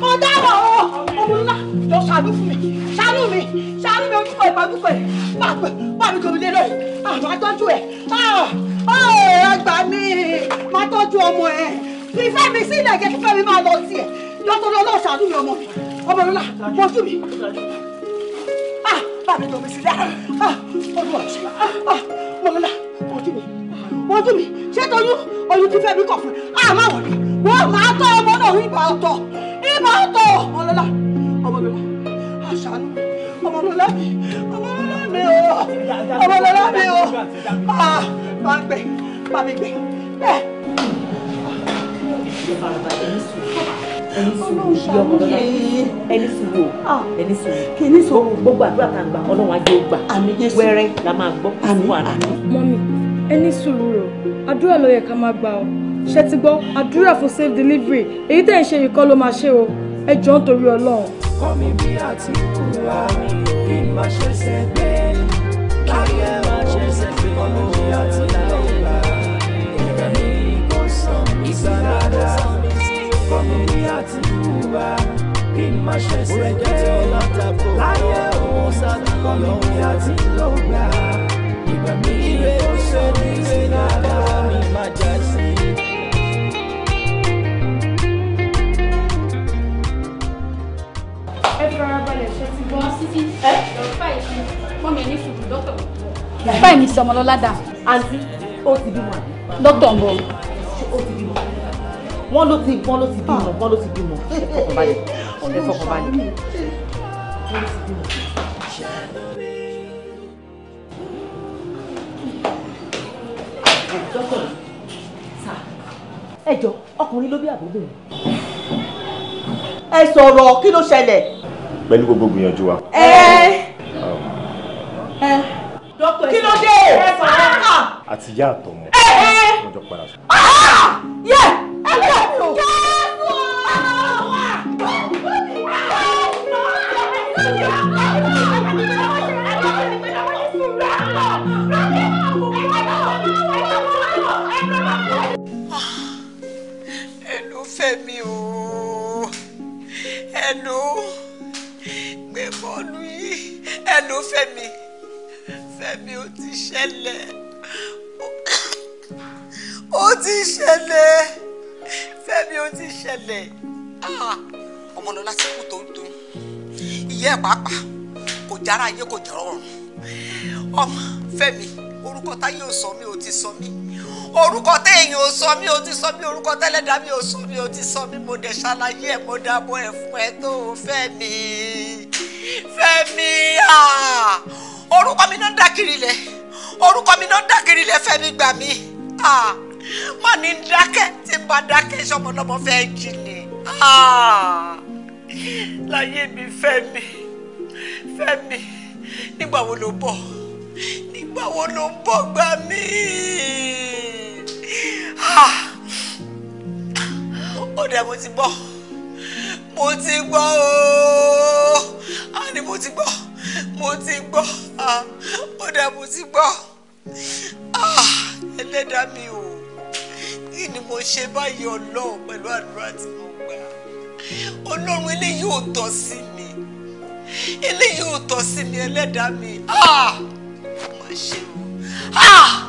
mo dábọ̀ o ọmọ ńlá jọ ṣàánú fún mi ṣàánú mi ṣàánú mi ojúkọ̀ ẹ̀ pàdúkọ̀ ẹ̀ pàpẹ́ pàmí kò mi lé lọ́yẹ̀ àmọ́ àtọ́jú ẹ̀ ẹgbà mi máa tọ́jú ọmọ ẹ̀ fi fẹ́ mi sí ilẹ̀ gẹ̀ẹ́sì fẹ́ mi máa lọ sí ẹ̀ lọ́tọ́ lọ́lọ́ ṣàánú mi ọmọ mi ọmọ lọ́la mọ́jú mi bàbá mi lọ mi sílẹ̀ ọdún ọ̀ṣẹ́ ọmọ lọ́la mọ́jú mi ojú mi ṣé toyún oyún ti fẹ́ mi kọ̀ àmọ́ wọ̀ ni wọ́n máa tọ́ ọmọ náà ibà ọ̀tọ̀ ibà ọ̀tọ̀ ọlọ́lá ọmọlọ́lá àṣàánú ọmọlọ́lá mi ọmọlọ́lá mi o ọmọlọ́lá mi o bá gbẹ bá mi gbẹ bẹ́ẹ̀. ẹni sùúrù ah, ẹni sùúrù ẹni sùúrù gbogbo àdúrà tá a gbà ọlọ́run á jẹ́ gbà wẹ́rẹ́ la máa gbọ́ fún àná ẹ ní sùúrù o àdúrà ló yẹ ká máa gbà o ṣe ti gbọ́ àdúrà fún safe delivery èyí tẹ̀ ń ṣe yìí kọ́ ló máa ṣe o ẹ jọ ń torí ọlọ́run. kọ́ mi bí àti ìwà kí n má ṣe ṣẹ́gbẹ́ láyé má ṣe ṣẹ́gbẹ́ kọ́ mi bí àti ìwà ìrẹ̀lẹ̀ kò sàn mí sáradà kọ́ mi bí àti ìwà kí n má ṣe ṣẹ́gbẹ́ láyé òun sàkọ́ mi bí àti ìwà ìrẹ̀lẹ̀ kò sàn báyìí mi sọ ọmọ lọ́lá dà. àǹtí ó ti bímọ àbí. dókítà ń bọ̀. ó ti bímọ. wọ́n ló ti wọ́n ló ti bímọ wọ́n ló ti bímọ. ẹ fọkàn balẹ̀ ẹ fọ́kàn balẹ̀. wọ́n ló ti bímọ. ẹ jọ ọkùnrin ló bí àbúrò ẹ sọ̀rọ̀ kí ló ṣẹlẹ̀. pẹ̀lú gbogbo gbìyànjú wa. ẹ ẹ dọ́kítọ̀ kí ló dé. ẹ sọ̀rọ̀. àti ìyá àtọmọ. ẹ ẹ ọjọ́ padà. yẹ ẹ yẹ yẹ. Yeah. ẹ̀dùn gbé bọ́ọ̀lù yìí ẹ̀dùn fẹ́mi fẹ́mi ó ti ṣẹlẹ̀ ó ti ṣẹlẹ̀ fẹ́mi ó ti ṣẹlẹ̀. Ah, ọmọlọ́lá ti kú tó ń tó ìyá ẹ̀ pàápàá kò jára ayé kò jọrọ ọ̀run ọmọ fẹ́mi orúkọ táyé ò sọ mí ò ti sọ mí orúkọ èèyàn ò sọ mí ò ti sọ mí orúkọ tẹ́lẹ̀dá mi ò sọ mí ò ti sọ mí mo dẹ̀ ṣàlàyé ẹ̀ mo dábọ̀ ẹ̀ fún ẹ tó Fẹ́mi Fẹ́mi orúkọ mi náà dákìrì lẹ̀ orúkọ mi náà dákìrì lẹ̀ Fẹ́mi gbà mí má ní dákẹ́ tí n bá dákẹ́ sọmọlọmọ fẹ́ jí ni láyé mi Fẹ́mi Fẹ́mi nígbà wo ló bọ̀ nígbà wo ló bọ̀ gbà mí ó dẹ̀ mo ti gbọ́ mo ti gbọ́ ooo á ní mo ti gbọ́ mo ti gbọ́ ó dẹ̀ mo ti gbọ́ ẹlẹ́dàá mi o kí ni mo ṣe báyìí ọlọ́ọ̀ pẹ̀lú àdúrà tí mo gbà ọlọ́run eléyìí ò tọ́ sí mi eléyìí ò tọ́ sí mi ẹlẹ́dàá mi má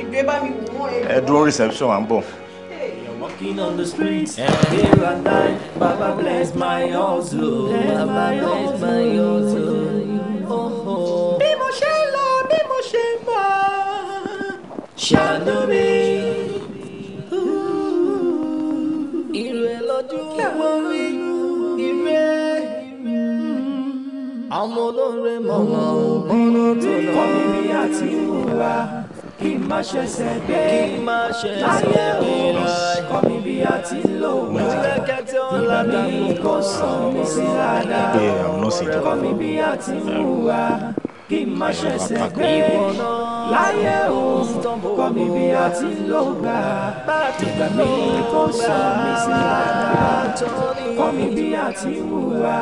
Ẹgbẹ́ bá mi wò wọ́n ẹ. dúró reception à ń bọ̀. Walking on the streets, and here and night, Baba bless my hustle, Baba bless my hustle. Oh, oh. Bí mo ṣe ń lọ, bí mo ṣe ń bọ̀, ṣàánú mi. ẹ lọ́dún wọ́n rí, irú àwọn olóore mọ̀mọ́ ọ̀nà tó lọ. kọ́ mi bí a ti kí n má ṣẹ̀ṣẹ̀ gbé láyé òun kọ́ mi bí a ti lò wá ìgbà mi kò sọ mi sí dáadáa kọ́ mi bí a ti hùwà kí n má ṣẹ̀ṣẹ̀ gbé láyé òun kọ́ mi bí a ti lò gbà ìgbà mi kò sọ mi sí dáadáa kọ́ mi bí a ti hùwà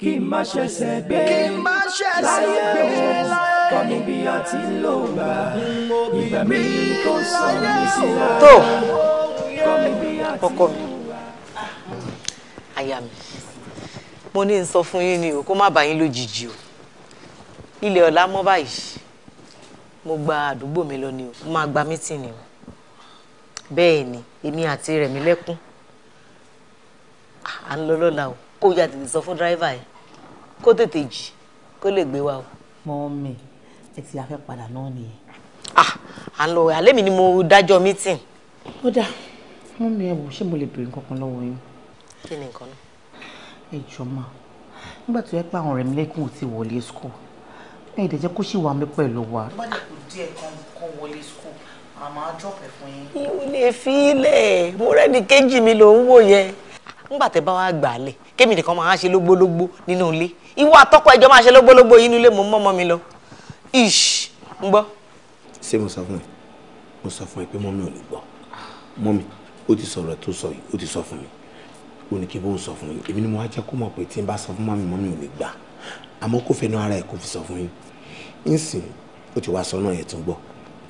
kí n má ṣẹ̀ṣẹ̀ gbé láyé òun kọ́ níbi àti ló gbà ìgbà mi kò sọ mí síra. tó ọkọ mi aya mi mo ní n sọ fún yín ni o kó má bà yín lójijì o ilẹ̀ ọ̀la mọ́ báyìí mo gba àdúgbò mi lọ ni o mo máa gba mítìnì o bẹ́ẹ̀ ni èmi àti Rẹ̀mílẹ́kún à ń lọ lọ́la o kó yá tètè sọ fún dírẹ́fà yẹn kó tètè jì kó lè gbé wa o. mọ́mì tẹ̀sí afẹ́ padà náà nìyẹn. à ń lọ alẹ́ mi ni mo dájọ́ mítìn. ó dáa mú mi ẹ wò ṣé mo lè béèrè nǹkan kan lọ́wọ́ yín. kí ni nǹkan náà. ẹ jọ máa nígbà tó yẹ pé àwọn ọ̀rẹ́ mi lẹ́kùn ò ti wọlé school ẹ ìdẹ̀jẹ́ kó sì wà mí pẹ̀lú wa. bá lè kù díẹ̀ kan kó wọlé school àmọ́ á drop ẹ̀ fún yín. ilé fílẹ̀ mo rẹ́ni kéjì mi ló ń wò yẹn. nígbà tẹ bá wá gbà á lẹ̀ kémi nìkan máa ń ṣe lógbólógbó nínú ilé ìwọ àtọkọ ẹjọ máa ṣe lógbólógbó yìí nílé mò ń mọ́mọ́ mi lọ ish ń gbọ́. ṣé mo sọ fún ẹ mo sọ fún ẹ pé mọ́mí ò ní gbọ́ mọ́mí ó ti sọ̀rọ̀ tó sọ yìí ó ti sọ fún mi ó ní kí bó ń sọ fún yín èmi ni mo wá jẹ́ kó mọ̀ pé tí n bá sọ fún mọ́mí mọ́mí ò ní gbà àmọ́ kó fẹnu ara ẹ̀ kó fi sọ fún yín nsìn ó ti wá sọ́nà ẹ̀ tún gbọ́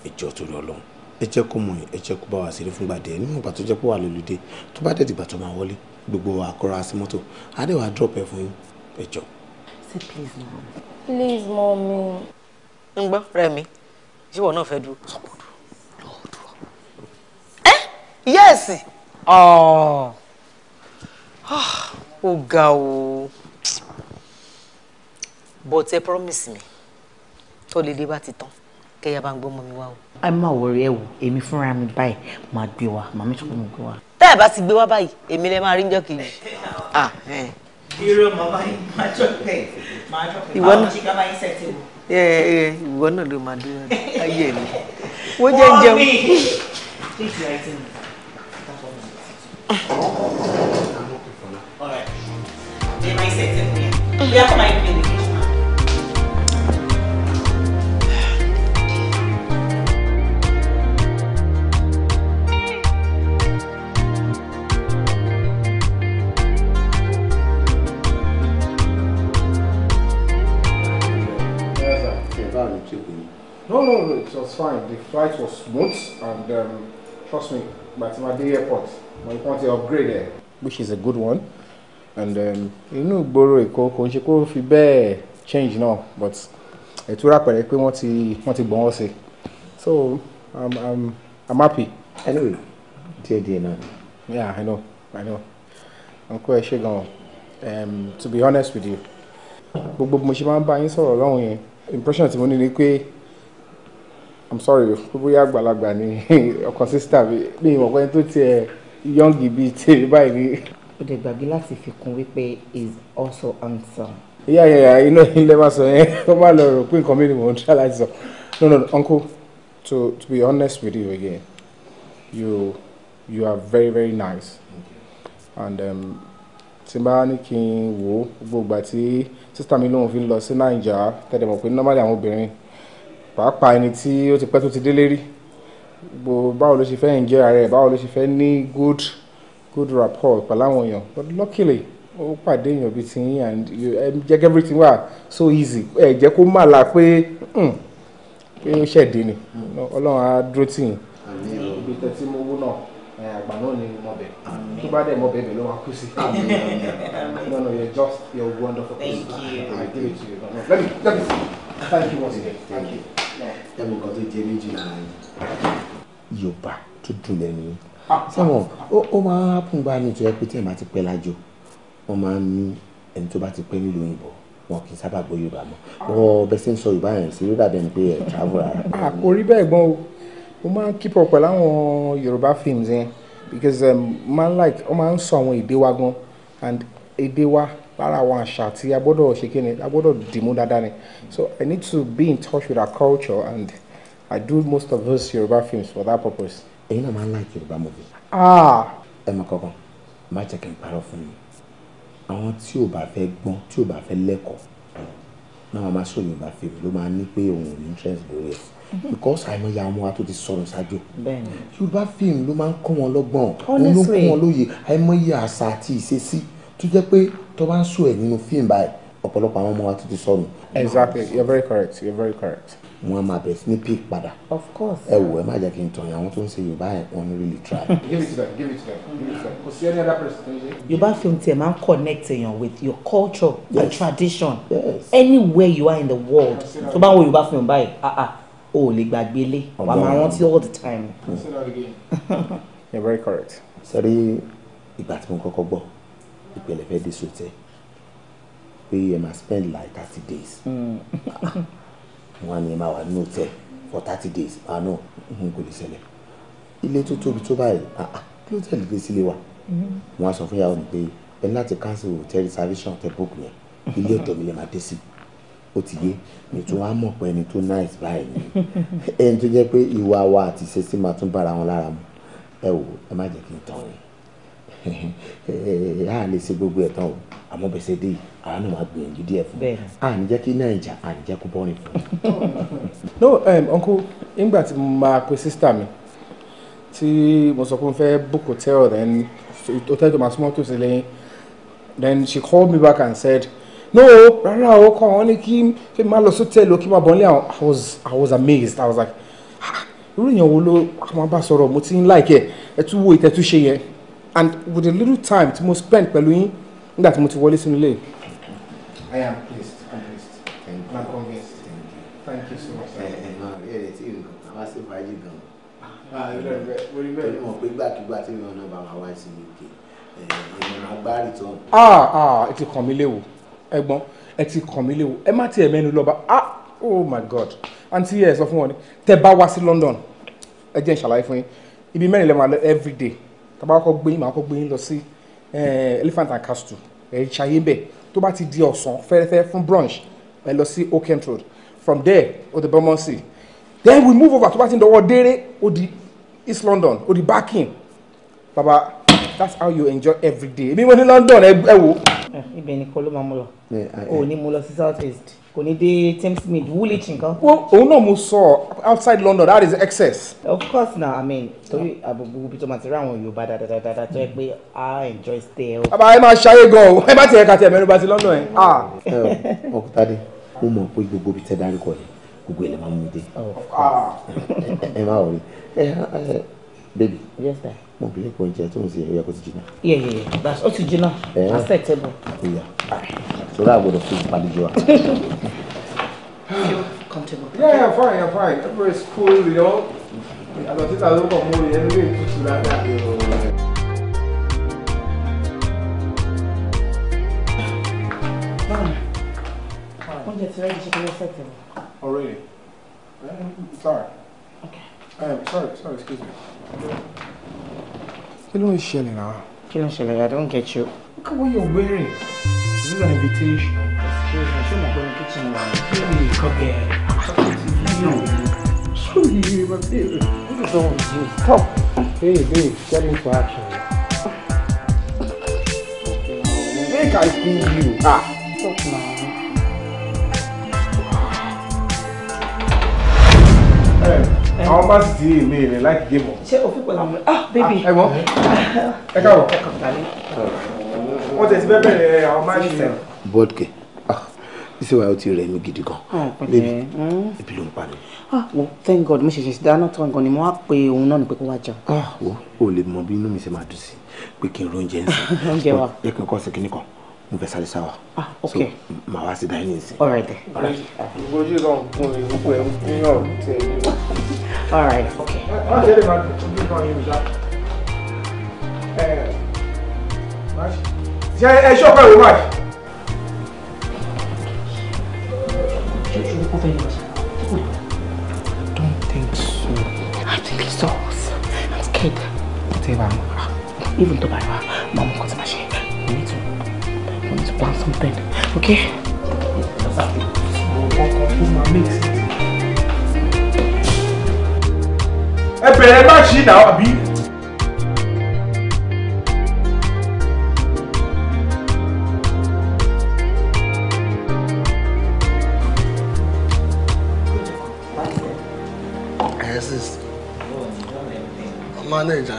ìjọ torí ọlọ́run ẹ jẹ́ kó mọ̀ ẹ jẹ́ kó bá wa ṣeré fúngbà díẹ̀ nínú ìgbà tó jẹ́ pé wà lólùdé tó bá dẹ̀dì tó máa wọlé gbogbo àkọ́ra sí mọ́tò adéwà drop ẹ fún yín ẹ jọ. say please mommy. please mommy ń gbọ́ rẹ̀ mi ṣé wọn náà fẹ́ dúró sọ́kò dúró lọ́wọ́ ẹ yẹ́ẹ̀sì ó ga o but ẹ promise mi tó lè dé bá ti tán kẹ́yà bá ń gbọ́ ọmọ mi wá o. ẹ má wọrí ẹ wò èmi fúnra mi báyìí máa gbé wa màmí tó kọ́ mi gbé wa. tẹ́ ẹ bá ti gbé wa báyìí èmi lẹ máa rí ń kejì. Ah, eh. irọ́ màmá yìí máa jọ pé máa jọ pé àwọn jíga bá yín sẹ́tì wò ìwọ náà ló máa dúró ayé mi wọ́n jẹ́ jẹun. All right. They might set in here. We have to make No, no, no, it was fine. The flight was smooth and um, trust me, but my Batimade Airport, my point is upgrade there. Which is a good one. And um, know, borrow a call, ń ṣe kó fi bẹ́ẹ̀ change now, but ẹ̀túrà pẹ̀lẹ́ pé wọ́n ti wọ́n ti gbọ́n wọ́n sí. So I'm, I'm, I'm happy. Anyway, díẹ̀ díẹ̀ no, Yeah, I know, I know. I'm quite ṣe Um, To be honest with you, but but ṣe máa ń bá yín impression tí mo ní i'm sorry bóyá àgbàlagbà ni ọkọ sísítà mi mi ìmọ̀ pé tó tiẹ̀ yọ̀ǹgì bíi tèmi báyìí ni. o dẹ̀ gbàgbé láti fi kún wípé is also handsome. ìyá ìyá iná ilé máa sọ yẹn tó máa lọ rò pé nǹkan mi ni mò ń try láti sọ no no uncle to to be honest with you again you you are very very nice and um, tí n bá ní kí n wò ó gbogbo ìgbà tí sísítà mi lóun fi lọ sí nàìjà tẹ̀lé mọ̀ pé normally àwọn obìnrin pàápàá ẹni tí ó ti pẹ́ tó ti délé rí gbogbo báwo ló ṣe fẹ́ enjoy ara ẹ̀ báwo ló ṣe fẹ́ ní good good rapport pẹ̀lú àwọn èèyàn but luckily ó pàdé èèyàn bíi tiyín and jẹ́ everything wà so easy ẹ jẹ́ kó má la pé hmm, pé ó ṣẹ̀dí ni ọlọ́run á dúró tì yín. ibi tẹ́tí mo náà àgbà náà ni mo bẹ̀ tó bá dẹ̀ mo bẹ̀ bẹ̀ ló máa kú sí. no no you're just you're wonderful person. thank you. I give it to you. thank you once again. thank you ẹ mọ nǹkan tó jẹ méjì lára yìí. yorùbá tó dùn lẹ́nu yìí sẹ́wọ̀n ah, ah, ah. ó máa ń hápùn bá mi tó yẹ pé tí ẹ̀ máa ti pẹ́ lájọ wọ́n máa ń ní ẹni tó bá ti pẹ́ nílùú òyìnbó wọn kì í sábà gbọ́ yorùbá mọ́ bọ́ bẹ́ẹ̀ sì ń sọ yorùbá yẹn sí yorùbá bẹ́ẹ̀ ni pé ẹ̀ travel rárá. a bẹ́ẹ̀ gbọ́n o mo máa ń keep up pẹ̀lú àwọn yorùbá films yẹn because um, man like ó máa ń sọ àwọn èdè wa gan and èdè wa lára àwọn àṣà tí a gbọ́dọ̀ ṣe kí ni a gbọ́dọ̀ dìmú dáadáa ni so I need to be in touch with our culture and I do most of those Yoruba films for that purpose. èyí náà máa ń like Yoruba movie. Ah! ẹ mọ kankan má jẹ́ kí n parọ́ fún mi àwọn tí ò bá fẹ́ gbọ́n tí ò bá fẹ́ lẹ́kọ̀ọ́ náà wọn máa sọ Yorùbá film ló máa ní pé òun ò ní interest lórí ẹ̀ mm-hmm. because àìmọ̀ ya ọmọ wa tó ti sọ̀rọ̀ ṣáájú Yorùbá film ló máa ń kọ́ wọn lọ́gbọ́n òun ló ń kọ́ wọn lóye àìmọ̀ ya àṣà àti ìṣesí tó jẹ́ pé tó bá ń sọ ẹ̀ nínú fíìmù báyìí ọ̀pọ̀lọpọ̀ àwọn ọmọ wa ti ti sọnù. exactly you are very correct you are very correct. wọn a máa bẹ̀rẹ̀ sí ní pig padà. of course. ẹ wò ẹ má jẹ́ kí n tàn yín àwọn tó ń ṣe yorùbá ẹ̀ wọ́n really try. give it to them give it to them give it to them kò sí yorùbá film tiẹ̀ máa ń connect èèyàn with your culture yes. and tradition yes. anywhere you are in the world tó bá ń wo yorùbá film báyìí ah ah o ò lè gbàgbé lé wàá máa rántí all the time. you are very correct. sẹ́rí ìgbà tí mo kọ́kọ́ gbọ́ ìpele fẹ́ dé sotẹ́ pé ẹ máa spend like thirty days hmm. wọn ni ẹ máa wà ní for thirty days àánú ah, kò lè ṣẹlẹ̀ ilé tó tóbi tó báyìí ah, ah, kí ló tẹ̀lé gbé sílé wa hmm. wọn á sọ fún ìyàwó mi pé ẹ ní láti cancel hotel reservation hotel book yẹn ilé ọ̀dọ̀ mi lè máa dé sí ó ti yé ni tí wọ́n á mọ̀ pé ẹni tó nice báyìí ni ẹni tó jẹ́ pé ìwà wa àti ìṣesí máa tún bára wọn lára mu ẹ wò ẹ má jẹ́ kí n tàn a lè ṣe gbogbo ẹ̀ o àmọ́ bẹ̀sẹ̀ dé àánú máa gbìyànjú díẹ̀ fún un à ń jẹ́ kí nàìjà à ń jẹ́ kó bọ́rin fún un. no um, uncle nígbà tí mo máa pe sísítà mi tí mo sọ pé mo fẹ́ book hotel then hotel to máa súnmọ́ tòsí lẹ́yìn then she called me back and said no rárá o kọ́ àwọn ní kí kí n máa lọ sótẹ́ẹ̀lì o kí n máa bọ̀ àwọn i was i was amazed i was like ah, irú ìyẹn wo ló àwọn bá sọ̀rọ̀ mo ti ń láìkẹ́ ẹ̀ tún wo ìtẹ́túṣe yẹn and with a little time tí mo spend pẹ̀lú yín nígbà tí mo ti wọlé sínú ilé. I am pleased I'm pleased thank you I'm convinced thank you so much. ẹ ẹ máa rí ẹ̀rẹ̀ tí nǹkan kan wá sí fàájì eh, gan ah ah ẹ ti kàn mí léwu ẹ̀gbọ́n ẹ ti kàn mí léwu ẹ má tiẹ̀ mẹ́nu lọ́ba ah oh my god àǹtí ẹ sọ fún wọn ni tẹ bá wá sí London ẹ jẹ́ n ṣàlàyé fún yín ibi mẹ́rin lẹ́ẹ̀ máa lọ every day tàbá kọ́ gbé yín màá kọ́ gbé yín lọ sí Elephant and Castle ẹ̀ ṣayé bẹ̀ tó bá ti di ọ̀sán fẹ́rẹ́fẹ́ fún brunch ẹ lọ sí Oak Road from there ó di Belmont Sea then we move over tó bá ti ń dọwọ́ déré ó di East London ó di backing baba that's how you enjoy every day èmi mo ní London ẹ wò. ibẹ̀ nìkan ló máa mú lọ òní mo lọ sí South East kò ní dé thamesmead woolwich nǹkan. òun náà mo sọ outside london that is excess. of course na i mean torí àbùkù bí tó máa ti rí àwọn yorùbá dáadáa tó yẹ pé i enjoy stay. bàbá ẹ máa ṣayé gan o ẹ bá tiẹ̀ ka tiẹ̀ mẹ́rin bá ti london ẹ̀. Ah. ọkùtàdé mo mọ̀ pé gbogbo ibi tẹ́ darí kọ yẹn gbogbo ẹ̀ lè máa mú mi dé. Ah. ẹ má wọlé baby. yes sir mo bí lè kó oúnjẹ tó ń ṣe ẹ̀yà kó ti jìnnà. yẹ yẹ yẹ ó ti jìnnà acceptable. ìyá sọ́dọ̀ àgbọ̀dọ̀ fún ìpàdéjọ wa. Yeah, yeah, fine, yeah, fine. Everybody's cool, you know. I don't think I look at movie anyway, just like that, you know. Oúnjẹ ti rẹ́ di ṣe kí ló ṣẹ̀tẹ̀ wọ̀. Already? Eh, sorry. Okay. Um, sorry, sorry, excuse me kí ló ń ṣẹlẹ̀ náà. kí ló ń ṣẹlẹ̀ I don't get you. look at what you're wearing This is an invitation. excuse me ṣé mo gbọ́ ní kitchen wa. ṣé mi kọ́ bẹ́ẹ̀. show you my baby. what is wrong with stop. hey babe get for action. make I see you. ah stop now. Hey. Eh. àwọn bá sì ti èmi rẹ̀ láti gé mọ́. ṣé òfin pẹ̀lú àwọn ah bébì. ẹ mọ ẹ káàbọ̀ wọ́n tẹ̀ sí bẹ́ẹ̀ bẹ̀rẹ̀ àwọn máa ń ṣe. bọ́ọ̀dù sísè wa o ah, ti rẹ̀ mí Oh, gan ah, bébì hmm. ebi ló ń pa mi. ah oh, thank god mo ṣẹ̀ṣẹ̀ dáná tán gan ni mo wá pe òun náà ní pé kó wá jẹun. ah oh, oh, lè mọ bí inú mi ṣe máa dùn sí pé kí n ro oúnjẹ nsìn. oúnjẹ wa yẹ kí n kọ́ sí kinní kan mo fẹ́ sáré sáwà. ah ok so màá wá sí dining nsìn. all right then. ìgbójú kan fún mi gbogbo ẹ̀ ń fún yàn tẹ̀lé. All right. Okay. tell I'm you, Eh, Ṣé Yeah, ṣọ́pẹ́ wo máa? Don't think so. I feel so. I'm scared. Whatever. Even though my Mama comes to my we need to, we need to plan something. Okay? Yes. ẹ bẹ̀rẹ̀ má ṣí náà àbí. manage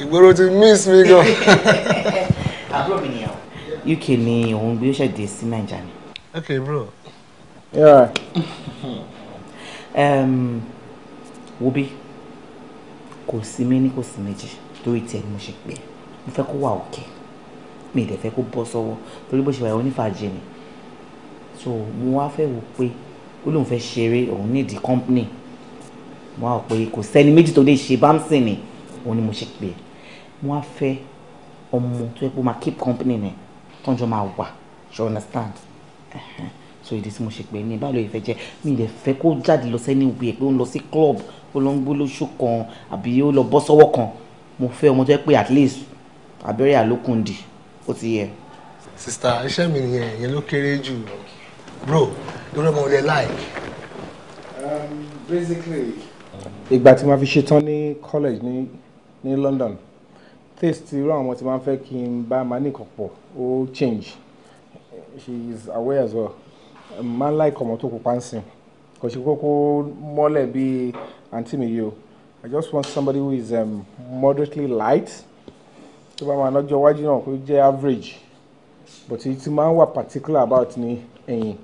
ìgboro ti miss mi gan. UK ni òun gbé ṣẹ̀dẹ̀ sí Nàìjíríà ni. bro You all right? um, Wobi, kò sí mi ní kò sí méjì torí tiẹ̀ ni mo ṣe pé mo fẹ́ kó wà òkè mi ìdẹ̀ fẹ́ kó bọ́ sọ́wọ́ torí bó ṣe wà ẹ̀ onífàájì ni so mo wá fẹ́ wò pé ó lóun fẹ́ ṣeré òun nídìí company mo wá wò pé kò sẹ́ni méjì tó lè ṣe bámsìn ni òun ni mo ṣe pé mo wá fẹ́ ọmọ tó yẹ kó máa keep company ni tọ́jú máa wà you understand. Uh -huh so ìdí tí mo ṣe pé ní báwo ló fẹ́ jẹ́ mi lè fẹ́ kó jáde lọ sẹ́ni ìwé pé ó ń lọ sí club ó lọ ń gbó lóṣù kan àbí ó lọ bọ́ sọ́wọ́ kan mo fẹ́ ọmọ tó yẹ pé at least abẹ́rẹ́ àlókùndì ó ti yẹ. sista iṣẹ́ mi nìyẹn ìyẹn ló kéré jù bro lórí ọmọ ilẹ̀ like. basically. ìgbà tí màá fi ṣetán ní college ní ní London taste irú àwọn ọmọ tí màá fẹ́ kí n bá máa ní ìkọ̀pọ̀ ó change she is aware as well máa ń láì kọ̀mọ́ tó pupa ń sìn kò ṣe kókó mọ́lẹ̀ bíi àǹtí mi yìí o I just want somebody who is um, moderately light tó bá máa lọ́jọ́ iwájú náà kó jẹ́ average but èyí tí máa ń wà particular about ní ẹ̀yìn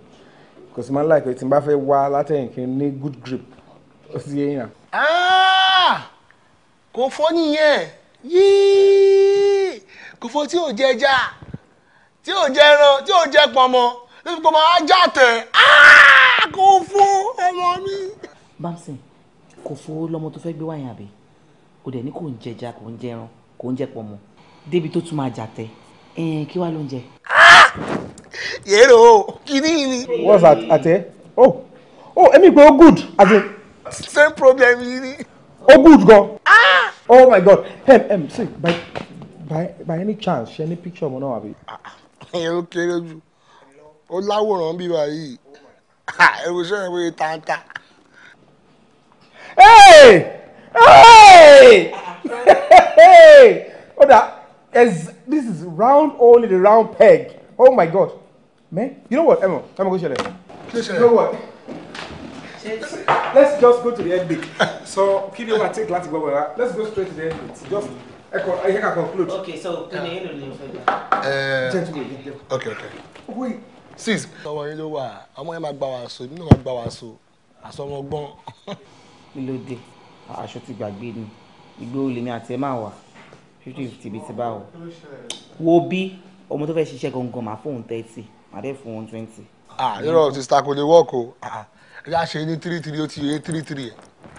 kò sì máa ń láìpẹ́ tí n bá fẹ́ wá látẹ̀yìn kí n ní good grip ó sì yé yàn. kò fọ́ nìyẹn yíì kò fọ́ tí ò jẹ ẹja tí ò jẹ ẹran tí ò jẹ pọ̀nmọ́ níbi tó máa já tẹ̀ kò fún ọmọ mi. bamson kò fowó lọ́mọ tó fẹ́ gbé wáyà bẹ́ẹ̀ kò dẹ̀ ní kò ń jẹja kò ń jẹran kò ń jẹ pọ̀mọ́ débi tó tún máa jà tẹ̀ kí wàá ló ń jẹ. yẹ́rọ kìíní ni. what's that àtẹ oh oh èmi pé ó good as in. same problem yìí ni. ó good gan. oh my god em em see by by by any chance ṣe any picture ọmọ náà àbí. Ah, ah, ẹ̀rọ kéré jù ó láwòrán bí báyìí ẹ̀rù sẹ́yìn wọ́n yé tàǹtà. Oda, this is round only the round peg. Oh my God. Man, you know what, Emo? Emo, go ṣẹlẹ̀. You know what? Let's just go to the end bit. So, kí ni wàá take láti gbọ́ bọ̀dá? Let's go straight to the end bit. Just I can conclude. Okay, so kí ni èlò ni o fẹ́ gbà? Eh, Gently. Okay, okay. Wait six. ọwọ́ yín ló wà àwọn yẹn máa gbà wá so nínú máa gbà wá so àsọmọgbọ́n. kí ló dé aṣọ ti gbàgbé ni ìgbé olè mi àti ẹ máa wà fifty fifty bíi ti bá wọ. wo bí ọmọ tó fẹ́ ṣiṣẹ́ gangan máa fóun thirty máa dẹ́ fún one twenty. ah yọrọ ti sitako lè wọ́ọ̀kù ah, ah. ẹ yá ṣe ní three three ó ti yẹ three three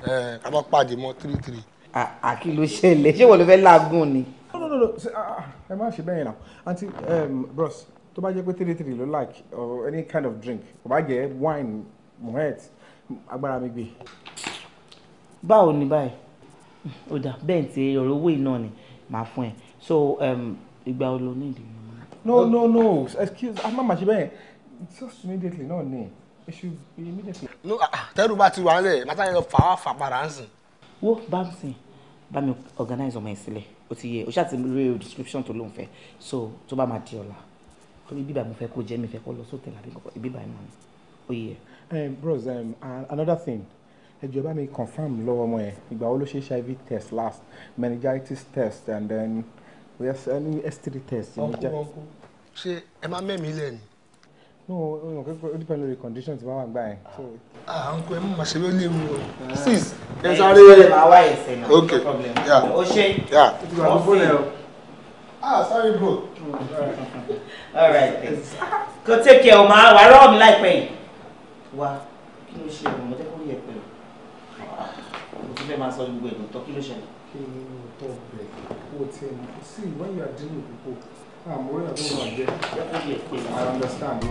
ẹ ẹ ká má pàdé mọ́ three three. àkì ah, ló ṣẹlẹ̀ ṣé wọ́n ló fẹ́ láàgùn ni. ẹ má ṣe bẹ́ẹ̀ yẹn náà àǹtí um, bros tó bá jẹ́ pé three three ló like or any kind of drink kò bá jẹ́ wine mohet agbára mi gbé. báwo ni báyìí ó dà bẹ́ẹ̀ tí ọ̀rọ̀ owó iná ni màá fún ẹ so um, ìgbà wo lo ní ìdìbò. no no no excuse a má màá ṣe bẹ́ẹ̀ just immediately náà ni it should be immediately. no ah, ah, tẹ́rù bá ti wà ń lẹ̀ mátá yẹn lọ fà á fà padà ń sìn. wo bá ń organize ọmọ ẹ sílẹ̀ ó ti yẹ ó ṣáà ti rí description tó lóun fẹ́ so tó bá máa di ọ̀la torí bíbà mo fẹ́ kó jẹ́ mi fẹ́ kó lọ sóòtẹ̀ làbí kọ́kọ́ bíbà ẹ̀ mọ̀ ni ó yẹ. bros um, another thing ẹ jọ̀ọ́ bá mi confam lọ́wọ́ ọmọ yẹn ìgbà wo ló ṣe hiv test last meningitis test and then we have any STD test. ọkùnrin ọkùnrin ṣe ẹ máa mẹ́mìí lẹ̀ ni. no no ó depend lórí conditions bá wà gbà yẹn. Ah, ah uncle ẹ mú màá ṣe bí ó léwu o. Ah. sis ẹ sáré ẹ máa wá ẹsẹ̀ náà. no problem. o ṣe. o ah sorry bro. all right Go take care ọmọ wa rọ́ọ̀ mi láìpẹ́ yìí wa kí ló ṣe ọmọ jẹ́ kó rí ẹ̀pẹ́ o mo ti fẹ́ máa sọ gbogbo ẹ̀dùn tán kí ló ṣẹlẹ̀. kí ni mo tọ́ bẹ̀ kó tiẹ̀ mọ̀ kó sí ìwé ìyá dínú I understand.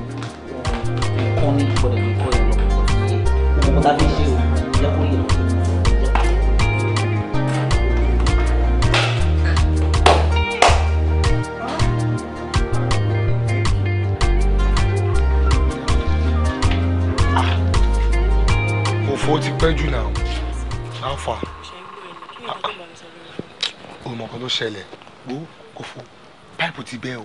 ọ̀hún ni gbọ́dọ̀ kí n kọ́ ẹ̀ lọ́kọ̀ọ́ sí i. ọmọ tá a fi ṣe pẹ́ jù náà àǹfà olùmọ̀kan tó ṣẹlẹ̀ gbó kò fún páìpù ti bẹ́ o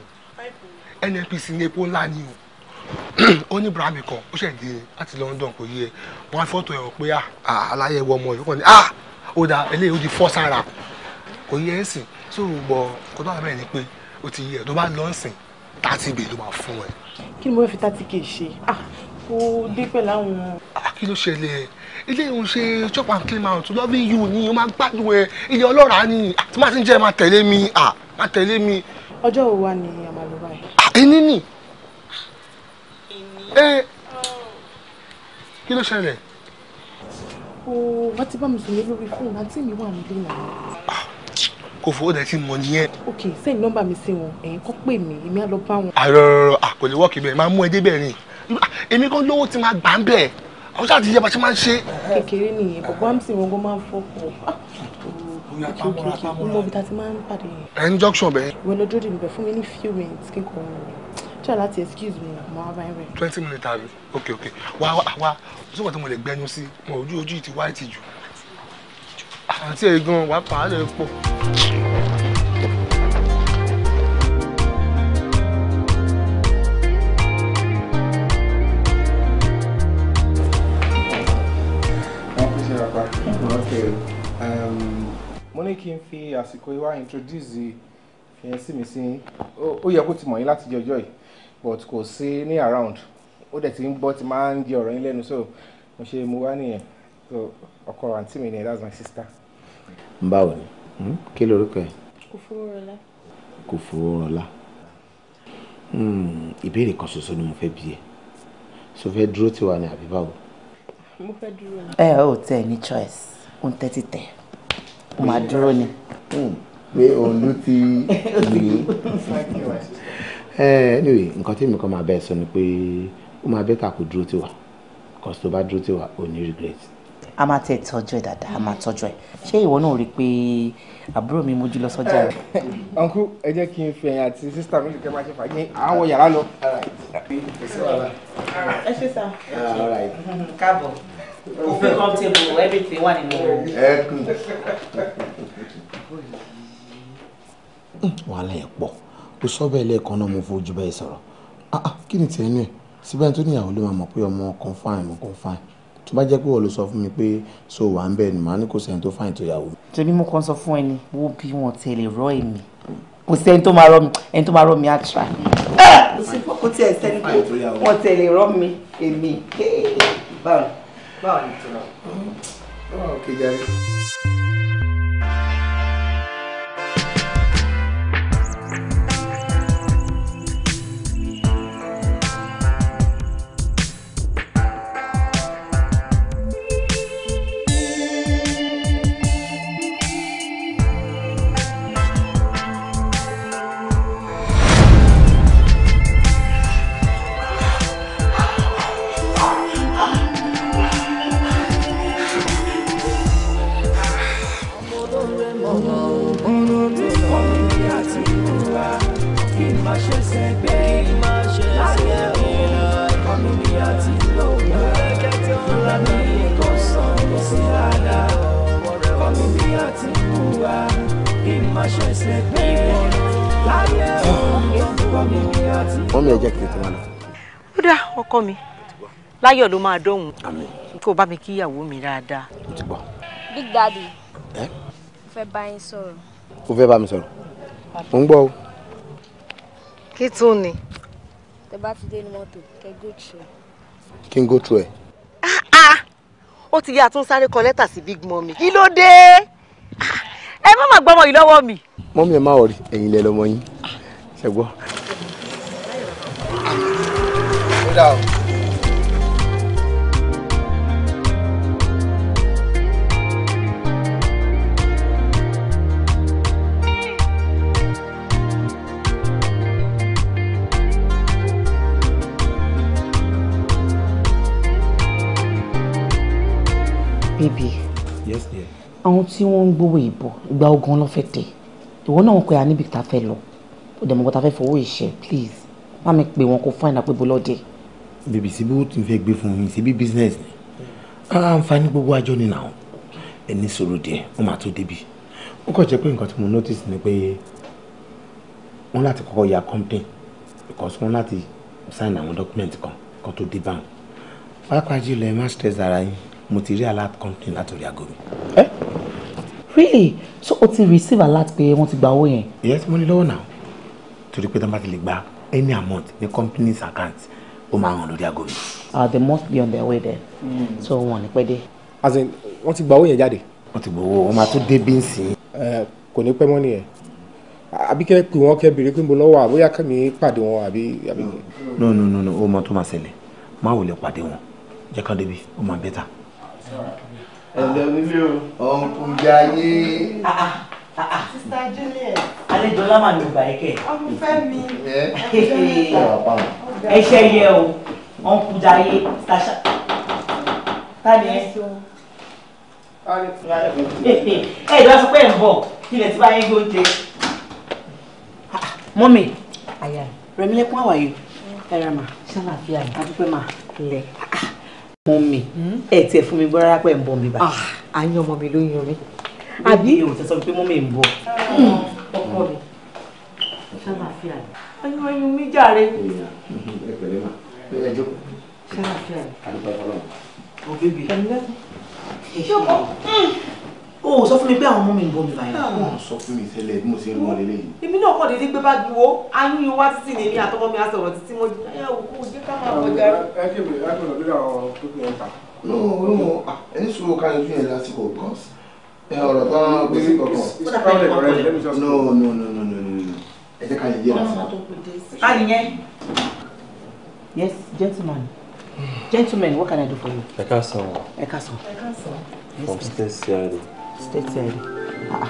NNPC ní epo ńlá ni o ó ní brahmi kan ó ṣẹ̀dí láti London kò yẹ wọn fọ́tò ẹ̀rọ pé ah, ah, aláyẹ̀wò ọmọ ìfọ́kàn ni ah, ó dà eléyìí ó di fọ́ sára kò yẹ ẹ̀ sìn so gbọ́ kó tó wà bẹ́ẹ̀ ni pé ó ti yẹ tó bá lọ́ọ̀sìn tààtì ibè ló máa fún ẹ. kí ni mo fi tààtì kè ṣe kó dé pẹ̀lú àwọn. kí ló ṣẹlẹ̀ ilé ìhùn ṣe chop and clean out loving you ni o máa gbádùn ẹ ilé ọlọ́ràá ni ah, tí máa ti ń jẹ́ máa tẹ̀lé mi ah, máa tẹ̀lé mi. ọjọ́ wo wá ni àmàlùbá yìí. Ah, ẹni nì. ẹ oh. kí ló ṣẹlẹ̀. o wá ti bá mi sùn lórí fóònù àti mi wà nílé náà. kò fowó dẹ ti mọ nìyẹn. ok send nọ́mbà mi sí wọn ẹ̀yin kọ́ pè mí èmi á lọ bá wọn. àrọ̀rọ̀ kò lè wọ́ọ̀kì bẹ́ẹ̀ máa mú ẹ débẹ̀ ni èmi kan lówó ti máa gbà ń bẹ̀ àwọn sáà ti yẹ bá ṣe máa ń ṣe. kékeré nìyẹn bọ̀bọ̀ àmì ìwọ̀n gan máa ń fọ́pọ̀. Ah! mo mọ ibi tá a ti máa ń pàdé ẹ ń junction bẹ́ẹ̀. ìwọ lọ dúró fún mi ní few minutes kí n kò wọ́n try láti excuse me mo wá bá yẹn bẹ̀. twenty minutes àbí ok ok wá wá wá sọ́kọ̀ tí mo lè gbẹnu sí mo ojú ojú ti wáìtì jù àti ẹ̀gbọ́n wàá pàálẹ̀ pọ̀. mo ní kí n fi àsìkò ìwà introduce ìyẹn sí mi sí ó yẹ kó ti mọ̀ yín láti di ọjọ́ yìí but kò sí ní around ó dẹ̀ ti ń gbọ́ ti máa ń di ọ̀rọ̀ yín lẹ́nu so mo ṣe mo wá nìyẹn so ọkọ àǹtí mi nìyẹn that's my sister. n báwo ni hmm? kí lorúkọ ẹ. Kòfowórọlá. Kòfowórọlá hmm, ìbéèrè kan ṣoṣo ni mo fẹ́ bi ẹ́ so fẹ́ dúró tiwa ni àbí báwo. mo fẹ́ dúró ni. ẹ ò tẹ ní choice ohun tẹ́tí tẹ̀ ó máa dúró ni. Hmm. pé òun ló ti yé ẹ anyway nǹkan tí mi kàn máa bẹ́ẹ̀ sọ ni pé ó máa bẹ́ẹ̀ kàkó dúró tiwa cause tó bá dúró tiwa ò ní regret a máa tẹ tọjú ẹ dáadáa a máa tọjú ẹ ṣé ìwọ náà rí i pé àbúrò mi mójú lọ sọjà rẹ. ọ̀nkú ẹ jẹ́ kí n fi ẹ̀yìn àti sísítà mi kẹ́kẹ́ máa ṣe fàájì àwọn yàrá lọ. ẹ ṣe sá. káàbọ̀. Coffee cup table, everything, one in the room. Ẹ kù. Wàhálà ẹ̀ pọ̀. O sọ bẹ́ẹ̀ lẹ́ẹ̀kan náà mo fojú bẹ́ẹ̀ sọ̀rọ̀. Ah, ah, kí ni tẹ̀ ẹ́ nú ẹ̀? Síbẹ̀ tó níyàwó ló máa mọ̀ pé ọmọ kan fáìn mo kan fáìn. Tó bá jẹ́ pé wọ́n ló sọ fún mi pé so wà ń bẹ̀ ni màá ní kò sẹ́ni tó fáìn tó yàwó. Torí mo kàn sọ fún ẹni wo bí wọn tẹ̀lé rọ èmi. Kò sẹ́ni tó máa rọ mi, ẹni tó máa rọ mi á Kò sí fún kò sẹ́ni tó wọ́n tẹ̀lé báwo ni ìtura. ó wọ́n mi ẹ̀ jẹ́ kí n tètè máa lọ. ó dá ọkọ mi láyọ̀ ló máa dọ̀hùn kó bá mi kíyàwó mi dáadáa. o ti gbọ́. big daddy. ẹ. mo fẹ́ bá yín sọ̀rọ̀. o fẹ́ bá mi sọ̀rọ̀ mo ń gbọ́ o. kí tún ni. tẹ bá ti dé ní mọ́tò kẹ go through. kí n go through ẹ. Ah, ah. ó ti yá a tún sáré kọ lẹ́tà sí big mummy kí ló dé. Ah, ẹ má má gbọ́mọ yìí lọ́wọ́ mi. mọ́mí ẹ má wọrí ẹ̀yin lẹ lọ́mọ yín ṣe gbọ́. Baby àwọn tí wọ́n ń gbowó ìbò ìgbà ogun ló fẹ́ tẹ̀ ìwọ náà wọn pe àníbi tá a fẹ́ lọ ó dẹ̀ mọ̀ kó ta fẹ́ fowó ìṣe please má mi pè wọn kó fáìn àpé bó lọ́dẹ. bèbí síbí ó ti fẹ́ gbé fún mi síbí business ni àǹfààní gbogbo àjọ ni nàá ẹni sọ̀rọ̀ díẹ̀ wọ́n máa tó débi ó kàn jẹ́ pé nǹkan tí mo notice ni pé wọ́n láti kọ́kọ́ ya complain because wọ́n láti sign àwọn document kan kan tó dé báwọn pàápàá jùlọ ẹ má stress ara yín mo ti rí alert complaint látòrí aago mi. ẹ eh? really so o ti receive alert pé wọ́n ti gba owó yẹn. yes mo ní lọ́wọ́ náà torí pé tọ́ba ti lè gba any amount ní company's account ó máa hàn lórí aago mi. ah they must be on their way then mm. so wọn ò ní pẹ́ dé. as in wọ́n ti gba owó yẹn jáde. wọ́n ti gba owó wọn máa tún dé bí n sìn. ẹ eh, kò ní pẹ́ mọ́ nìyẹn àbí kẹ́ pè wọ́n kẹ́ béèrè pé mo lọ́wọ́ àbóyá kẹ́mi pàdé wọn àbí. no no no no ó mọ tó máa ṣẹlẹ̀ má wò lè pàdé wọn jẹ́ débi ó máa bẹ́ta ẹ̀lọ́ nílé o ọ̀nkù jayé. sista Juliet. àlejò lámà ní ìgbà yìí kẹ. ọmọ Fẹ́mi. ẹ ṣe yẹ o ọ̀nkù jayé sasha. tani ẹ ẹ ìjọba sọ pé ẹ ń bọ̀ kí lè ti bá yín gbóúnjẹ. mọ́mì àyà rẹ̀mílẹ́kún àwàyè mm. ẹ̀rẹ̀ mà ṣàlàfíà àdúpẹ́ mà lẹ̀ mọ mi hmm? ẹ tiẹ̀ fún mi bọ́ rárá pé ń bọ̀ mi bá. àyàn ah, ọmọ mi ló yan mi. àbí èèyàn ti sọ pé mọ́mí ń bọ̀. Hmm, ọkọ mi ṣàlàáfíà ni. ayọ̀ ayọ̀ mi jàre. ẹ pẹ̀lẹ́ ma ẹ jókòó. ṣàlàáfíà ni. àdúgbò ọlọ́run. ò oh, bébì. ṣé o o sọ fún mi pé àwọn ọmọ mi ń bọ mi báyìí. àwọn sọ fún mi tẹ́lẹ̀ bí mo ṣe ń wọlé lẹ́yìn. èmi náà kàn déédéé pé bá gbowó ayún yín wá títí ní èmi àtọwọ́ mi á sọ̀rọ̀ títí mo jẹ́ òkú jẹ́ ká máa wọjà. ẹ kí ni ẹ kí ni lórí àwọn tó fi ẹ̀ ta. no no ah, ẹni sùúrù ká ní yẹn lásìkò kan ẹ ọ̀rọ̀ tó ń gbé sí kankan. no no no no no no ẹ jẹ́ ká yẹ yé lásìkò. ta yẹn. yes gentleman gentleman what can I do for you. ẹ ká sọ. ẹ ká sọ. ẹ from state stated ah, ah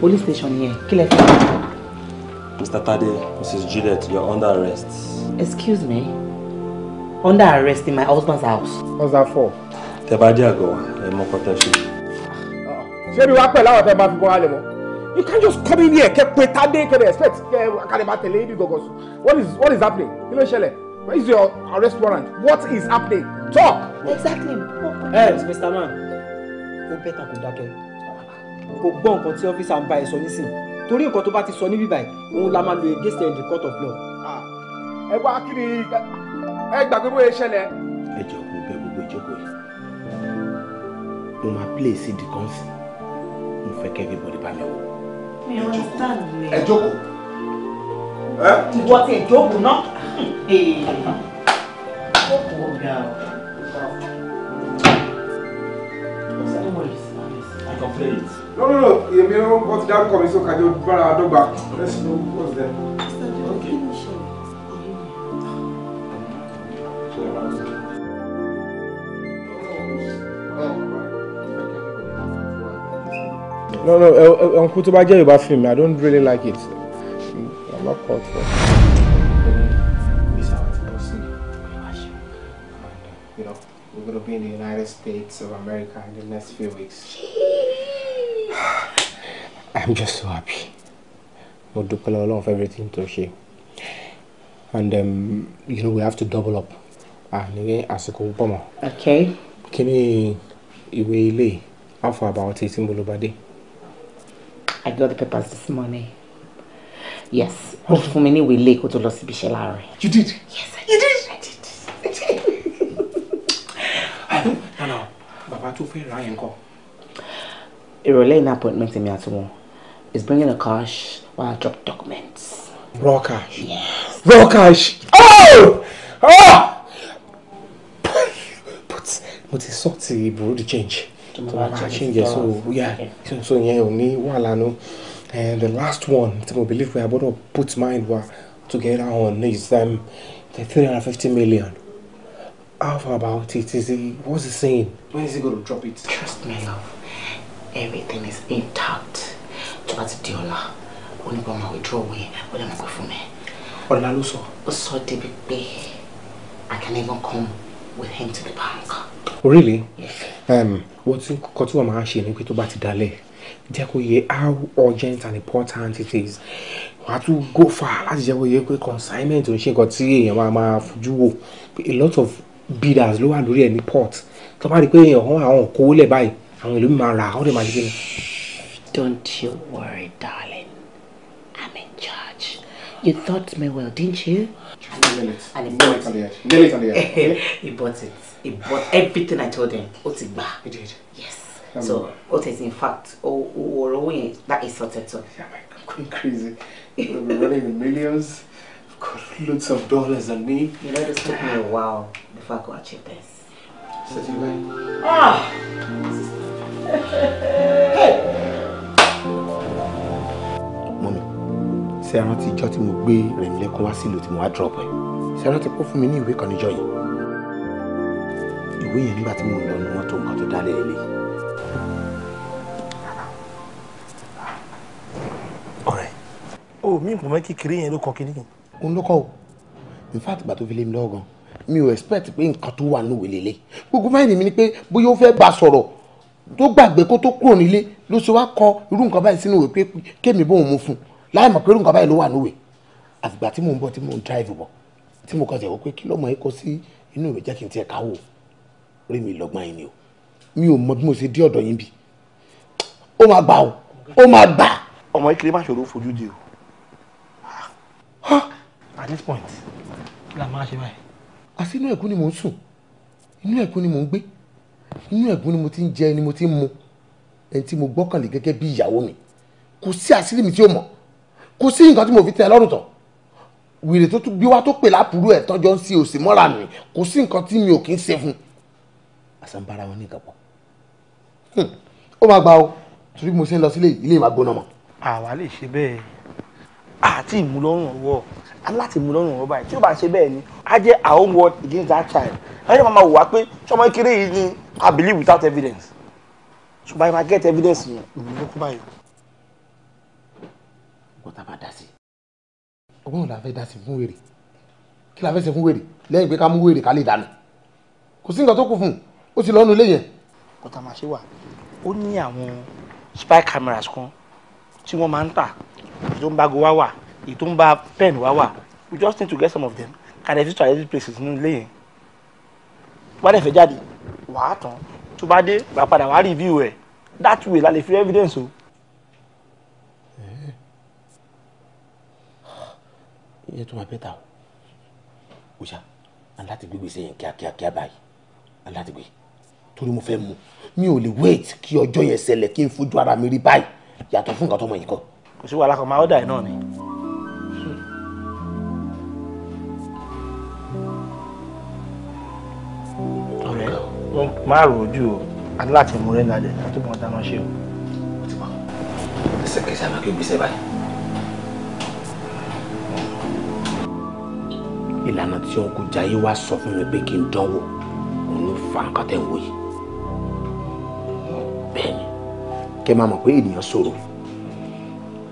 police station here. kí lẹ fẹ́. Mr. Tade, Mrs. Juliet, you're under arrest. Excuse me? Under arrest in my husband's house. What's that for? Tẹ́ bá dé àgọ́ wa, ẹ mọ kọ́tẹ́ ṣe. Ṣé ni wàá pẹ̀ láwọn You can't just come in here keep pé Tade kẹ́ dey expect kẹ́ akadema tẹ̀lé ibi gọ̀gọ̀ sùn. What is what is happening? Kí ló ṣẹlẹ̀? Where is your arrest warrant? What is happening? Talk! Exactly. Hey, eh, Mr. Man ó bẹ́tà kó dákẹ́ kò gbọ́ nǹkan tí ọ́fíìsà ń bá ẹ sọ nísìn torí nǹkan tó bá ti sọ níbí báyìí òun la máa lo against the court of law. ẹ wá kí ni ẹ gbàgbé bó ṣe ẹ jọ mo bẹ̀ gbogbo ìjókòó yìí mo máa play sí the concert mo fẹ́ kẹ́ everybody bá mi wò. ẹ jókòó ẹ jókòó. ìwọ ti jókòó náà. Ah. Eh. say it. No, no, no. Èmi ò wọ́n ti dárúkọ mi sókè àjọ bára back. Let's know what's there. Okay. No, no, eh, eh, uncle tó bá jẹ́ film, I don't really like it. I'm not called for it. going to be in the United States of America in the next few weeks. I'm just so happy. Mo do a lot of everything tó ṣe. And um, you know we have to double up. Àní àsìkò púpọ̀ mọ́. Okay. Can you ìwé ilé how far about it mo ló I got the papers this morning. Yes. Ó fún mi ní ìwé ilé kó tó lọ síbi iṣẹ́ láàárọ̀. You did? Yes, I did. You did? bàbá tó fẹ́ ra yẹn kọ́. ìrọ̀lẹ́ in appointment mi àti wọn is bringing a cash while I drop documents. raw cash. Yes. raw cash. Oh! Oh! but mo ti sọ ti bureau de change tó bá ká change so yeah so yẹn ò ní wàhálà nù and the last one tí mo believe we are gonna put mind wa together on is um, the three hundred and fifty million. How about it? Is he, what's he saying? When is he going to drop it? Trust me, love. Everything is intact. To bá Diola? When you go, my withdraw owó yẹn, ó going máa pẹ́ fún mi. Ọ̀la ló sọ. I can even come with him to the bank. really? Yes. Um, wọ́n ti kọ́ tí wọ́n máa ṣe ni pé tó bá ti dalẹ̀ jẹ́ how urgent and important it is wàá to go far láti jẹ́ kó yé consignment ò ń ṣe nǹkan tí èèyàn máa a lot of bidders ló wà lórí ẹ̀ port tó bá rí i pé ọ̀hún àwọn òkòwò lẹ̀ báyìí àwọn ìlú máa rà ó máa ṣe Don't you worry, darling. I'm in charge. You thought me well, didn't you? And he bought it. He bought it. He bought everything I told him. Ó ti gbà. He did. Yes. Um, so, what is in fact, oh, that is sorted too. Yeah, my God, going crazy. We're running in millions. Got loads of dollars on me. You know, this took me a while if I go achieve this. Set you right. Ah! hey! Mọ́mí, ṣé ẹ rántí ìjọ́ tí mo gbé Rẹ̀mílẹ́kún wá sílùú tí mo wá drop ẹ̀? Ṣé ẹ rántí pé ó fún mi ní ìwé kan níjọ́ yìí? Ìwé yẹn nígbà tí mo lọ ní wọ́n tó nǹkan tó dálé lélẹ̀. Ọ̀rẹ́, o mi ìpò mọ́ kékeré yẹn ló kọ kíní. Òun ló kọ́ o. In fact, ìgbà tó fi lé mi lọ́wọ́ gan-an mi ò expect pé nǹkan tó wà nùwé lélẹ̀ gbogbo fáìlì mi ni pé bóyá ó fẹ́ bá a sọ̀rọ̀ tó gbàgbé kó tó kúrò nílé ló ṣe wá kọ irú nǹkan báyìí sínú ìwé pé kémi bóun mú fún un láì mọ̀ pé irú nǹkan báyìí ló wà nùwé àtìgbà tí mò ń bọ̀ tí mò ń drive bọ̀ tí mo kàn ṣe wò pé kí lọ́mọ yẹn kọ sí inú ìwé jẹ́ kí n tiẹ̀ káwò orí mi lọ́gbọ́n yìí ni o mi ò mọ bí mo ṣe dé ọ̀dọ̀ yín bi ó máa gbà o ó máa gbà. ọmọ yìí kiri má fojú di o. at this point kí la máa ṣe báyìí àti inú ẹ̀kún ni mò ń sùn inú ẹ̀kún ni mò ń gbé inú ẹ̀kún ni mo ti ń jẹ ni mo ti ń mu ẹni tí mo gbọ́kànlé gẹ́gẹ́ bí ìyàwó mi kò sí àṣírí mi tí ó mọ̀ kò sí nǹkan tí mo fi tẹ́ lọ́rùn tán wèrè tó tún gbé wá tó pè lápúrú ẹ̀ tọ́jọ́ ń ṣe òsì mọ́ra mi kò sí nǹkan tí mi ò kí ń ṣe fún un àṣàǹbára wọn ní nǹkan pọ̀ hmm. ó máa gba o torí mo ṣe ń lọ sílé ilé ìmàgbóná mọ́. àwa lè ṣe bẹ́ẹ̀ àti ìmúlọ́rùn ọwọ́ aláti mú lọ́rùn ọba yìí tí ó bá ń ṣe bẹ́ẹ̀ ni á jẹ́ our own word against that child ẹ̀yẹ́ máa wò wá pé ṣọmọ kékeré yìí ni I believe without evidence ṣùgbọ́n ẹ I get evidence yẹn òun ló kó báyìí. ọgbọ́n tá a máa dá sí. ọgbọ́n la fẹ́ dá sí fún wèrè kí la fẹ́ ṣe fún wèrè lẹ́yìn pé ká mú wèrè ká lè dànù kò sí nǹkan tó kù fún un ó ti lọ́nu ilé yẹn. ọ̀tá máa ṣe wà ó ní àwọn spy cameras kan tí wọ́n máa ń tà tó ìtúnba pen wá wà we just need to get some of them and exit to exit places nínú ilé yẹn wá dẹ̀ fẹ́ jáde wà á tán tó bá dé wà á padà wà á review ẹ̀ that way la lè fi evidence o. iye tó máa bẹ́ ta o ṣá a láti gbé gbèsè yẹn kíákíákíá báyìí a láti gbé torí mo fẹ́ mu mi ò lè wait kí ọjọ́ yẹn ṣẹlẹ̀ kí n fojú ara mi rí báyìí yàtọ̀ fún nǹkan tó mọ̀ yìí kọ́. kò sí wàhálà kan máa ọ́dà ẹ̀ náà ni. máa rò ojú o àti láti mú rẹ́ lálẹ́ àtúbọ̀ dáná ṣe o. ẹsẹ̀kẹsẹ̀ àmọ́ kí o gbèsè báyìí. ìlànà tí òun kò jáyé wá sọ fún mi pé kí n dánwò òun ló fa nǹkan tẹ̀ ń wò yìí. bẹ́ẹ̀ ni máa mọ̀ pé ènìyàn ṣòro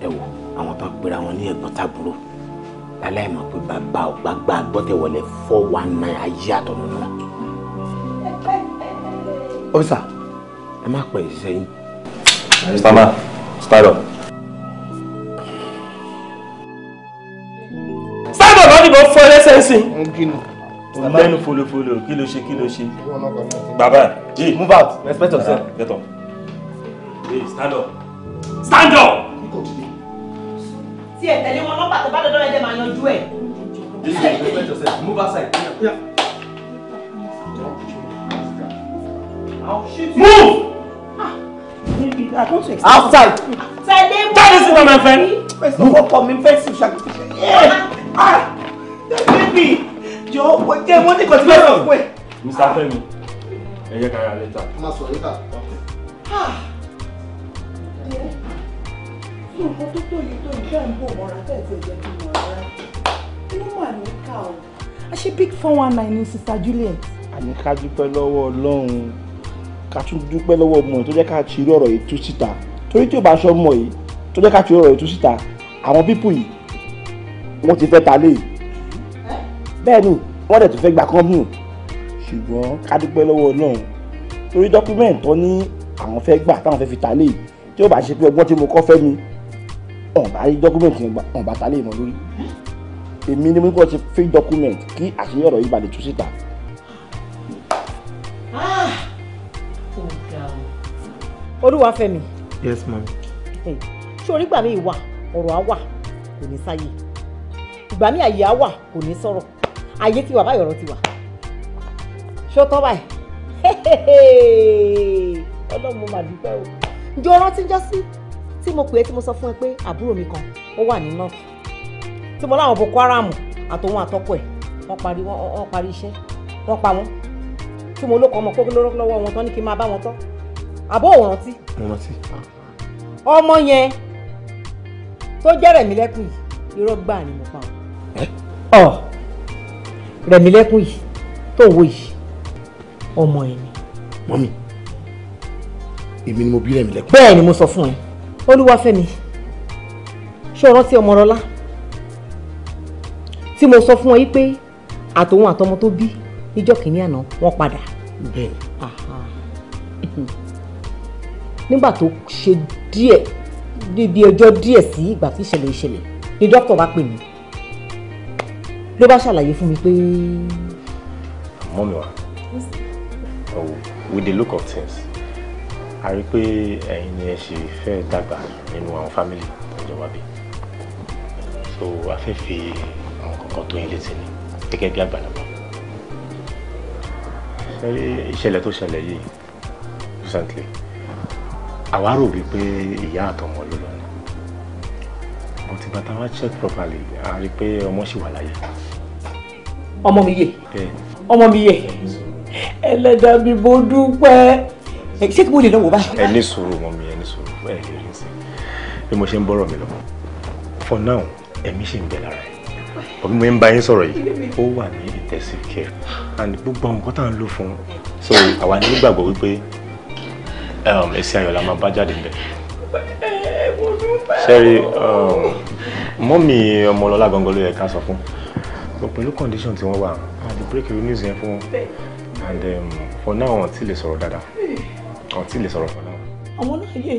ẹ wò àwọn tó ń pera wọn ní ẹ̀gbọ́n tàbúrò lálẹ́ mọ̀ pé bàbá ọ̀gbàgbà gbọ́dẹ̀ wọlé four one nine ayé àtọ̀nà náà ọ́fíìsà ẹ má pẹ̀ sẹ́yìn. Mr. Man, stand up. stand up lọ́dìbò fún ẹlẹ́sẹ̀ ń sìn. lẹ́nu folofolo kí ló ṣe kí ló ṣe. bàbá jí move out respect yourself. get up. hey stand up. stand up. See, tí ẹ tẹ̀lé wọn nọ́mbà the bá don't ẹ̀ dẹ̀ máa yanjú ẹ̀. respect yourself move outside. Yeah. Move! I want to Outside. That is it, my friend. First of all, come in first. Yeah. Ah, baby. Jọ̀ọ́, what do you want to go to? Mr. Femi. Ẹ jẹ́ ká rí later. Ma sọ later. Ah. Yeah. So, what do you do? You can't go more. I said, you can't go more. You know, I'm a cow. I should pick 419 in Sister Juliet. Àní ká dúpẹ́ lọ́wọ́ Ọlọ́run ká tún dúpẹ́ lọ́wọ́ ọmọ yìí tó jẹ́ ká ti irú ọ̀rọ̀ yìí tú síta torí tí ò bá aṣọ ọmọ yìí tó jẹ́ ká ti irú ọ̀rọ̀ yìí tú síta àwọn pípù yìí wọ́n ti fẹ́ ta lé bẹ́ẹ̀ ni wọ́n dẹ̀ tún fẹ́ gbà kọ́mpù ṣùgbọ́n ká dúpẹ́ lọ́wọ́ Ọlọ́run torí dọ́kúmẹ̀ntì tó àwọn fẹ́ gbà táwọn fẹ́ fi ta lé tí ò bá ṣe pé ọgbọ́n tí mo kọ́ fẹ́ mi ọ̀nà ayé dọ́kúmẹ̀ntì yẹn ọ̀nà bàtà lè mọ lórí èmi ni mo kọ́ ti fi dọ́kúmẹ̀ntì kí àṣeyọ̀rọ̀ yìí balẹ̀ olúwàfẹ́mi. yes ma'am. ṣé onígbà mi ìwà ọ̀rọ̀ á wà kò ní sáyé ìgbà mi àyè á wà kò ní sọ̀rọ̀ àyè ti wà báyìí ọ̀rọ̀ ti wà ṣó tọ́ báyìí ọlọ́run mo mà dúpẹ́ o ǹjọ́ rántí jọ́sí tí mo pè é tí mo sọ fún ẹ pé àbúrò mi kan ó wà ní north tí mo láwọn boko haram àtòwọn àtọkọ ẹ wọ́n parí wọ́n parí iṣẹ́ wọ́n pa wọ́n tí mo lókọ ọmọ kó lọ́wọ́ wọn tán ní kí n máa bá wọn tán àbó ò rántí. mo rántí. ọmọ yẹn tó jẹ́ Rẹ̀mílẹ́kùn yìí irọ́ gbà ni mo pa ọ́. Rẹ̀mílẹ́kùn yìí tó wo yìí ọmọ ẹ̀ ni. mọ́mí èmi ni mo bí Rẹ̀mílẹ́kùn. bẹ́ẹ̀ ni mo sọ fún ẹ Olúwafẹ́mi ṣé o rántí Ọmọrọlá tí mo sọ fún ẹ yìí pé àtòun àtọmọ tó bí níjọ́ kìíní àná wọ́n padà. bẹ́ẹ̀ ni nígbà tó ṣe díẹ̀ níbi ọjọ́ díẹ̀ sí ìgbà tí ìṣẹ̀lẹ̀ ìṣẹ̀lẹ̀ ni dókítà bá pè mí ló bá ṣàlàyé fún mi pé. mọ́mi wa uh, with the look of things a rí i pé ẹ̀yin ni ẹ ṣì fẹ́ dàgbà nínú àwọn fámìlì ọjọ́ wa bí so a fẹ́ fi àwọn kankan tó yín létí ni gẹ́gẹ́ bí àgbàlagbà ìṣẹ̀lẹ̀ tó ṣẹlẹ̀ yìí recently àwa rò wípé ìyá àtọmọ ló lọ ni but ìgbà tá check properly a rí i pé ọmọ ṣì wà láyé. ọmọ mi yè ọmọ mi yè ẹlẹ́dàá mi mo dúpẹ́ ṣé kí mo lè lọ wò báyìí. ẹ ní sùúrù mọ mi ẹ ní sùúrù ẹ lè rí sí bí mo ṣe ń bọ́rọ̀ mi lọ for now ẹ̀mí ṣì ń bẹ lára ẹ̀ bọ́bí mo ń bá yín sọ̀rọ̀ yìí ó wà ní intensive care and gbogbo nǹkan tá à ń lò fún so àwa ní gbàgbọ́ wípé èsì um, ayọ̀ la máa bá jáde bẹ́ẹ̀. sẹ́rí um, mọ́mì ọmọ ọlọ́lá gangan ló yẹ ká sọ fún but pẹ̀lú condition tí wọ́n wà àti break the news yẹn fún and um, for now wọn ti lè sọ̀rọ̀ dáadáa wọn ti lè sọ̀rọ̀ for now. ọmọ náà yé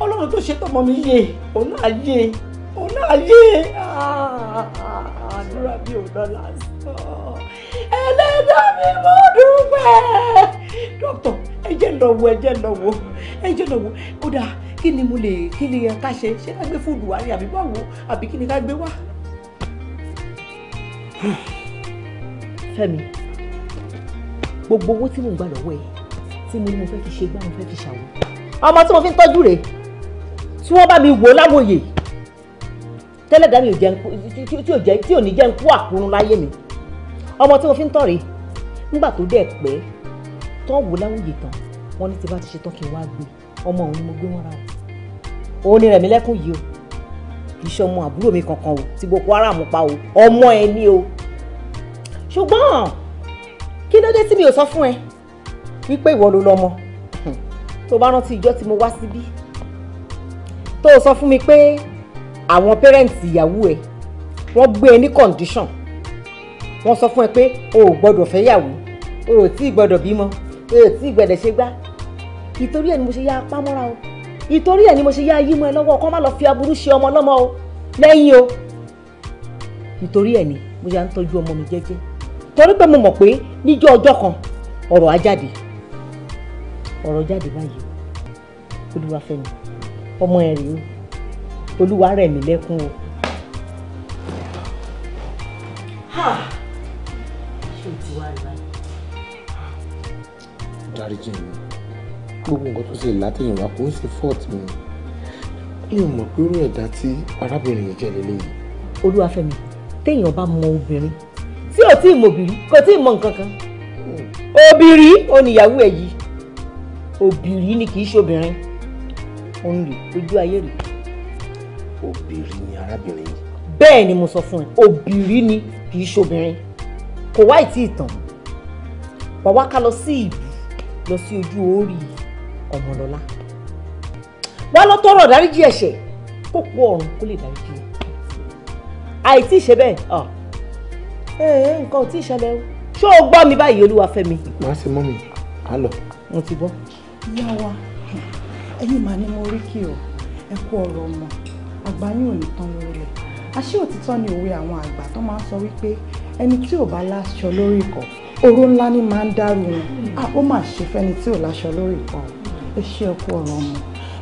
ọlọ́run tó ṣe tọmọ mi yé òun náà yé òun náà yé ah, àdúrà bí òun náà lásán ẹlẹ́dàá mi mo dúpẹ́ dókítà ẹ jẹ́ lọ wo ẹ jẹ́ lọ wo ẹ jẹ́ lọ wo kódà kí ni mo lè kí ni ká ṣe ṣé ká gbé fúdù wá rí àbí báwo àbí kí ni ká gbé wá. Fẹ́mi gbogbo owó tí mò ń gbà lọ́wọ́ ẹ̀ tí mo ní mo fẹ́ fi ṣe gbá mo fẹ́ fi ṣàwọ́ ọmọ tí mo fi ń tọ́jú rèé tí wọ́n bá mi wò láwòye tẹ́lẹ̀ dá mi ò jẹ́ tí ò ní jẹ́ ń kú àkúrún láyé mi ọmọ tí mo fi ń tọ̀ rèé nígbà tó dẹ̀ pẹ́ tán wò láwòye tán wọ́n ní tí bá ti ṣe tán kí n wá gbé ọmọ òun ni mo gbé wọn ra o òun ni rẹ̀mí yìí o kì í ṣe ọmọ àbúrò mi kankan o tí Boko Haram pa o ọmọ ẹ ní o ṣùgbọ́n kí ló dé tí mi ò sọ fún ẹ wípé ìwọ ló lọ́mọ tó bá rántí ìjọ́ tí mo wá síbí tó sọ fún mi pé àwọn pẹ́rẹ́ǹtì ìyàwó ẹ wọ́n gbé ẹ ní condition wọ́n sọ fún ẹ pé o ò gbọ́dọ̀ fẹ́yàwó o ò tí ì gbọ́dọ̀ bímọ ètí ìgbẹ̀dẹ̀ ṣe gbá ìtorí ẹ̀ ni mo ṣe yá apá mọ́ra o ìtorí ẹ̀ ni mo ṣe yá yí mọ́ ẹ lọ́wọ́ kó má lọ fi aburú ṣe ọmọ lọ́mọ o lẹ́yìn o ìtorí ẹ̀ ni mo ṣe à ń tọ́jú ọmọ mi jẹ́jẹ́ torí pé mo mọ̀ pé níjọ́ ọjọ́ kan ọ̀rọ̀ á jáde ọ̀rọ̀ jáde báyìí olúwafẹ́mi ọmọ ẹ̀ rèé o olúwa rẹ̀ mí lẹ́kún o. Ha! dáríjì mi gbogbo nǹkan tó ṣe látẹ̀yìn wá kò ń ṣe fault mi mi ò mọ̀ pé irú ẹ̀dá tí arábìnrin yìí jẹ́ lélẹ́yìí. olúwàfẹ́mi téèyàn bá mọ obìnrin tí ò tí ì mọ obìnrin kò tí ì mọ nǹkan kan obìnrin ò níyàwó ẹ̀ yìí obìnrin ni kì í ṣe obìnrin òun lè ojú ayé rẹ̀. obìnrin ni arábìnrin yìí. bẹ́ẹ̀ ni mo sọ fún ẹ obìnrin ni kì í ṣe obìnrin kò wá ìtì ìtàn wàá wá ká lọ sí ìbú lọ sí ojú orí ọmọlọ́lá wá lọ tọrọ dáríjì ẹ̀ṣẹ̀ kó kú ọ̀run kó lè dáríjì ẹ̀ àìtí ìṣe bẹ́ẹ̀ ẹ̀ nǹkan ò tí ì ṣẹlẹ̀ o ṣé o gbọ́ mi báyìí olúwafẹ́mi. màá ṣe mọ́ mi á lọ. mo ti bọ́. ìyá wa ẹ̀yin màá ní mo rí kí o ẹ kú ọ̀rọ̀ ọmọ àgbà yín ò ní tán lórí rẹ̀ àṣé òtítọ́ ni òwe àwọn àgbà tó máa ń sọ wípé ẹni tí ò bá láṣọ lórí ìkọ̀kọ̀ oró ńlá ni máa ń dárò ni ó mà ṣe fẹ́ni tí ò láṣọ lórí kan ẹ ṣe ẹkú ọ̀rọ̀ ọmọ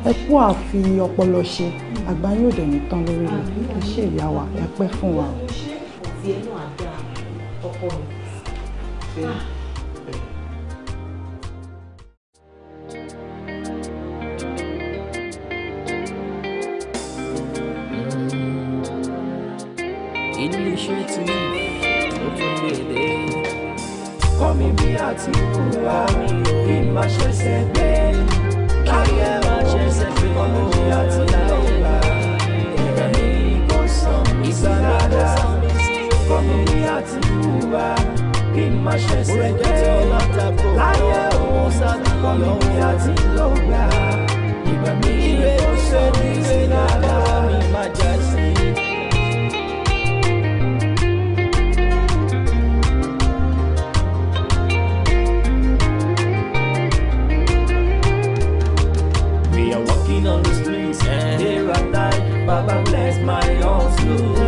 ẹkú àfi ọpọlọ ṣe àgbá yóò dẹ̀ ní tán lórí rẹ̀ ẹ ṣe ìyá wa ẹ pẹ́ fún wa. English to me, open me there kọ́ mi bí àti hùwà kí n má ṣe ṣègbé káyé má ṣe ṣègbé kọ́ mi bí àti hùwà ìrẹ̀lẹ̀ kò sàn mí sáradà kọ́ mi bí àti hùwà kí n má ṣe ṣègbé láyé òun kọ́ mi bí àti lọ́gbà ìgbà mi kò sàn mí sáradà. Baba bless my old school.